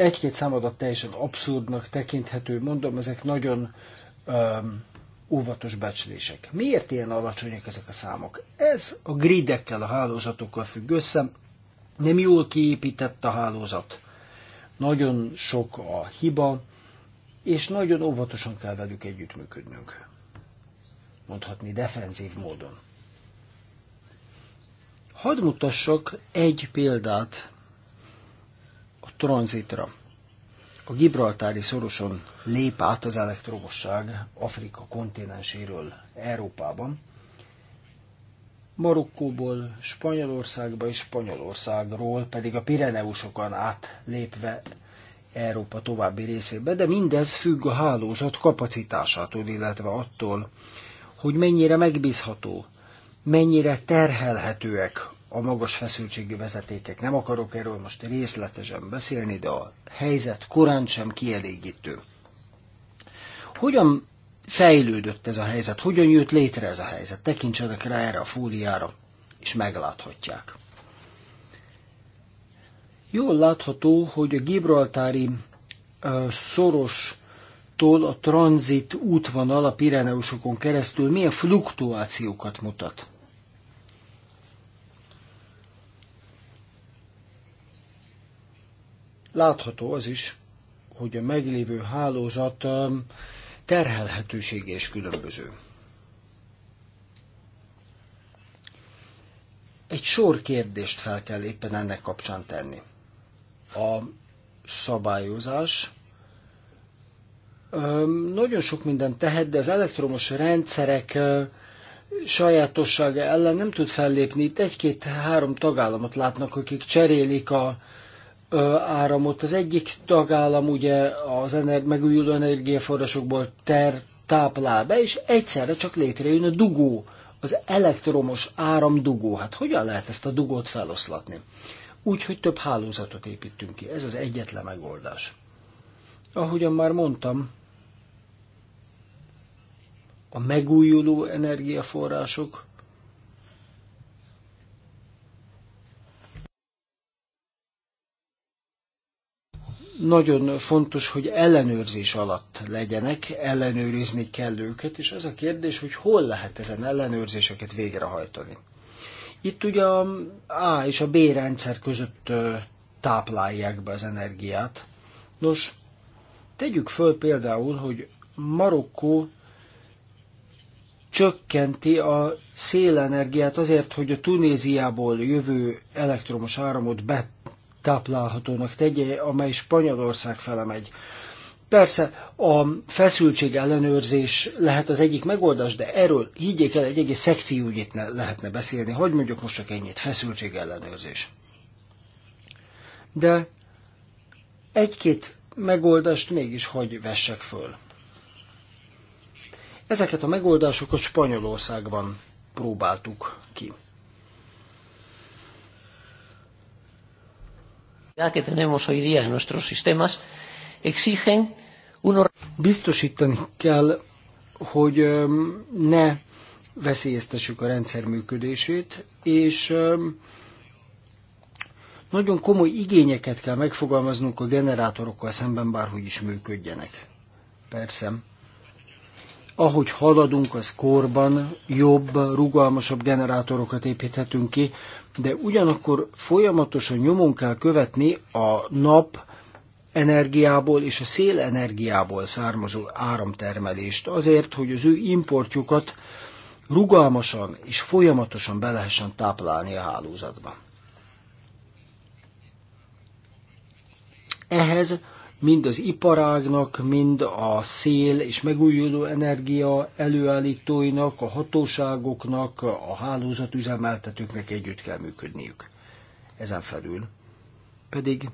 Egy-két számadat teljesen abszurdnak tekinthető, mondom, ezek nagyon öm, óvatos becslések. Miért ilyen alacsonyak ezek a számok? Ez a gridekkel, a hálózatokkal függ össze, nem jól kiépített a hálózat. Nagyon sok a hiba, és nagyon óvatosan kell velük együttműködnünk. Mondhatni defenzív módon. Hadd mutassak egy példát tranzitra. A Gibraltári szoroson lép át az elektromosság Afrika kontinenséről Európában, Marokkóból Spanyolországba és Spanyolországról pedig a Pireneusokon átlépve Európa további részébe, de mindez függ a hálózat kapacitásától, illetve attól, hogy mennyire megbízható, mennyire terhelhetőek a magas feszültségű vezetékek. Nem akarok erről most részletesen beszélni, de a helyzet korán sem kielégítő. Hogyan fejlődött ez a helyzet? Hogyan jött létre ez a helyzet? Tekintsenek rá erre a fóliára, és megláthatják. Jól látható, hogy a Gibraltári szoros a tranzit útvonal a Pireneusokon keresztül milyen fluktuációkat mutat. látható az is, hogy a meglévő hálózat um, terhelhetősége is különböző. Egy sor kérdést fel kell éppen ennek kapcsán tenni. A szabályozás um, nagyon sok mindent tehet, de az elektromos rendszerek uh, sajátossága ellen nem tud fellépni. Itt egy-két-három tagállamot látnak, akik cserélik a áramot. Az egyik tagállam ugye az ener- megújuló energiaforrásokból ter táplál be, és egyszerre csak létrejön a dugó, az elektromos áram dugó, Hát hogyan lehet ezt a dugót feloszlatni? Úgy, hogy több hálózatot építünk ki. Ez az egyetlen megoldás. Ahogyan már mondtam, a megújuló energiaforrások nagyon fontos, hogy ellenőrzés alatt legyenek, ellenőrizni kell őket, és az a kérdés, hogy hol lehet ezen ellenőrzéseket végrehajtani. Itt ugye a A és a B rendszer között táplálják be az energiát. Nos, tegyük föl például, hogy Marokkó csökkenti a szélenergiát azért, hogy a Tunéziából jövő elektromos áramot be táplálhatónak tegye, amely Spanyolország fele megy. Persze a feszültség ellenőrzés lehet az egyik megoldás, de erről higgyék el, egy egész szekciógyit ne, lehetne beszélni. Hogy mondjuk most csak ennyit, feszültség ellenőrzés. De egy-két megoldást mégis hagy vessek föl. Ezeket a megoldásokat Spanyolországban próbáltuk ki. que tenemos hoy día en nuestros sistemas exigen unos... Biztosítani kell, hogy ne veszélyeztessük a rendszer működését, és nagyon komoly igényeket kell megfogalmaznunk a generátorokkal szemben, bárhogy is működjenek. Persze. Ahogy haladunk az korban, jobb, rugalmasabb generátorokat építhetünk ki, de ugyanakkor folyamatosan nyomon kell követni a nap energiából és a szél energiából származó áramtermelést azért, hogy az ő importjukat rugalmasan és folyamatosan be lehessen táplálni a hálózatba. Ehhez mind az iparágnak, mind a szél és megújuló energia előállítóinak, a hatóságoknak, a hálózatüzemeltetőknek együtt kell működniük. Ezen felül pedig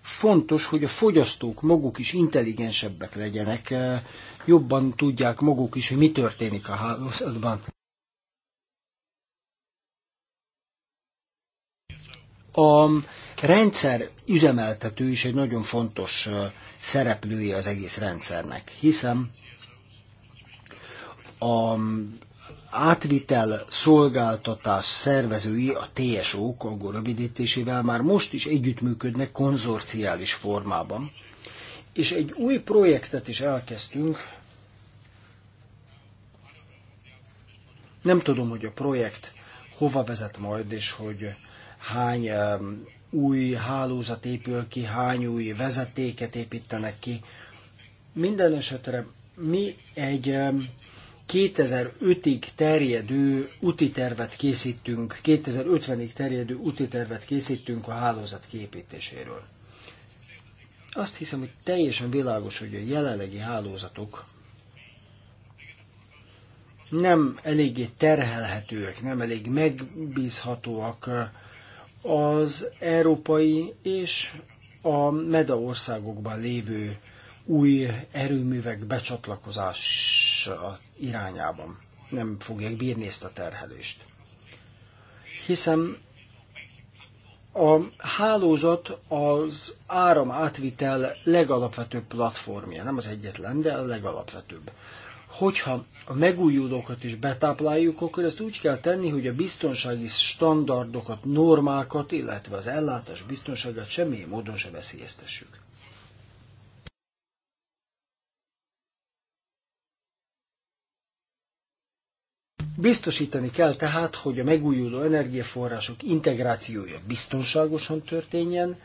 fontos, hogy a fogyasztók maguk is intelligensebbek legyenek, eh, jobban tudják maguk is, hogy mi történik a hálózatban. A rendszer üzemeltető is egy nagyon fontos szereplője az egész rendszernek, hiszen a mm, átvitel szolgáltatás szervezői, a TSO-k, angol rövidítésével már most is együttműködnek konzorciális formában. És egy új projektet is elkezdtünk. Nem tudom, hogy a projekt hova vezet majd, és hogy hány új hálózat épül ki, hány új vezetéket építenek ki. Minden esetre mi egy 2005-ig terjedő úti tervet készítünk, 2050-ig terjedő úti tervet készítünk a hálózat kiépítéséről. Azt hiszem, hogy teljesen világos, hogy a jelenlegi hálózatok nem eléggé terhelhetőek, nem elég megbízhatóak az európai és a MEDA országokban lévő új erőművek becsatlakozása irányában nem fogják bírni ezt a terhelést. Hiszen a hálózat az áram átvitel legalapvetőbb platformja, nem az egyetlen, de a legalapvetőbb hogyha a megújulókat is betápláljuk, akkor ezt úgy kell tenni, hogy a biztonsági standardokat, normákat, illetve az ellátás biztonságát semmilyen módon se veszélyeztessük. Biztosítani kell tehát, hogy a megújuló energiaforrások integrációja biztonságosan történjen,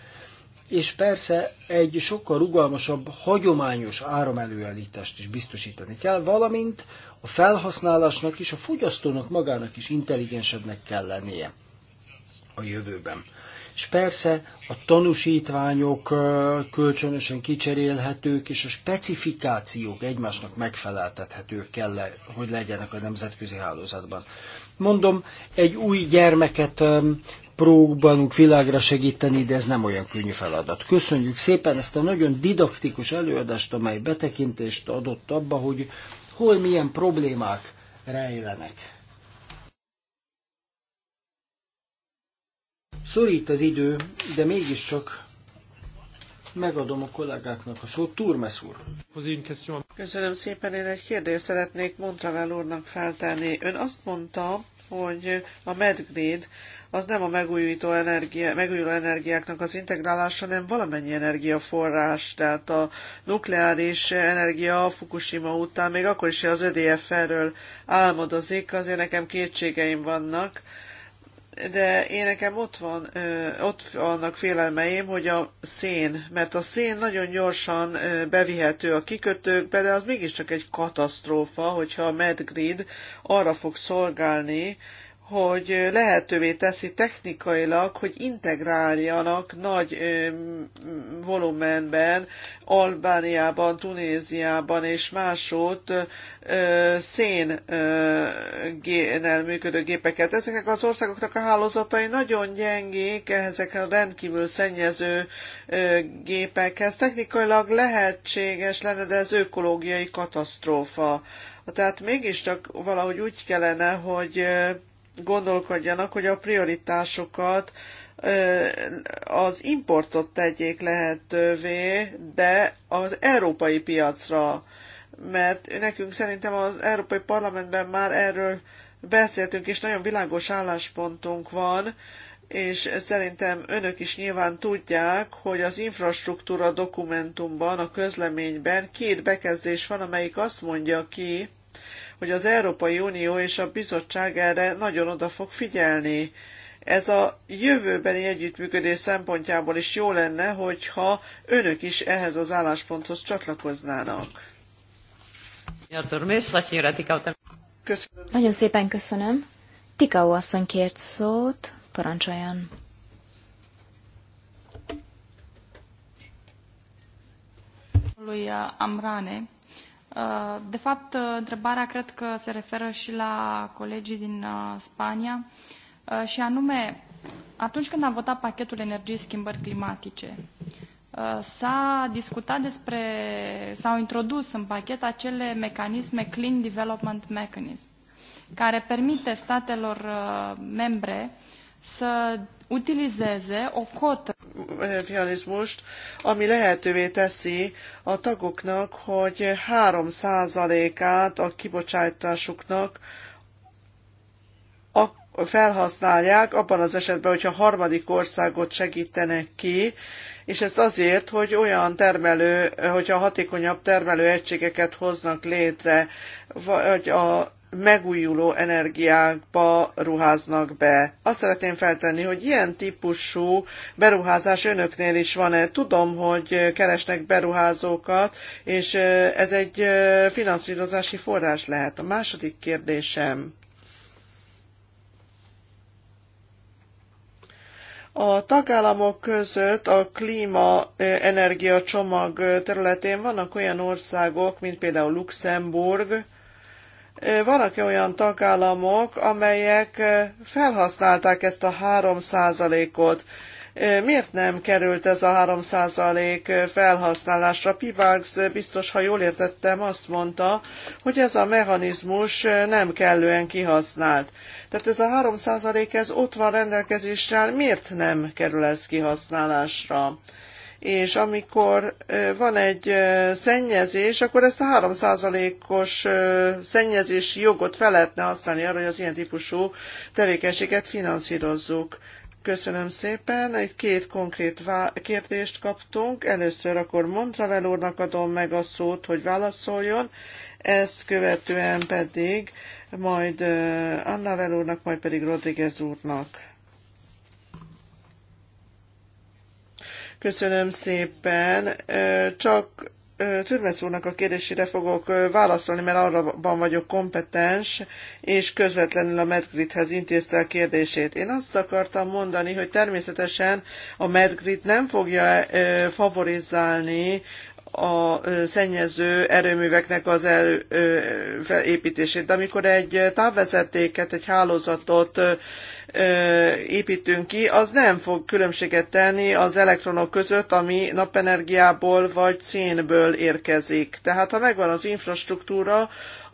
és persze egy sokkal rugalmasabb, hagyományos áramelőállítást is biztosítani kell, valamint a felhasználásnak és a fogyasztónak magának is intelligensebbnek kell lennie a jövőben. És persze a tanúsítványok kölcsönösen kicserélhetők, és a specifikációk egymásnak megfeleltethetők kell, hogy legyenek a nemzetközi hálózatban. Mondom, egy új gyermeket próbálunk világra segíteni, de ez nem olyan könnyű feladat. Köszönjük szépen ezt a nagyon didaktikus előadást, amely betekintést adott abba, hogy hol milyen problémák rejlenek. Szorít az idő, de mégiscsak megadom a kollégáknak a szót. Turmes úr. Köszönöm szépen, én egy kérdést szeretnék Montravel úrnak feltenni. Ön azt mondta, hogy a medgrid az nem a megújító energia, megújuló energiáknak az integrálása, hanem valamennyi energiaforrás, tehát a nukleáris energia Fukushima után, még akkor is, az ödf e erről álmodozik, azért nekem kétségeim vannak, de én nekem ott van, ott vannak félelmeim, hogy a szén, mert a szén nagyon gyorsan bevihető a kikötőkbe, de az mégiscsak egy katasztrófa, hogyha a medgrid arra fog szolgálni, hogy lehetővé teszi technikailag, hogy integráljanak nagy volumenben Albániában, Tunéziában és másod szénnel működő gépeket. Ezeknek az országoknak a hálózatai nagyon gyengék, ezek a rendkívül szennyező gépekhez. Technikailag lehetséges lenne, de ez ökológiai katasztrófa. Tehát mégiscsak valahogy úgy kellene, hogy gondolkodjanak, hogy a prioritásokat az importot tegyék lehetővé, de az európai piacra, mert nekünk szerintem az Európai Parlamentben már erről beszéltünk, és nagyon világos álláspontunk van, és szerintem önök is nyilván tudják, hogy az infrastruktúra dokumentumban, a közleményben két bekezdés van, amelyik azt mondja ki, hogy az Európai Unió és a bizottság erre nagyon oda fog figyelni. Ez a jövőbeni együttműködés szempontjából is jó lenne, hogyha önök is ehhez az állásponthoz csatlakoznának. Köszönöm. Nagyon szépen köszönöm. Tikau asszony kért szót, parancsoljon. Lui Amrane Uh, de fapt, uh, întrebarea cred că se referă și la colegii din uh, Spania și anume, atunci când am votat pachetul energiei schimbări climatice, s-a discutat despre, s-au introdus în pachet acele mecanisme Clean Development Mechanism, care permite statelor membre să utilizeze o cotă realizmust, ami lehetővé teszi a tagoknak, hogy 3%-át a kibocsátásuknak felhasználják abban az esetben, hogyha harmadik országot segítenek ki, és ezt azért, hogy olyan termelő, hogyha hatékonyabb termelő egységeket hoznak létre, vagy a megújuló energiákba ruháznak be. Azt szeretném feltenni, hogy ilyen típusú beruházás önöknél is van-e? Tudom, hogy keresnek beruházókat, és ez egy finanszírozási forrás lehet. A második kérdésem. A tagállamok között a klíma-energia csomag területén vannak olyan országok, mint például Luxemburg, vannak -e olyan tagállamok, amelyek felhasználták ezt a 3%-ot. Miért nem került ez a 3% felhasználásra? Pivax biztos, ha jól értettem, azt mondta, hogy ez a mechanizmus nem kellően kihasznált. Tehát ez a 3% ez ott van rendelkezésre, miért nem kerül ez kihasználásra? és amikor van egy szennyezés, akkor ezt a 3%-os szennyezési jogot fel lehetne használni arra, hogy az ilyen típusú tevékenységet finanszírozzuk. Köszönöm szépen. Egy két konkrét kérdést kaptunk. Először akkor Montravel úrnak adom meg a szót, hogy válaszoljon, ezt követően pedig majd Anna úrnak, majd pedig Rodriguez úrnak. Köszönöm szépen. Csak Türmesz úrnak a kérdésére fogok válaszolni, mert arra vagyok kompetens, és közvetlenül a Medgridhez intézte a kérdését. Én azt akartam mondani, hogy természetesen a Medgrid nem fogja favorizálni a szennyező erőműveknek az el, De amikor egy távvezetéket, egy hálózatot építünk ki, az nem fog különbséget tenni az elektronok között, ami napenergiából vagy szénből érkezik. Tehát ha megvan az infrastruktúra,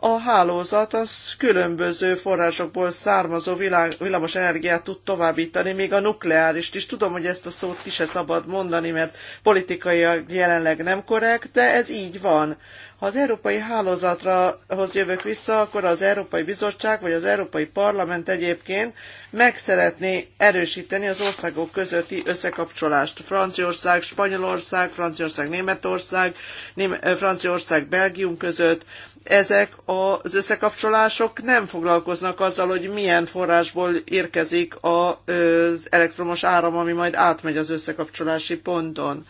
a hálózat az különböző forrásokból származó világ, villamos energiát tud továbbítani, még a nukleárist is. Tudom, hogy ezt a szót ki se szabad mondani, mert politikailag jelenleg nem korrekt, de ez így van. Ha az európai hálózatrahoz jövök vissza, akkor az Európai Bizottság vagy az Európai Parlament egyébként meg szeretné erősíteni az országok közötti összekapcsolást. Franciaország, Spanyolország, Franciaország, Németország, Franciaország, Belgium között, ezek az összekapcsolások nem foglalkoznak azzal, hogy milyen forrásból érkezik az elektromos áram, ami majd átmegy az összekapcsolási ponton.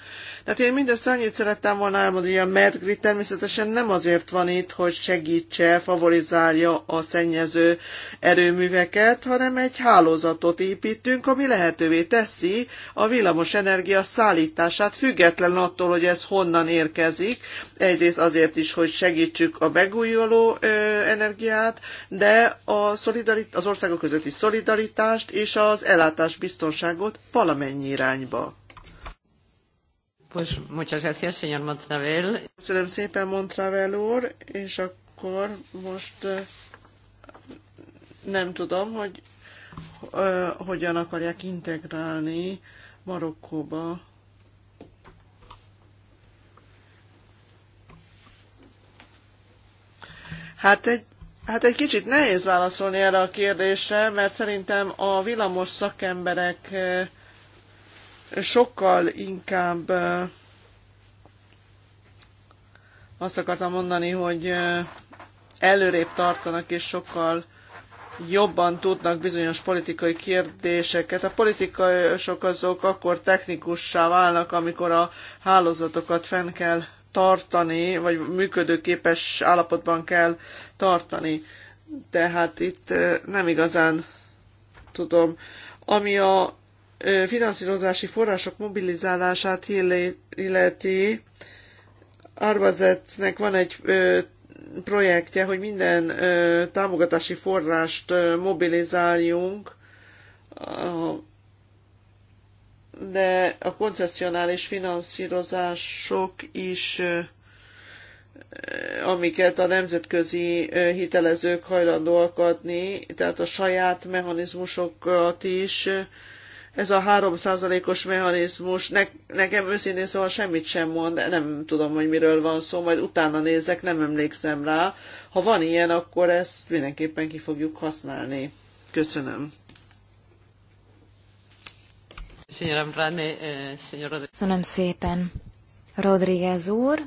Tehát én mindössze annyit szerettem volna elmondani, hogy a Medgrid természetesen nem azért van itt, hogy segítse, favorizálja a szennyező erőműveket, hanem egy hálózatot építünk, ami lehetővé teszi a villamos energia szállítását, független attól, hogy ez honnan érkezik. Egyrészt azért is, hogy segítsük a megújuló energiát, de a szolidarit- az országok közötti szolidaritást és az ellátás biztonságot valamennyi irányba. Pues muchas gracias, señor Montravel. Köszönöm szépen, Montravel úr, és akkor most nem tudom, hogy hogyan akarják integrálni Marokkóba Hát egy, hát egy kicsit nehéz válaszolni erre a kérdésre, mert szerintem a villamos szakemberek sokkal inkább azt akartam mondani, hogy előrébb tartanak, és sokkal jobban tudnak bizonyos politikai kérdéseket. A politikusok azok akkor technikussá válnak, amikor a hálózatokat fenn kell tartani, vagy működőképes állapotban kell tartani. Tehát itt nem igazán tudom. Ami a finanszírozási források mobilizálását illeti, Arbazetnek van egy projektje, hogy minden támogatási forrást mobilizáljunk, de a koncessionális finanszírozások is amiket a nemzetközi hitelezők hajlandóak adni, tehát a saját mechanizmusokat is ez a háromszázalékos mechanizmus, ne, nekem őszintén szóval semmit sem mond, nem tudom, hogy miről van szó, majd utána nézek, nem emlékszem rá. Ha van ilyen, akkor ezt mindenképpen ki fogjuk használni. Köszönöm. Eh, Köszönöm szépen. Rodríguez úr,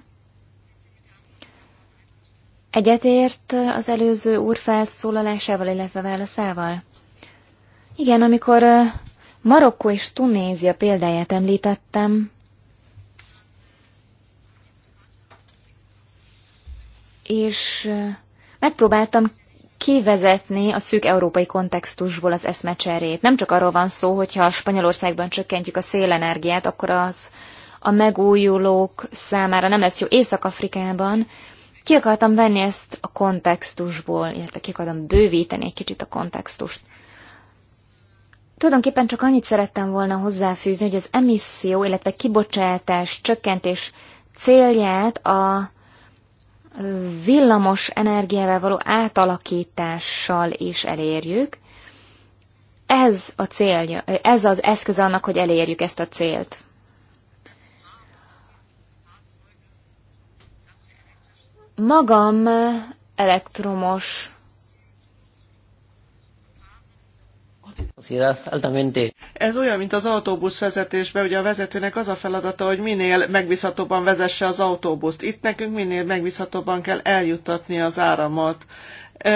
egyetért az előző úr felszólalásával, illetve válaszával? Igen, amikor eh, Marokkó és Tunézia példáját említettem, és megpróbáltam kivezetni a szűk európai kontextusból az eszmecserét. Nem csak arról van szó, hogyha a Spanyolországban csökkentjük a szélenergiát, akkor az a megújulók számára nem lesz jó Észak-Afrikában. Ki akartam venni ezt a kontextusból, illetve ki akartam bővíteni egy kicsit a kontextust. Tulajdonképpen csak annyit szerettem volna hozzáfűzni, hogy az emisszió, illetve kibocsátás csökkentés célját a villamos energiával való átalakítással is elérjük. Ez a célja, ez az eszköz annak, hogy elérjük ezt a célt. Magam elektromos Ez olyan, mint az autóbusz vezetésben, ugye a vezetőnek az a feladata, hogy minél megbízhatóban vezesse az autóbuszt. Itt nekünk minél megbízhatóban kell eljuttatni az áramot.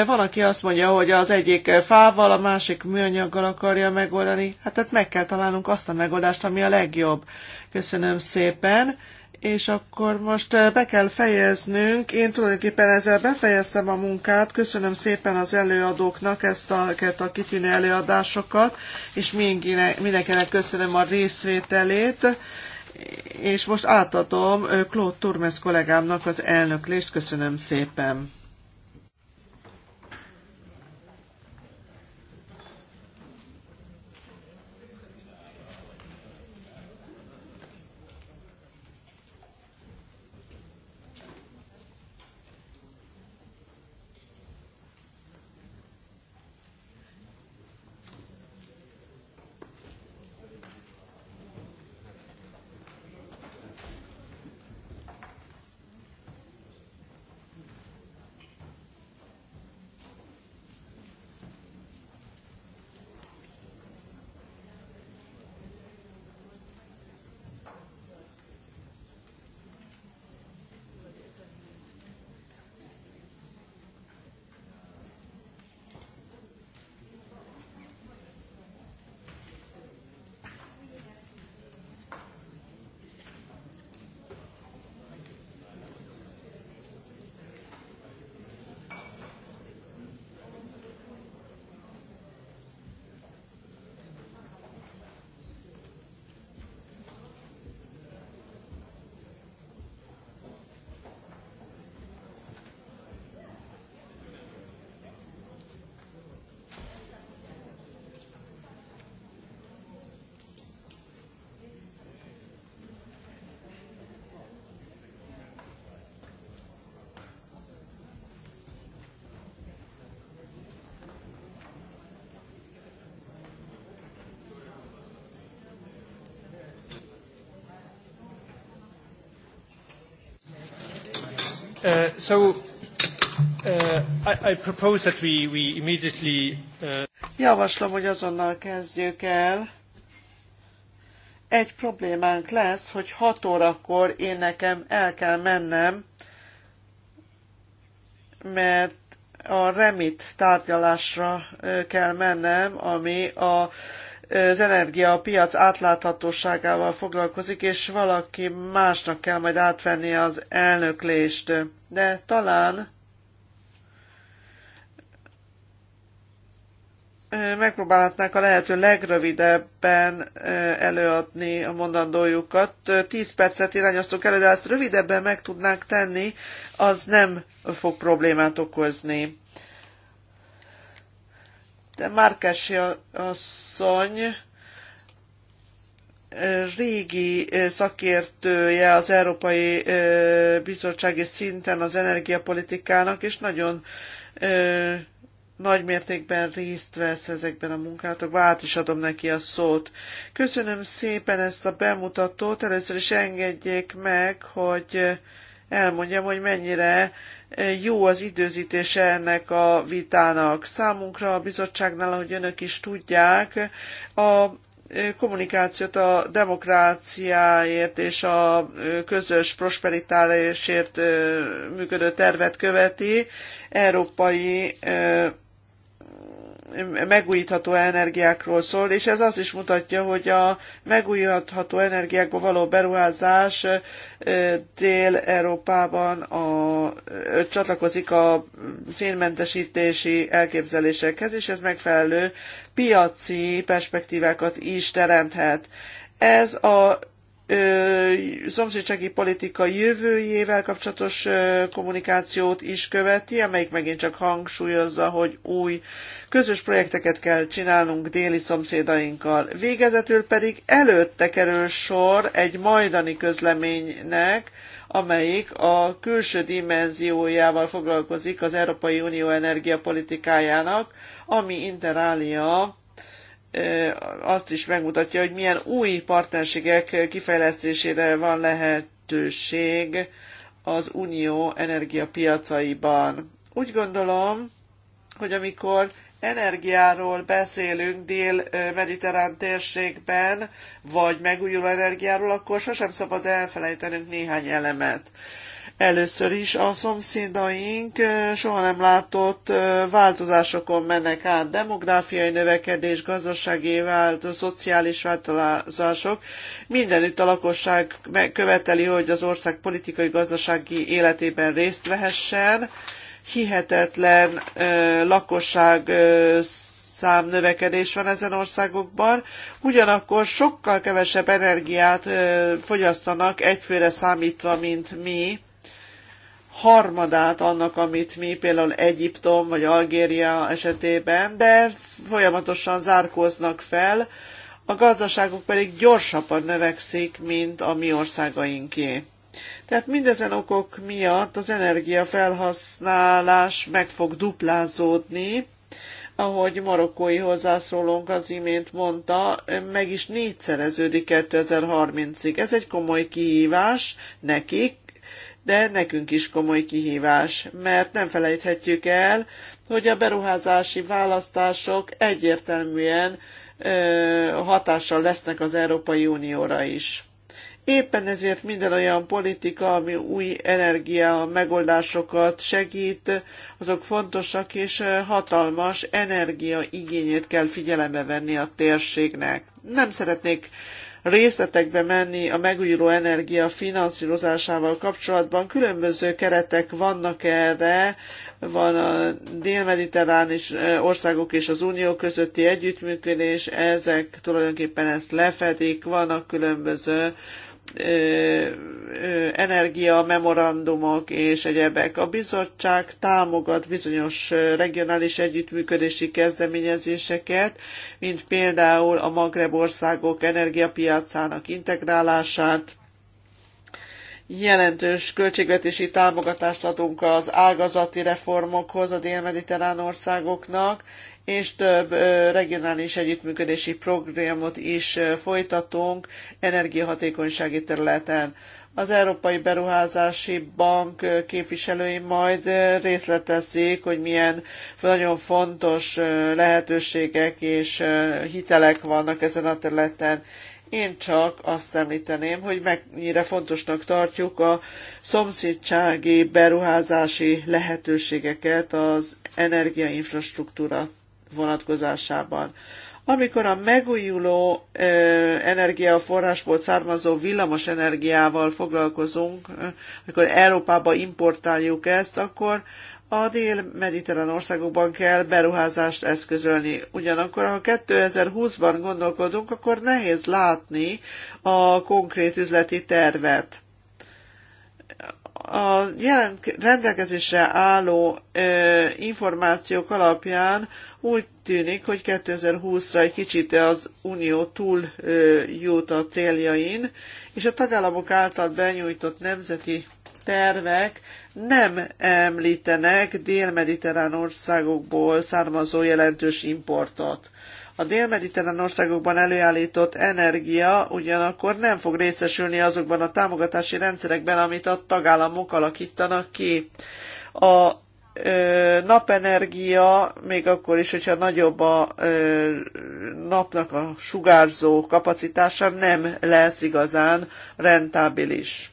Van, aki azt mondja, hogy az egyik fával, a másik műanyaggal akarja megoldani. Hát tehát meg kell találnunk azt a megoldást, ami a legjobb. Köszönöm szépen és akkor most eh, be kell fejeznünk. Én tulajdonképpen ezzel befejeztem a munkát. Köszönöm szépen az előadóknak ezt a, a kitűnő előadásokat, és mindenkinek köszönöm a részvételét. És most átadom eh, Claude Turmes kollégámnak az elnöklést. Köszönöm szépen. Uh, so, uh, I, I propose that we, we immediately, uh... Javaslom, hogy azonnal kezdjük el. Egy problémánk lesz, hogy 6 órakor én nekem el kell mennem, mert a remit tárgyalásra kell mennem, ami a az energiapiac átláthatóságával foglalkozik, és valaki másnak kell majd átvenni az elnöklést. De talán megpróbálhatnák a lehető legrövidebben előadni a mondandójukat. Tíz percet irányoztunk elő, de ezt rövidebben meg tudnánk tenni, az nem fog problémát okozni. Márkesi asszony régi szakértője az Európai Bizottsági szinten az energiapolitikának, és nagyon nagy mértékben részt vesz ezekben a munkátokban, át is adom neki a szót. Köszönöm szépen ezt a bemutatót, először is engedjék meg, hogy elmondjam, hogy mennyire jó az időzítése ennek a vitának. Számunkra a bizottságnál, ahogy önök is tudják, a kommunikációt a demokráciáért és a közös prosperitálásért működő tervet követi, európai megújítható energiákról szól, és ez azt is mutatja, hogy a megújítható energiákba való beruházás Dél-Európában a, csatlakozik a szénmentesítési elképzelésekhez, és ez megfelelő piaci perspektívákat is teremthet. Ez a szomszédsági politika jövőjével kapcsolatos kommunikációt is követi, amelyik megint csak hangsúlyozza, hogy új közös projekteket kell csinálnunk déli szomszédainkkal. Végezetül pedig előtte kerül sor egy majdani közleménynek, amelyik a külső dimenziójával foglalkozik az Európai Unió energiapolitikájának, ami interália azt is megmutatja, hogy milyen új partnerségek kifejlesztésére van lehetőség az unió energiapiacaiban. Úgy gondolom, hogy amikor energiáról beszélünk dél-mediterrán térségben, vagy megújuló energiáról, akkor sosem szabad elfelejtenünk néhány elemet. Először is a szomszédaink soha nem látott változásokon mennek át. Demográfiai növekedés, gazdasági vált, szociális változások. Mindenütt a lakosság követeli, hogy az ország politikai, gazdasági életében részt vehessen. Hihetetlen lakosság szám növekedés van ezen országokban, ugyanakkor sokkal kevesebb energiát fogyasztanak egyfőre számítva, mint mi, harmadát annak, amit mi például Egyiptom vagy Algéria esetében, de folyamatosan zárkóznak fel, a gazdaságuk pedig gyorsabban növekszik, mint a mi országainké. Tehát mindezen okok miatt az energiafelhasználás meg fog duplázódni, ahogy marokkói hozzászólónk az imént mondta, meg is négyszereződik 2030-ig. Ez egy komoly kihívás nekik, de nekünk is komoly kihívás, mert nem felejthetjük el, hogy a beruházási választások egyértelműen hatással lesznek az Európai Unióra is. Éppen ezért minden olyan politika, ami új energia megoldásokat segít, azok fontosak, és hatalmas energia igényét kell figyelembe venni a térségnek. Nem szeretnék részletekbe menni a megújuló energia finanszírozásával kapcsolatban. Különböző keretek vannak erre, van a dél-mediterrán országok és az unió közötti együttműködés, ezek tulajdonképpen ezt lefedik, vannak különböző energia, memorandumok és egyebek. A bizottság támogat bizonyos regionális együttműködési kezdeményezéseket, mint például a Magreb országok energiapiacának integrálását, jelentős költségvetési támogatást adunk az ágazati reformokhoz a dél-mediterrán országoknak, és több regionális együttműködési programot is folytatunk energiahatékonysági területen. Az Európai Beruházási Bank képviselői majd részletezik, hogy milyen nagyon fontos lehetőségek és hitelek vannak ezen a területen. Én csak azt említeném, hogy mennyire fontosnak tartjuk a szomszédsági beruházási lehetőségeket az energiainfrastruktúra vonatkozásában. Amikor a megújuló ö, energiaforrásból származó villamos energiával foglalkozunk, amikor Európába importáljuk ezt, akkor a dél-mediterrán országokban kell beruházást eszközölni. Ugyanakkor, ha 2020-ban gondolkodunk, akkor nehéz látni a konkrét üzleti tervet a jelen rendelkezésre álló ö, információk alapján úgy tűnik, hogy 2020-ra egy kicsit az Unió túl ö, jut a céljain, és a tagállamok által benyújtott nemzeti tervek nem említenek dél-mediterrán országokból származó jelentős importot. A dél-mediterrán országokban előállított energia ugyanakkor nem fog részesülni azokban a támogatási rendszerekben, amit a tagállamok alakítanak ki. A ö, napenergia, még akkor is, hogyha nagyobb a ö, napnak a sugárzó kapacitása, nem lesz igazán rentábilis.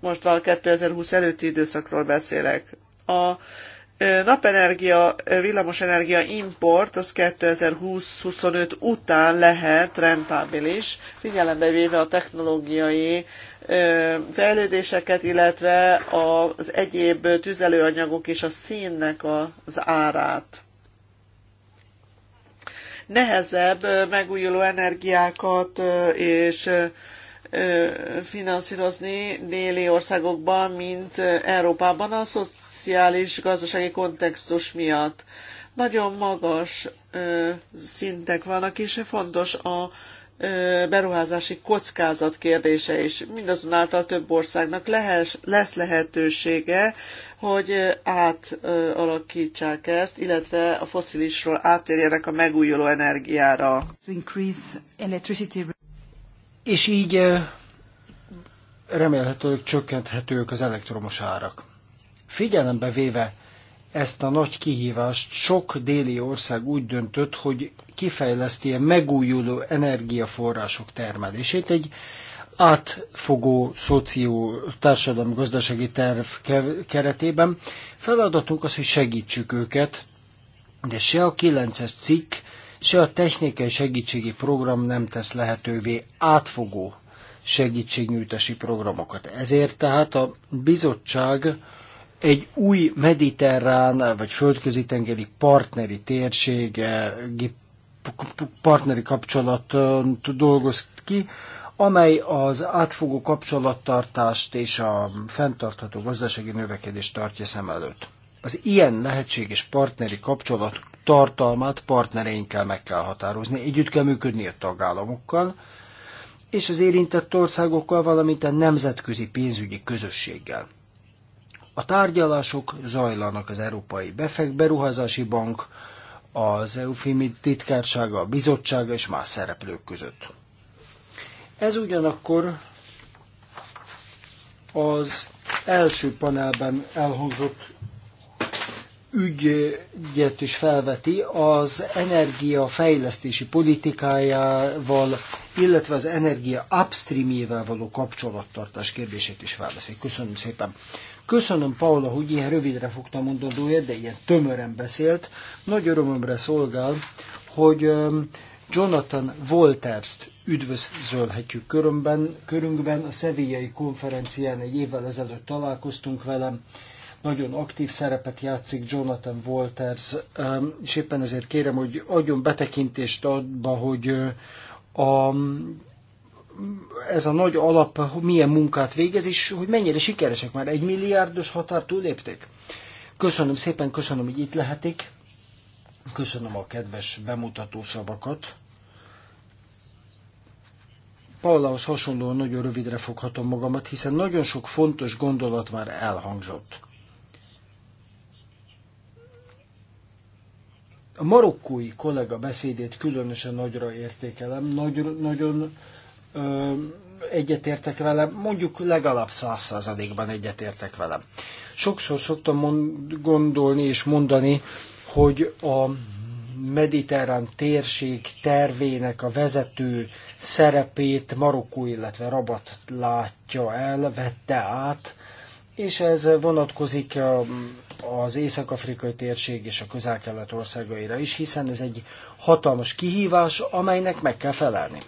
Most a 2020 előtti időszakról beszélek. A Napenergia, villamosenergia import az 2020-25 után lehet rentábilis, figyelembe véve a technológiai fejlődéseket, illetve az egyéb tüzelőanyagok és a színnek az árát. Nehezebb megújuló energiákat és finanszírozni déli országokban, mint Európában a szociális gazdasági kontextus miatt. Nagyon magas szintek vannak, és fontos a beruházási kockázat kérdése is. Mindazonáltal több országnak lehes, lesz lehetősége, hogy átalakítsák ezt, illetve a foszilisról átérjenek a megújuló energiára és így eh, remélhetőleg csökkenthetők az elektromos árak. Figyelembe véve ezt a nagy kihívást, sok déli ország úgy döntött, hogy kifejleszti a megújuló energiaforrások termelését. Egy átfogó szoció társadalmi gazdasági terv keretében feladatunk az, hogy segítsük őket, de se a 9-es cikk, se a technikai segítségi program nem tesz lehetővé átfogó segítségnyújtási programokat. Ezért tehát a bizottság egy új mediterrán vagy földközi tengeri partneri térség, partneri kapcsolat dolgoz ki, amely az átfogó kapcsolattartást és a fenntartható gazdasági növekedést tartja szem előtt. Az ilyen lehetséges partneri kapcsolat tartalmát partnereinkkel meg kell határozni, együtt kell működni a tagállamokkal, és az érintett országokkal, valamint a nemzetközi pénzügyi közösséggel. A tárgyalások zajlanak az Európai Befek Beruházási Bank, az EUFIMI titkársága, a bizottsága és más szereplők között. Ez ugyanakkor az első panelben elhangzott ügyet is felveti az energiafejlesztési politikájával, illetve az energia upstreamjével való kapcsolattartás kérdését is felveszi. Köszönöm szépen. Köszönöm, Paula, hogy ilyen rövidre fogtam mondani de ilyen tömören beszélt. Nagy örömömre szolgál, hogy Jonathan Wolters-t üdvözölhetjük körömben, körünkben. A szevélyei konferencián egy évvel ezelőtt találkoztunk velem nagyon aktív szerepet játszik Jonathan Walters, um, és éppen ezért kérem, hogy adjon betekintést abba, hogy a, ez a nagy alap milyen munkát végez, és hogy mennyire sikeresek már. Egy milliárdos határ túlépték. Köszönöm szépen, köszönöm, hogy itt lehetik. Köszönöm a kedves bemutató szavakat. Paulához hasonlóan nagyon rövidre foghatom magamat, hiszen nagyon sok fontos gondolat már elhangzott. A marokkói kollega beszédét különösen nagyra értékelem, nagy, nagyon ö, egyetértek vele, mondjuk legalább száz százalékban egyetértek vele. Sokszor szoktam mond, gondolni és mondani, hogy a mediterrán térség tervének a vezető szerepét Marokkó, illetve Rabat látja el, vette át, és ez vonatkozik a az észak-afrikai térség és a közel-kelet országaira is, hiszen ez egy hatalmas kihívás, amelynek meg kell felelni.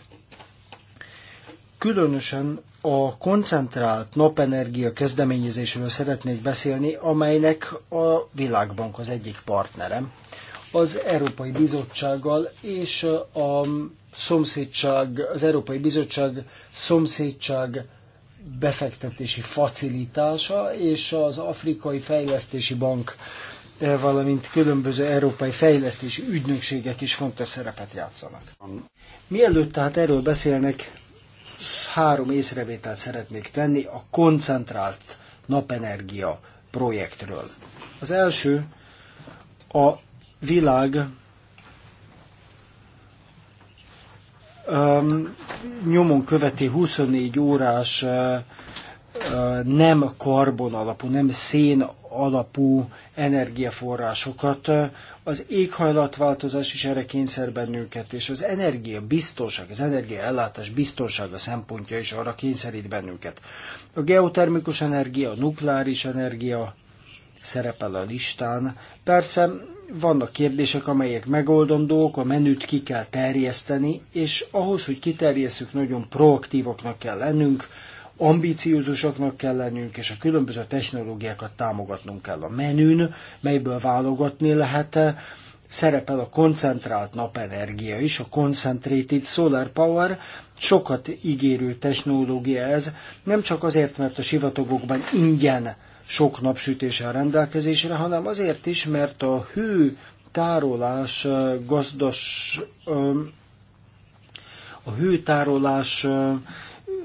Különösen a koncentrált napenergia kezdeményezésről szeretnék beszélni, amelynek a Világbank az egyik partnere Az Európai Bizottsággal és a szomszédság, az Európai Bizottság szomszédság befektetési facilitása és az Afrikai Fejlesztési Bank, eh, valamint különböző európai fejlesztési ügynökségek is fontos szerepet játszanak. Mielőtt tehát erről beszélnek, három észrevételt szeretnék tenni a koncentrált napenergia projektről. Az első a világ nyomon követi 24 órás nem karbon alapú, nem szén alapú energiaforrásokat. Az éghajlatváltozás is erre kényszer bennünket, és az energia biztonság, az energiaellátás biztonsága szempontja is arra kényszerít bennünket. A geotermikus energia, a nukleáris energia szerepel a listán. Persze vannak kérdések, amelyek megoldandók, a menüt ki kell terjeszteni, és ahhoz, hogy kiterjesszük, nagyon proaktívoknak kell lennünk, ambíciózusaknak kell lennünk, és a különböző technológiákat támogatnunk kell a menün, melyből válogatni lehet. Szerepel a koncentrált napenergia is, a Concentrated Solar Power, sokat ígérő technológia ez, nem csak azért, mert a sivatagokban ingyen sok napsütéssel rendelkezésre, hanem azért is, mert a hő tárolás gazdas, a hőtárolás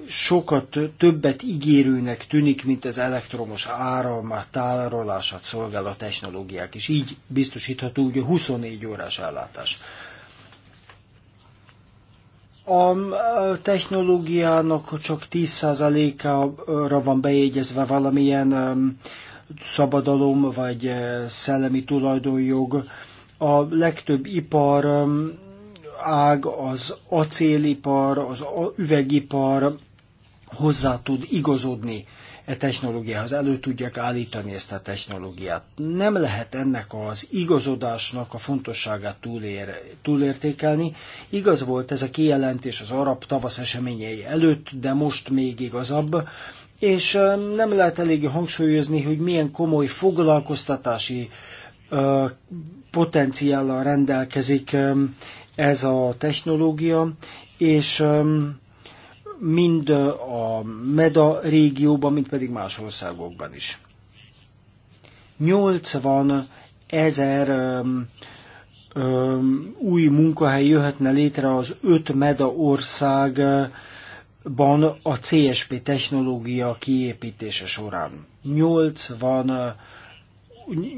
sokat többet ígérőnek tűnik, mint az elektromos áram tárolását szolgáló technológiák, és így biztosítható ugye 24 órás ellátás. A technológiának csak 10%-ra van bejegyezve valamilyen szabadalom vagy eh, szellemi tulajdonjog. A legtöbb ipar ág, az acélipar, az üvegipar hozzá tud igazodni e technológiához, elő tudják állítani ezt a technológiát. Nem lehet ennek az igazodásnak a fontosságát túlér, túlértékelni. Igaz volt ez a kijelentés az arab tavasz eseményei előtt, de most még igazabb, és nem lehet eléggé hangsúlyozni, hogy milyen komoly foglalkoztatási potenciállal rendelkezik ez a technológia, és mind a MEDA régióban, mind pedig más országokban is. 80 ezer új munkahely jöhetne létre az öt MEDA országban a CSP technológia kiépítése során. 80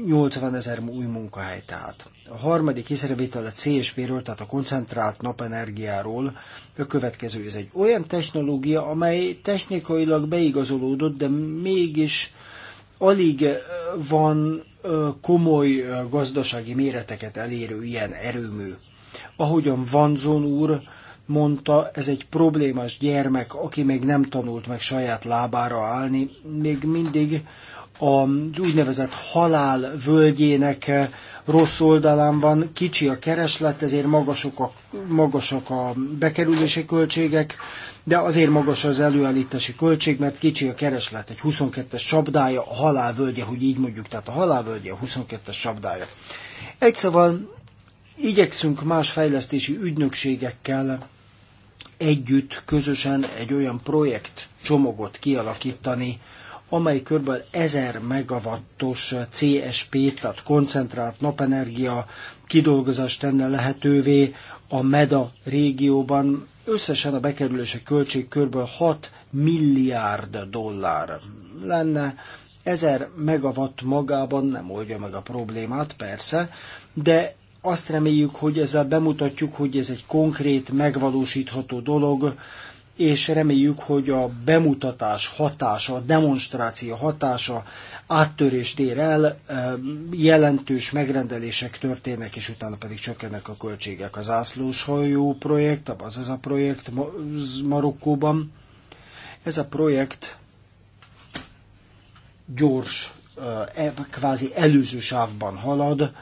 80 ezer új munkahely tehát a harmadik észrevétel a CSP-ről, tehát a koncentrált napenergiáról, a következő. Ez egy olyan technológia, amely technikailag beigazolódott, de mégis alig van komoly gazdasági méreteket elérő ilyen erőmű. Ahogyan Vanzon úr mondta, ez egy problémás gyermek, aki még nem tanult meg saját lábára állni, még mindig az úgynevezett halál völgyének eh, rossz oldalán van, kicsi a kereslet, ezért magasok a, magasok a bekerülési költségek, de azért magas az előállítási költség, mert kicsi a kereslet. Egy 22-es csapdája, a halálvölgye, hogy így mondjuk, tehát a halálvölgye a 22-es csapdája. Egy szóval igyekszünk más fejlesztési ügynökségekkel együtt, közösen egy olyan projekt csomagot kialakítani, amely kb. 1000 megawattos CSP, tehát koncentrált napenergia kidolgozást tenne lehetővé a MEDA régióban. Összesen a bekerülési költség kb. 6 milliárd dollár lenne. 1000 megawatt magában nem oldja meg a problémát, persze, de azt reméljük, hogy ezzel bemutatjuk, hogy ez egy konkrét, megvalósítható dolog, és reméljük, hogy a bemutatás hatása, a demonstráció hatása áttörést ér el, jelentős megrendelések történnek, és utána pedig csökkennek a költségek. Az ászlós hajó projekt, az ez a projekt Marokkóban. Ez a projekt gyors, e, kvázi előző sávban halad,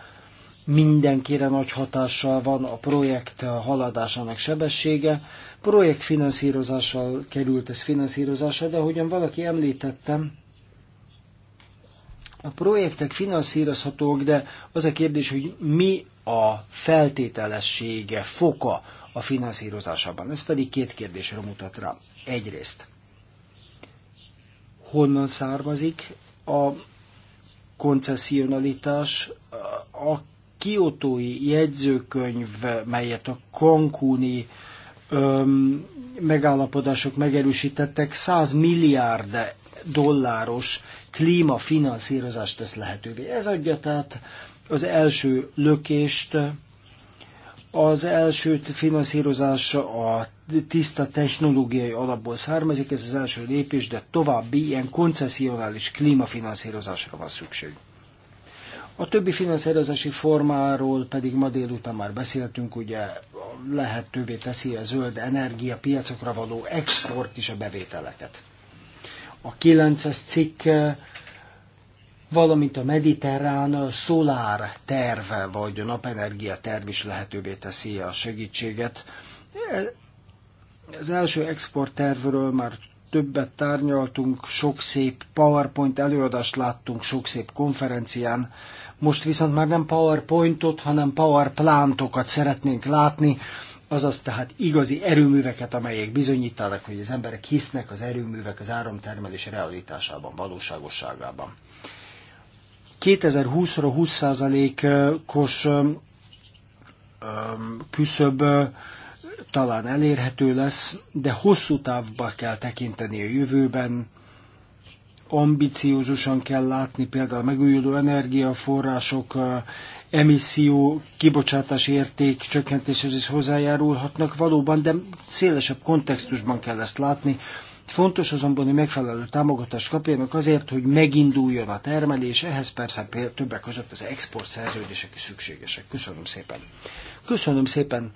mindenkire nagy hatással van a projekt haladásának sebessége, Projektfinanszírozással került ez finanszírozásra, de ahogyan valaki említettem, a projektek finanszírozhatók, de az a kérdés, hogy mi a feltételessége, foka a finanszírozásában. Ez pedig két kérdésre mutat rá. Egyrészt, honnan származik a koncesszionalitás, a kiotói jegyzőkönyv, melyet a Cancúni öm, megállapodások megerősítettek 100 milliárd dolláros klímafinanszírozást tesz lehetővé. Ez adja tehát az első lökést, az első finanszírozás a tiszta technológiai alapból származik, ez az első lépés, de további ilyen koncesszionális klímafinanszírozásra van szükség. A többi finanszírozási formáról pedig ma délután már beszéltünk, ugye lehetővé teszi a zöld piacokra való export is a bevételeket. A 9-es cikk valamint a mediterrán szolár terve, vagy a napenergia terv is lehetővé teszi a segítséget. Az első export tervről már többet tárnyaltunk, sok szép PowerPoint előadást láttunk, sok szép konferencián. Most viszont már nem PowerPointot, hanem PowerPlantokat szeretnénk látni, azaz tehát igazi erőműveket, amelyek bizonyítanak, hogy az emberek hisznek az erőművek az áramtermelés realitásában, valóságosságában. 2020-ra 20%-os küszöb talán elérhető lesz, de hosszú távba kell tekinteni a jövőben, ambiciózusan kell látni például a megújuló energiaforrások emisszió kibocsátás érték csökkentéshez is hozzájárulhatnak valóban, de szélesebb kontextusban kell ezt látni. Fontos azonban, hogy megfelelő támogatást kapjanak azért, hogy meginduljon a termelés, ehhez persze többek között az export szerződések is szükségesek. Köszönöm szépen. Köszönöm szépen.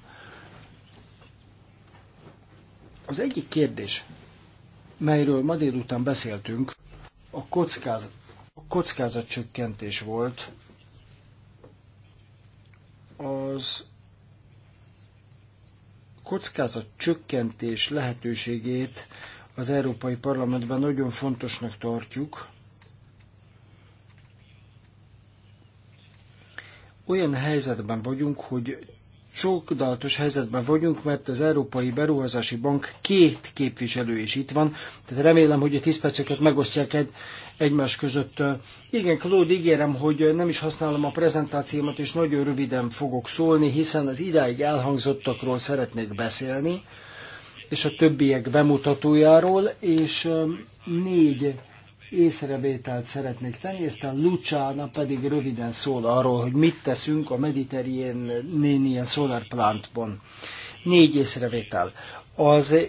Az egyik kérdés, melyről ma délután beszéltünk, a, kockázat, a kockázatcsökkentés volt az csökkentés lehetőségét az Európai Parlamentben nagyon fontosnak tartjuk. Olyan helyzetben vagyunk, hogy csódatos helyzetben vagyunk, mert az Európai Beruházási Bank két képviselő is itt van, tehát remélem, hogy a 10 perceket megosztják egy, egymás között. Igen, Claude, ígérem, hogy nem is használom a prezentációmat, és nagyon röviden fogok szólni, hiszen az idáig elhangzottakról szeretnék beszélni, és a többiek bemutatójáról, és um, négy észrevételt szeretnék tenni, aztán Lucsána pedig röviden szól arról, hogy mit teszünk a néni ilyen Solar Plantban. Négy észrevétel. Az eh,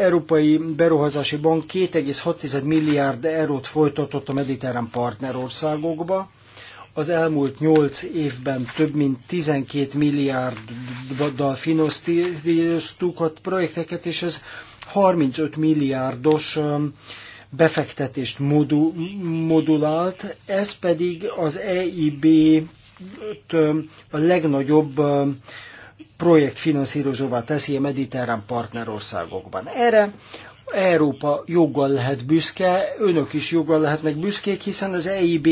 Európai Beruházási Bank 2,6 milliárd eurót folytatott a mediterrán partnerországokba, az elmúlt 8 évben több mint 12 milliárddal finanszíroztuk a projekteket, és ez 35 milliárdos eh, befektetést modu, modulált, ez pedig az EIB a legnagyobb projektfinanszírozóvá teszi a mediterrán partnerországokban. Erre Európa joggal lehet büszke, önök is joggal lehetnek büszkék, hiszen az EIB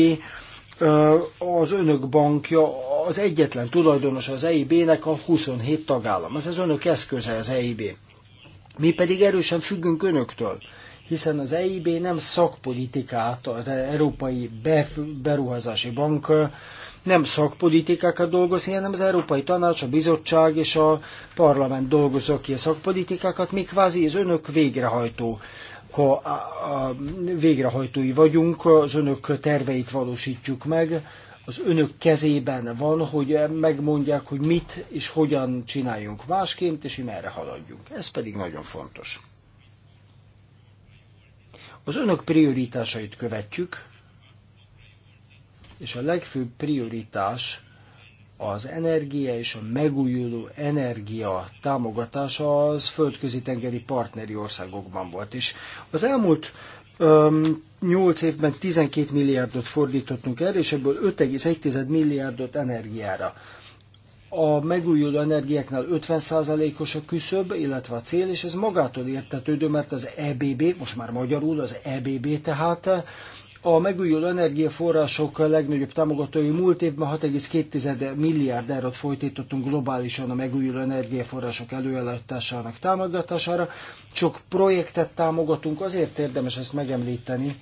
az önök bankja az egyetlen tulajdonos az EIB-nek a 27 tagállam. Ez az önök eszköze az EIB. Mi pedig erősen függünk önöktől hiszen az EIB nem szakpolitikát, az Európai Beruházási Bank nem szakpolitikákat dolgozik, hanem az Európai Tanács, a Bizottság és a Parlament dolgozok ki a szakpolitikákat, mi kvázi az önök végrehajtó a, végrehajtói vagyunk, az önök terveit valósítjuk meg, az önök kezében van, hogy megmondják, hogy mit és hogyan csináljunk másként, és hogy merre haladjunk. Ez pedig nagyon fontos. Az önök prioritásait követjük, és a legfőbb prioritás az energia és a megújuló energia támogatása az földközi tengeri partneri országokban volt. És az elmúlt öm, 8 évben 12 milliárdot fordítottunk el, és ebből 5,1 milliárdot energiára a megújuló energiáknál 50%-os a küszöb, illetve a cél, és ez magától értetődő, mert az EBB, most már magyarul az EBB tehát, a megújuló energiaforrások legnagyobb támogatói múlt évben 6,2 milliárd eurót folytítottunk globálisan a megújuló energiaforrások előállításának támogatására. Csak projektet támogatunk, azért érdemes ezt megemlíteni,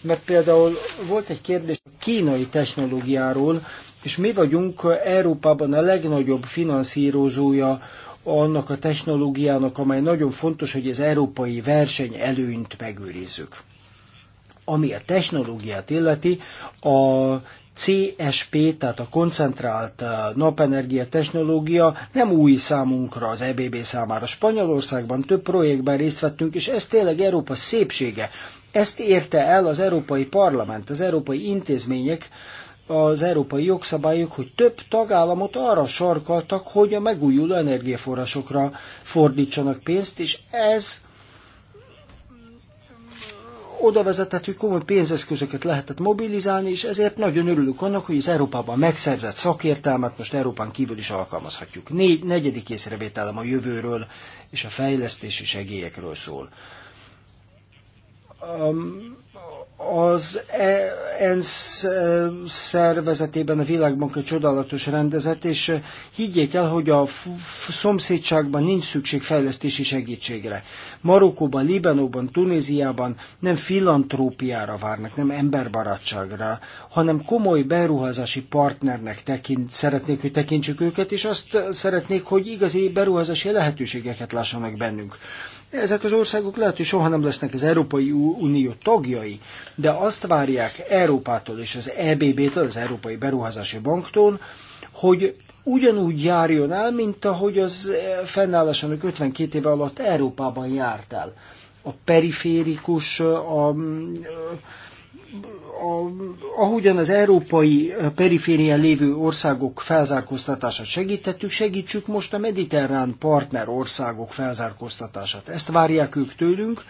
mert például volt egy kérdés a kínai technológiáról, és mi vagyunk Európában a legnagyobb finanszírozója annak a technológiának, amely nagyon fontos, hogy az európai verseny előnyt megőrizzük. Ami a technológiát illeti, a CSP, tehát a koncentrált eh, napenergia technológia nem új számunkra az EBB számára. Spanyolországban több projektben részt vettünk, és ez tényleg Európa szépsége. Ezt érte el az Európai Parlament, az európai intézmények, az európai jogszabályok, hogy több tagállamot arra sarkaltak, hogy a megújuló energiaforrásokra fordítsanak pénzt, és ez oda vezetett, hogy komoly pénzeszközöket lehetett mobilizálni, és ezért nagyon örülök annak, hogy az Európában megszerzett szakértelmet most Európán kívül is alkalmazhatjuk. Négy, negyedik észrevételem a jövőről és a fejlesztési segélyekről szól. Um, az ENSZ szervezetében a világban egy csodálatos rendezet, és higgyék el, hogy a szomszédságban nincs szükség fejlesztési segítségre. Marokkóban, Libanonban, Tunéziában nem filantrópiára várnak, nem emberbarátságra, hanem komoly beruházási partnernek tekint, szeretnék, hogy tekintsük őket, és azt szeretnék, hogy igazi beruházási lehetőségeket lássanak bennünk. Ezek az országok lehet, hogy soha nem lesznek az Európai Unió tagjai, de azt várják Európától és az EBB-től, az Európai Beruházási Banktól, hogy ugyanúgy járjon el, mint ahogy az eh, fennállásának 52 éve alatt Európában járt el. A periférikus, eh, a mm, a, ahogyan az európai periférián lévő országok felzárkóztatását segítettük, segítsük most a mediterrán partner országok felzárkóztatását. Ezt várják ők tőlünk,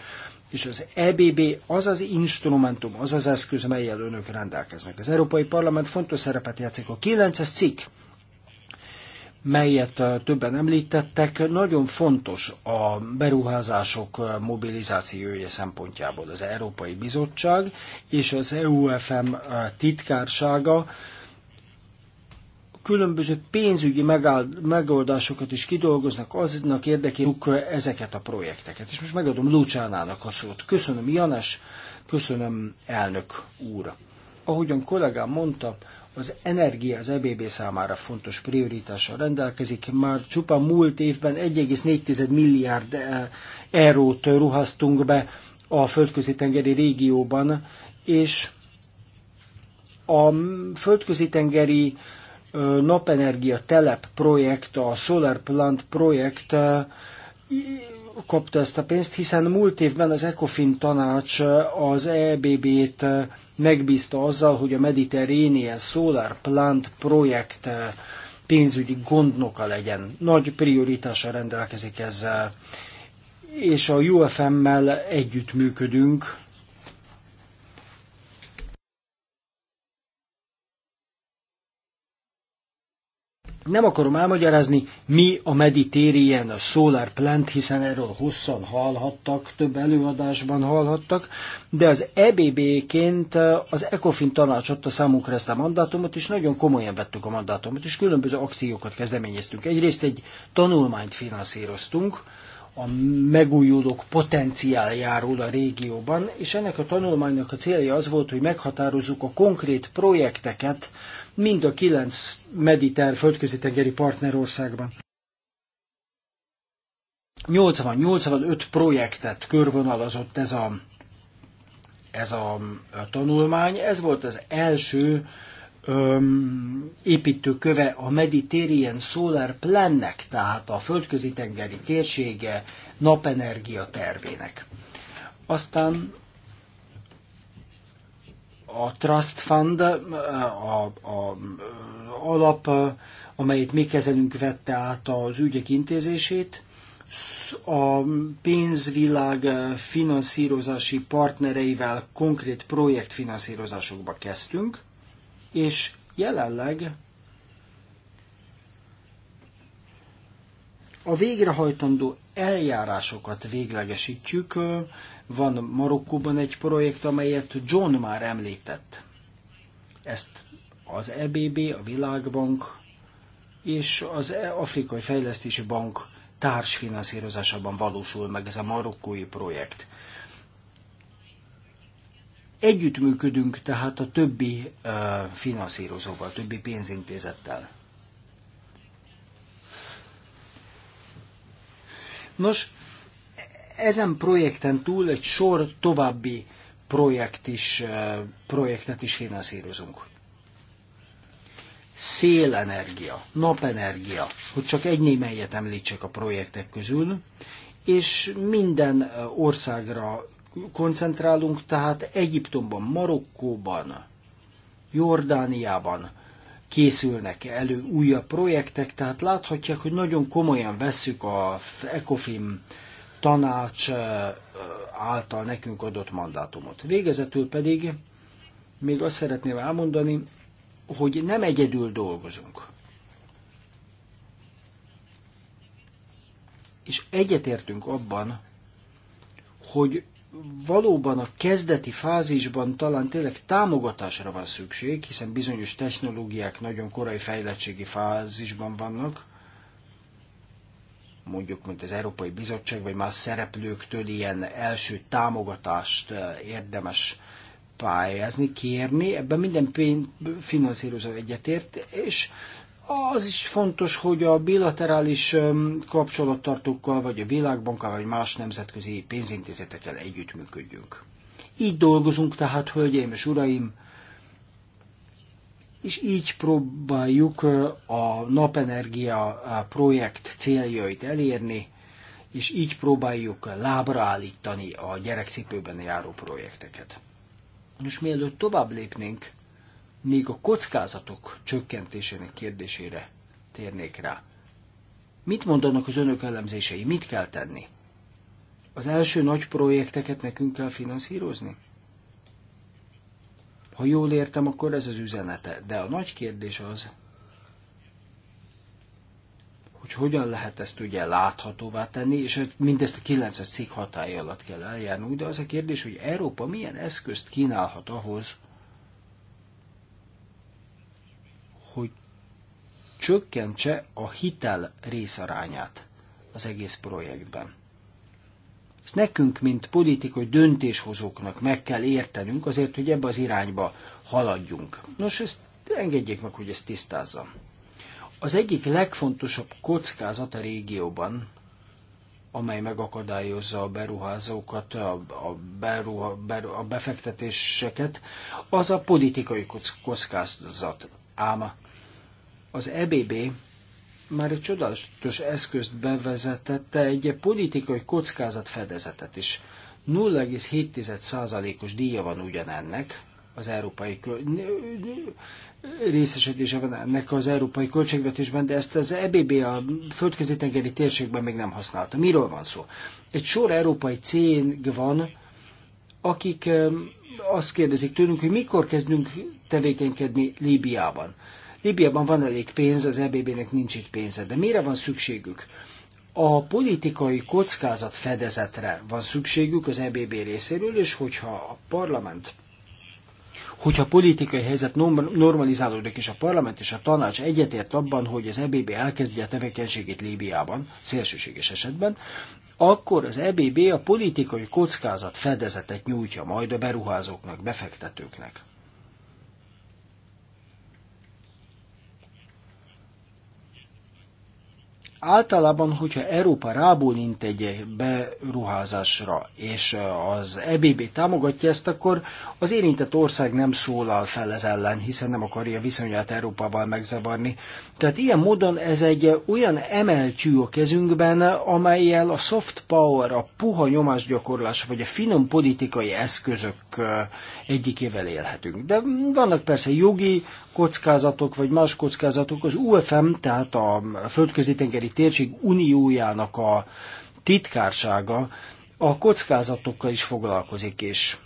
és az EBB az az instrumentum, az az eszköz, melyel önök rendelkeznek. Az Európai Parlament fontos szerepet játszik. A 9 cikk melyet többen említettek, nagyon fontos a beruházások mobilizációja szempontjából az Európai Bizottság és az EUFM titkársága különböző pénzügyi megoldásokat is kidolgoznak aznak érdekében ezeket a projekteket. És most megadom Lucsánának a szót. Köszönöm Janes, köszönöm elnök úr. Ahogyan kollégám mondta, az energia az EBB számára fontos prioritással rendelkezik. Már csupa múlt évben 1,4 milliárd eh, eurót ruháztunk be a földközi-tengeri régióban, és a földközi-tengeri napenergia telep projekt, a Solar Plant projekt eh, kapta ezt a pénzt, hiszen múlt évben az ECOFIN tanács eh, az EBB-t megbízta azzal, hogy a Mediterranean Solar Plant projekt eh, pénzügyi gondnoka legyen. Nagy prioritása rendelkezik ezzel. És a UFM-mel együttműködünk, Nem akarom elmagyarázni, mi a Mediterranean a Solar Plant, hiszen erről hosszan hallhattak, több előadásban hallhattak, de az EBB-ként eh, az ECOFIN tanácsotta számunkra ezt a mandátumot, és nagyon komolyan vettük a mandátumot, és különböző akciókat kezdeményeztünk. Egyrészt egy tanulmányt finanszíroztunk, a megújulók potenciáljáról a régióban, és ennek a tanulmánynak a célja az volt, hogy meghatározzuk a konkrét projekteket, mind a kilenc mediter földközi-tengeri partnerországban. 80-85 projektet körvonalazott ez a, ez a tanulmány. Ez volt az első öm, építőköve a Mediterranean Solar Plannek, tehát a földközi-tengeri térsége napenergia tervének. Aztán a Trust Fund, a, a alap, amelyet mi kezelünk, vette át az ügyek intézését. A pénzvilág finanszírozási partnereivel konkrét projektfinanszírozásokba kezdtünk, és jelenleg a végrehajtandó eljárásokat véglegesítjük. Van Marokkóban egy projekt, amelyet John már említett. Ezt az EBB, a Világbank és az e- Afrikai Fejlesztési Bank társfinanszírozásában valósul meg ez a marokkói projekt. Együttműködünk tehát a többi finanszírozóval, a többi pénzintézettel. Nos, ezen projekten túl egy sor további projekt is, eh, projektet is finanszírozunk. Szélenergia, napenergia, hogy csak egy némelyet említsek a projektek közül, és minden eh, országra koncentrálunk, tehát Egyiptomban, Marokkóban, Jordániában, készülnek elő újabb projektek, tehát láthatják, hogy nagyon komolyan vesszük a ECOFIM tanács által nekünk adott mandátumot. Végezetül pedig még azt szeretném elmondani, hogy nem egyedül dolgozunk. És egyetértünk abban, hogy valóban a kezdeti fázisban talán tényleg támogatásra van szükség, hiszen bizonyos technológiák nagyon korai fejlettségi fázisban vannak, mondjuk, mint az Európai Bizottság, vagy más szereplőktől ilyen első támogatást eh, érdemes pályázni, kérni, ebben minden pénz finanszírozó egyetért, és az is fontos, hogy a bilaterális kapcsolattartókkal, vagy a világbankkal, vagy más nemzetközi pénzintézetekkel együttműködjünk. Így dolgozunk tehát, hölgyeim és uraim, és így próbáljuk a napenergia projekt céljait elérni, és így próbáljuk lábra állítani a gyerekcipőben járó projekteket. Most mielőtt tovább lépnénk, még a kockázatok csökkentésének kérdésére térnék rá. Mit mondanak az önök elemzései? Mit kell tenni? Az első nagy projekteket nekünk kell finanszírozni? Ha jól értem, akkor ez az üzenete. De a nagy kérdés az, hogy hogyan lehet ezt ugye láthatóvá tenni, és hát mindezt a 9 cikk hatája alatt kell eljárnunk, de az a kérdés, hogy Európa milyen eszközt kínálhat ahhoz, csökkentse a hitel részarányát az egész projektben. Ezt nekünk, mint politikai döntéshozóknak meg kell értenünk azért, hogy ebbe az irányba haladjunk. Nos, ezt engedjék meg, hogy ezt tisztázzam. Az egyik legfontosabb kockázat a régióban, amely megakadályozza a beruházókat, a, a, beruha, beru, a befektetéseket, az a politikai kockázat. Ám az EBB már egy csodálatos eszközt bevezetette, egy politikai fedezetet is. 0,7%-os díja van ugyanennek, az európai részesedése van ennek az európai költségvetésben, de ezt az EBB a földközi tengeri térségben még nem használta. Miről van szó? Egy sor európai cég van, akik azt kérdezik tőlünk, hogy mikor kezdünk tevékenykedni Líbiában. Libiában van elég pénz, az EBB-nek nincs itt pénze. De mire van szükségük? A politikai kockázat fedezetre van szükségük az EBB részéről, és hogyha a parlament hogyha a politikai helyzet normalizálódik, és a parlament és a tanács egyetért abban, hogy az EBB elkezdje a tevékenységét Líbiában, szélsőséges esetben, akkor az EBB a politikai kockázat fedezetet nyújtja majd a beruházóknak, befektetőknek. Általában, hogyha Európa rábólint egy beruházásra, és az EBB támogatja ezt, akkor az érintett ország nem szólal fel ez ellen, hiszen nem akarja viszonyát Európával megzavarni. Tehát ilyen módon ez egy olyan emeltyű a kezünkben, amelyel a soft power, a puha nyomásgyakorlás vagy a finom politikai eszközök egyikével élhetünk. De vannak persze jogi kockázatok, vagy más kockázatok az UFM, tehát a Földközi-tengeri térség uniójának a titkársága a kockázatokkal is foglalkozik, és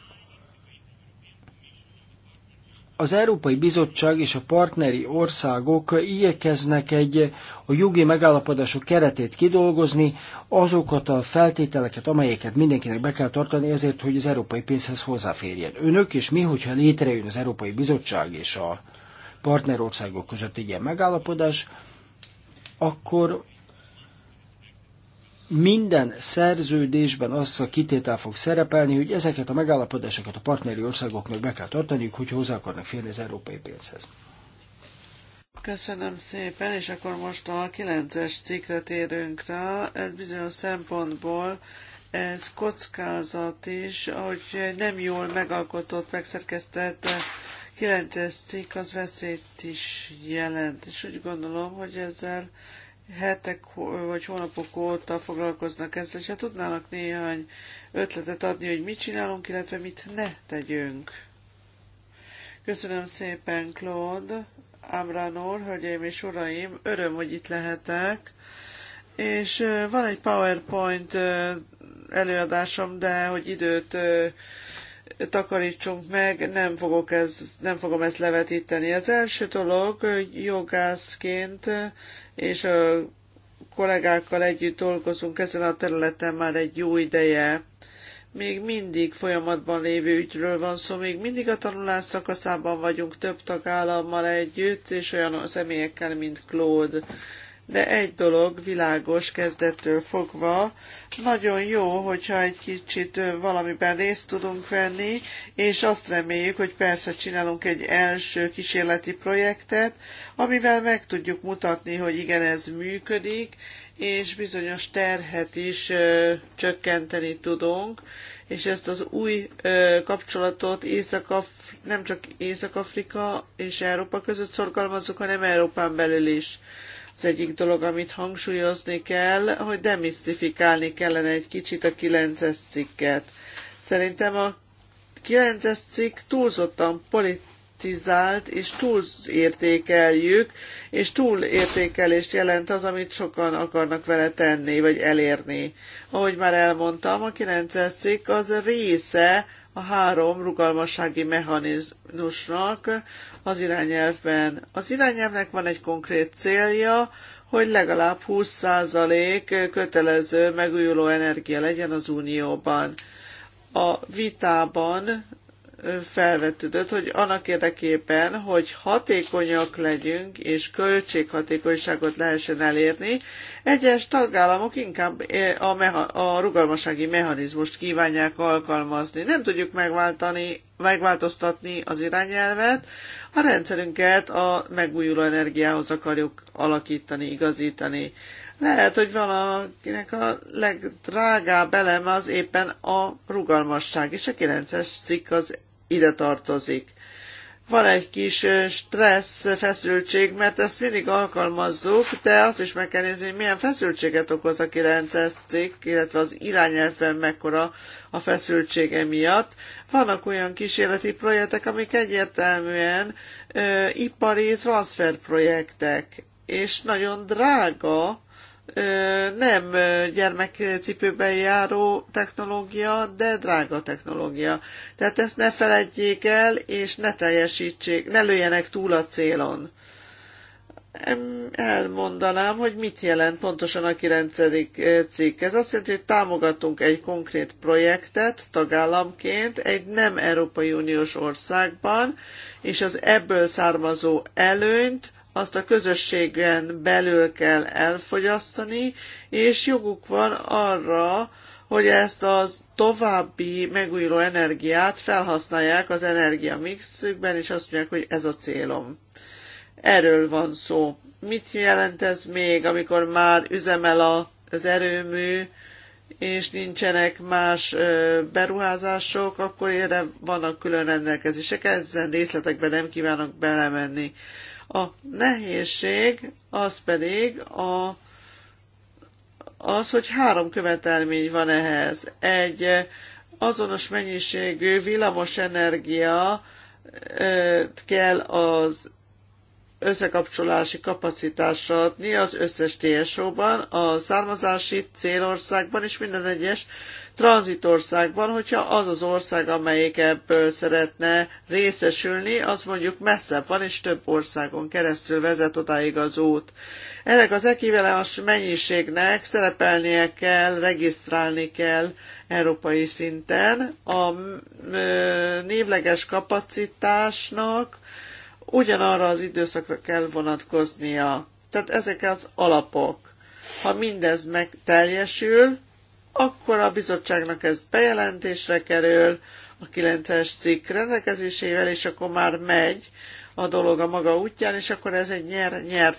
az Európai Bizottság és a partneri országok igyekeznek egy a jogi megállapodások keretét kidolgozni, azokat a feltételeket, amelyeket mindenkinek be kell tartani ezért, hogy az európai pénzhez hozzáférjen. Önök és mi, hogyha létrejön az Európai Bizottság és a partnerországok között egy ilyen megállapodás, akkor minden szerződésben az a kitétel fog szerepelni, hogy ezeket a megállapodásokat a partneri országoknak be kell tartaniuk, hogy hozzá akarnak férni az európai pénzhez. Köszönöm szépen, és akkor most a 9-es cikkre térünk rá. Ez bizonyos szempontból ez kockázat is, hogy nem jól megalkotott, megszerkesztett 9-es cikk az veszélyt is jelent, és úgy gondolom, hogy ezzel hetek vagy hónapok óta foglalkoznak ezzel, és ha hát tudnának néhány ötletet adni, hogy mit csinálunk, illetve mit ne tegyünk. Köszönöm szépen, Claude, Ámrán hölgyeim és uraim, öröm, hogy itt lehetek. És van egy PowerPoint előadásom, de hogy időt takarítsunk meg, nem, fogok ez, nem fogom ezt levetíteni. Az első dolog jogászként és a kollégákkal együtt dolgozunk ezen a területen már egy jó ideje. Még mindig folyamatban lévő ügyről van szó, még mindig a tanulás szakaszában vagyunk több tagállammal együtt, és olyan személyekkel, mint Claude de egy dolog világos kezdettől fogva, nagyon jó, hogyha egy kicsit valamiben részt tudunk venni, és azt reméljük, hogy persze csinálunk egy első kísérleti projektet, amivel meg tudjuk mutatni, hogy igen, ez működik, és bizonyos terhet is ö, csökkenteni tudunk, és ezt az új ö, kapcsolatot Észak nem csak Észak-Afrika és Európa között szorgalmazzuk, hanem Európán belül is. Az egyik dolog, amit hangsúlyozni kell, hogy demisztifikálni kellene egy kicsit a 9-es cikket. Szerintem a 9-es cikk túlzottan politizált, és túl értékeljük, és túl jelent az, amit sokan akarnak vele tenni, vagy elérni. Ahogy már elmondtam, a 9-es cikk az része a három rugalmassági mechanizmusnak az irányelvben. Az irányelvnek van egy konkrét célja, hogy legalább 20% kötelező megújuló energia legyen az Unióban. A vitában felvetődött, hogy annak érdekében, hogy hatékonyak legyünk és költséghatékonyságot lehessen elérni, egyes tagállamok inkább eh, a, meha- a rugalmasági mechanizmust kívánják alkalmazni. Nem tudjuk megváltani, megváltoztatni az irányelvet, a rendszerünket a megújuló energiához akarjuk alakítani, igazítani. Lehet, hogy valakinek a legdrágább eleme az éppen a rugalmasság, és a 9-es cikk az ide tartozik. Van egy kis stressz, feszültség, mert ezt mindig alkalmazzuk, de azt is meg kell nézni, hogy milyen feszültséget okoz a 9-es cikk, illetve az irányelvben mekkora a feszültsége miatt. Vannak olyan kísérleti projektek, amik egyértelműen ö, ipari transferprojektek, és nagyon drága nem gyermekcipőben járó technológia, de drága technológia. Tehát ezt ne feledjék el, és ne teljesítsék, ne lőjenek túl a célon. Elmondanám, hogy mit jelent pontosan a 9. cikk. Ez azt jelenti, hogy támogatunk egy konkrét projektet tagállamként egy nem Európai Uniós országban, és az ebből származó előnyt azt a közösségen belül kell elfogyasztani, és joguk van arra, hogy ezt a további megújuló energiát felhasználják az energiamixükben, és azt mondják, hogy ez a célom. Erről van szó. Mit jelent ez még, amikor már üzemel az erőmű, és nincsenek más beruházások, akkor erre vannak külön rendelkezések. Ezen részletekben nem kívánok belemenni. A nehézség az pedig a, az, hogy három követelmény van ehhez. Egy azonos mennyiségű villamos energia kell az összekapcsolási kapacitásra adni az összes TSO-ban, a származási célországban és minden egyes tranzitországban, hogyha az az ország, amelyik ebből szeretne részesülni, az mondjuk messzebb van, és több országon keresztül vezet odáig az út. Ennek az ekvivalens mennyiségnek szerepelnie kell, regisztrálni kell európai szinten a névleges kapacitásnak, ugyanarra az időszakra kell vonatkoznia. Tehát ezek az alapok. Ha mindez megteljesül, akkor a bizottságnak ez bejelentésre kerül a 9-es szik rendelkezésével, és akkor már megy a dolog a maga útján, és akkor ez egy nyer, nyer,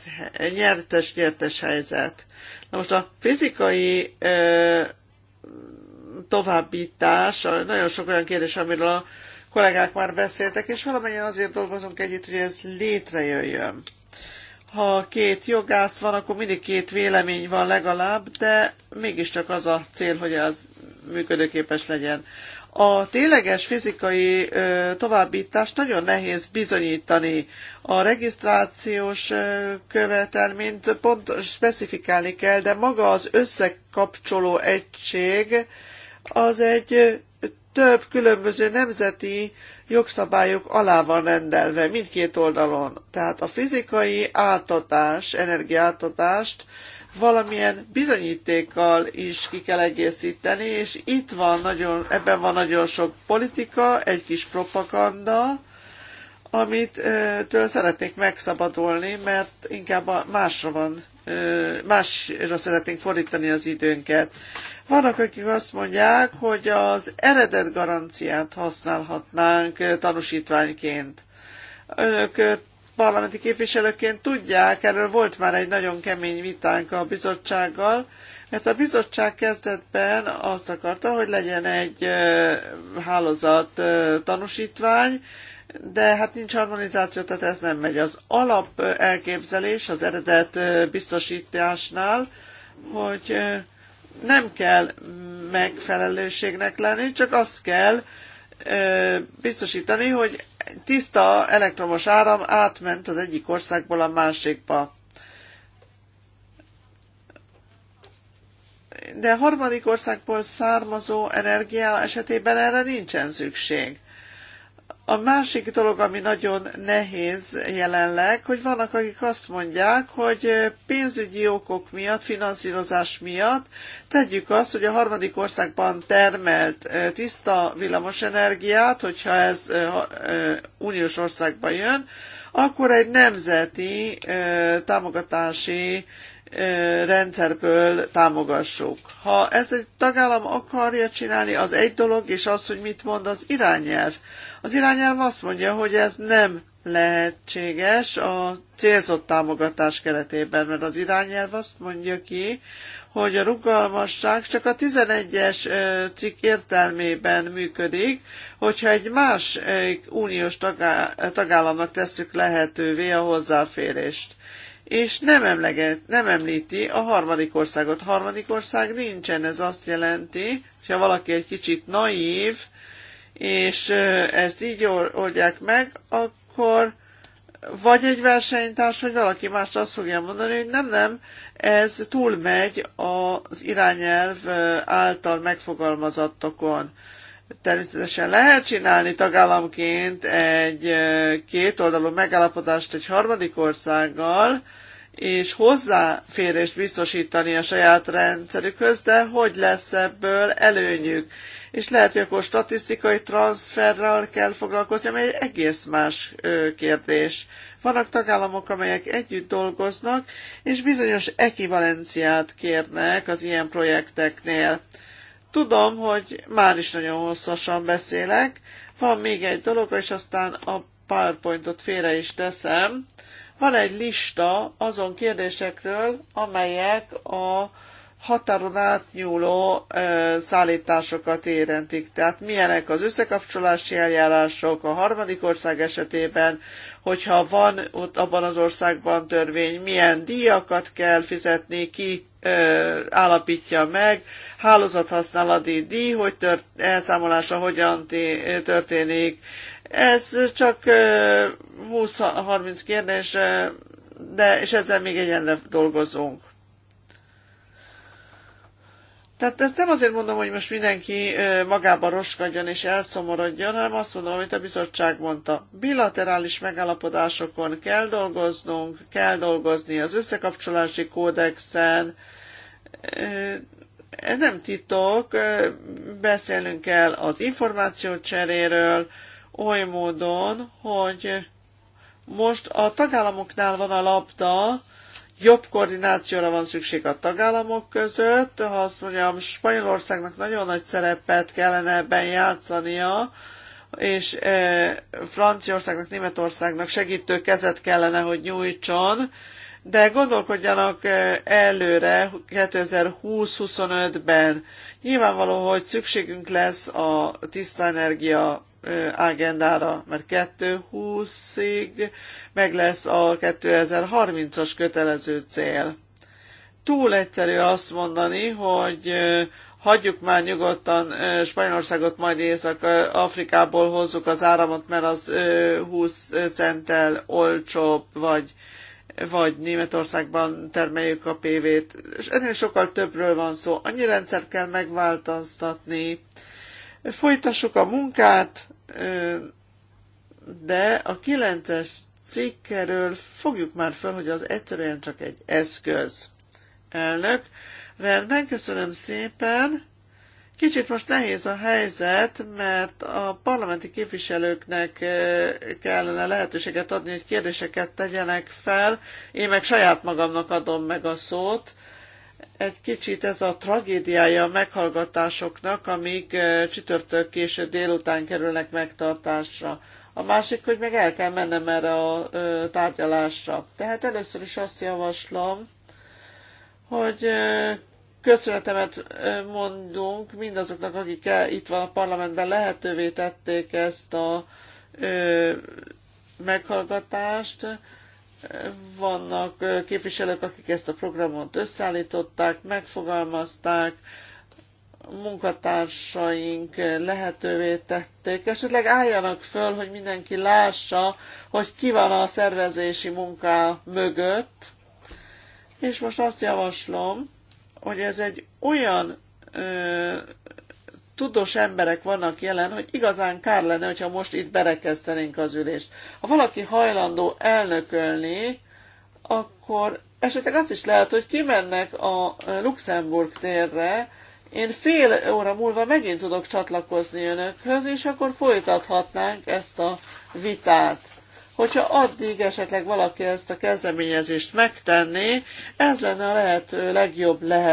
nyertes-nyertes helyzet. Na most a fizikai ö, továbbítás, nagyon sok olyan kérdés, amiről a kollégák már beszéltek, és valamennyien azért dolgozunk együtt, hogy ez létrejöjjön ha két jogász van, akkor mindig két vélemény van legalább, de mégiscsak az a cél, hogy az működőképes legyen. A tényleges fizikai ö, továbbítást nagyon nehéz bizonyítani. A regisztrációs ö, követelményt pont specifikálni kell, de maga az összekapcsoló egység az egy több különböző nemzeti jogszabályok alá van rendelve mindkét oldalon. Tehát a fizikai átadás, energiátadást valamilyen bizonyítékkal is ki kell egészíteni, és itt van nagyon, ebben van nagyon sok politika, egy kis propaganda, amit től szeretnék megszabadulni, mert inkább másra van másra szeretnénk fordítani az időnket. Vannak, akik azt mondják, hogy az eredet garanciát használhatnánk tanúsítványként. Önök parlamenti képviselőként tudják, erről volt már egy nagyon kemény vitánk a bizottsággal, mert a bizottság kezdetben azt akarta, hogy legyen egy hálózat tanúsítvány, de hát nincs harmonizáció, tehát ez nem megy. Az alap elképzelés az eredet biztosításnál, hogy nem kell megfelelőségnek lenni, csak azt kell biztosítani, hogy tiszta elektromos áram átment az egyik országból a másikba. De harmadik országból származó energia esetében erre nincsen szükség. A másik dolog, ami nagyon nehéz jelenleg, hogy vannak, akik azt mondják, hogy pénzügyi okok miatt, finanszírozás miatt tegyük azt, hogy a harmadik országban termelt tiszta villamosenergiát, hogyha ez uniós országba jön, akkor egy nemzeti támogatási rendszerből támogassuk. Ha ez egy tagállam akarja csinálni, az egy dolog, és az, hogy mit mond az irányelv. Az irányelv azt mondja, hogy ez nem lehetséges a célzott támogatás keretében, mert az irányelv azt mondja ki, hogy a rugalmasság csak a 11-es cikk értelmében működik, hogyha egy más uniós tagállamnak tesszük lehetővé a hozzáférést. És nem, emleget, nem említi a harmadik országot. Harmadik ország nincsen, ez azt jelenti, hogyha valaki egy kicsit naív, és ezt így oldják meg, akkor vagy egy versenytárs, vagy valaki más azt fogja mondani, hogy nem, nem, ez túlmegy az irányelv által megfogalmazottakon. Természetesen lehet csinálni tagállamként egy kétoldalú megállapodást egy harmadik országgal, és hozzáférést biztosítani a saját rendszerükhöz, de hogy lesz ebből előnyük? és lehet, hogy akkor statisztikai transferrel kell foglalkozni, ami egy egész más kérdés. Vannak tagállamok, amelyek együtt dolgoznak, és bizonyos ekivalenciát kérnek az ilyen projekteknél. Tudom, hogy már is nagyon hosszasan beszélek. Van még egy dolog, és aztán a PowerPointot félre is teszem. Van egy lista azon kérdésekről, amelyek a határon átnyúló szállításokat érintik. Tehát milyenek az összekapcsolási eljárások a harmadik ország esetében, hogyha van ott abban az országban törvény, milyen díjakat kell fizetni, ki állapítja meg, hálózathasználati díj, hogy tört, elszámolása hogyan történik. Ez csak 20-30 kérdés, de, és ezzel még egyenre dolgozunk. Tehát ezt nem azért mondom, hogy most mindenki magába roskadjon és elszomorodjon, hanem azt mondom, amit a bizottság mondta. Bilaterális megállapodásokon kell dolgoznunk, kell dolgozni az összekapcsolási kódexen. Nem titok, beszélnünk kell az információcseréről oly módon, hogy most a tagállamoknál van a labda, Jobb koordinációra van szükség a tagállamok között, ha azt mondjam, Spanyolországnak nagyon nagy szerepet kellene ebben játszania, és e, Franciaországnak, Németországnak segítő kezet kellene, hogy nyújtson, de gondolkodjanak e, előre 2020-25-ben. Nyilvánvaló, hogy szükségünk lesz a tiszta energia agendára, mert 2020-ig meg lesz a 2030-as kötelező cél. Túl egyszerű azt mondani, hogy hagyjuk már nyugodtan Spanyolországot, majd Észak-Afrikából hozzuk az áramot, mert az 20 centtel olcsóbb, vagy, vagy Németországban termeljük a PV-t. És ennél sokkal többről van szó. Annyi rendszert kell megváltoztatni. Folytassuk a munkát, de a kilences es cikkerről fogjuk már fel, hogy az egyszerűen csak egy eszköz. Elnök, rendben, köszönöm szépen. Kicsit most nehéz a helyzet, mert a parlamenti képviselőknek kellene lehetőséget adni, hogy kérdéseket tegyenek fel. Én meg saját magamnak adom meg a szót egy kicsit ez a tragédiája a meghallgatásoknak, amik csütörtök késő délután kerülnek megtartásra. A másik, hogy meg el kell mennem erre a tárgyalásra. Tehát először is azt javaslom, hogy köszönetemet mondunk mindazoknak, akik itt van a parlamentben lehetővé tették ezt a meghallgatást vannak képviselők, akik ezt a programot összeállították, megfogalmazták, munkatársaink lehetővé tették. Esetleg álljanak föl, hogy mindenki lássa, hogy ki van a szervezési munká mögött. És most azt javaslom, hogy ez egy olyan ö, tudós emberek vannak jelen, hogy igazán kár lenne, hogyha most itt berekeztenénk az ülést. Ha valaki hajlandó elnökölni, akkor esetleg azt is lehet, hogy kimennek a Luxemburg térre, én fél óra múlva megint tudok csatlakozni önökhöz, és akkor folytathatnánk ezt a vitát. Hogyha addig esetleg valaki ezt a kezdeményezést megtenné, ez lenne a lehető legjobb lehet.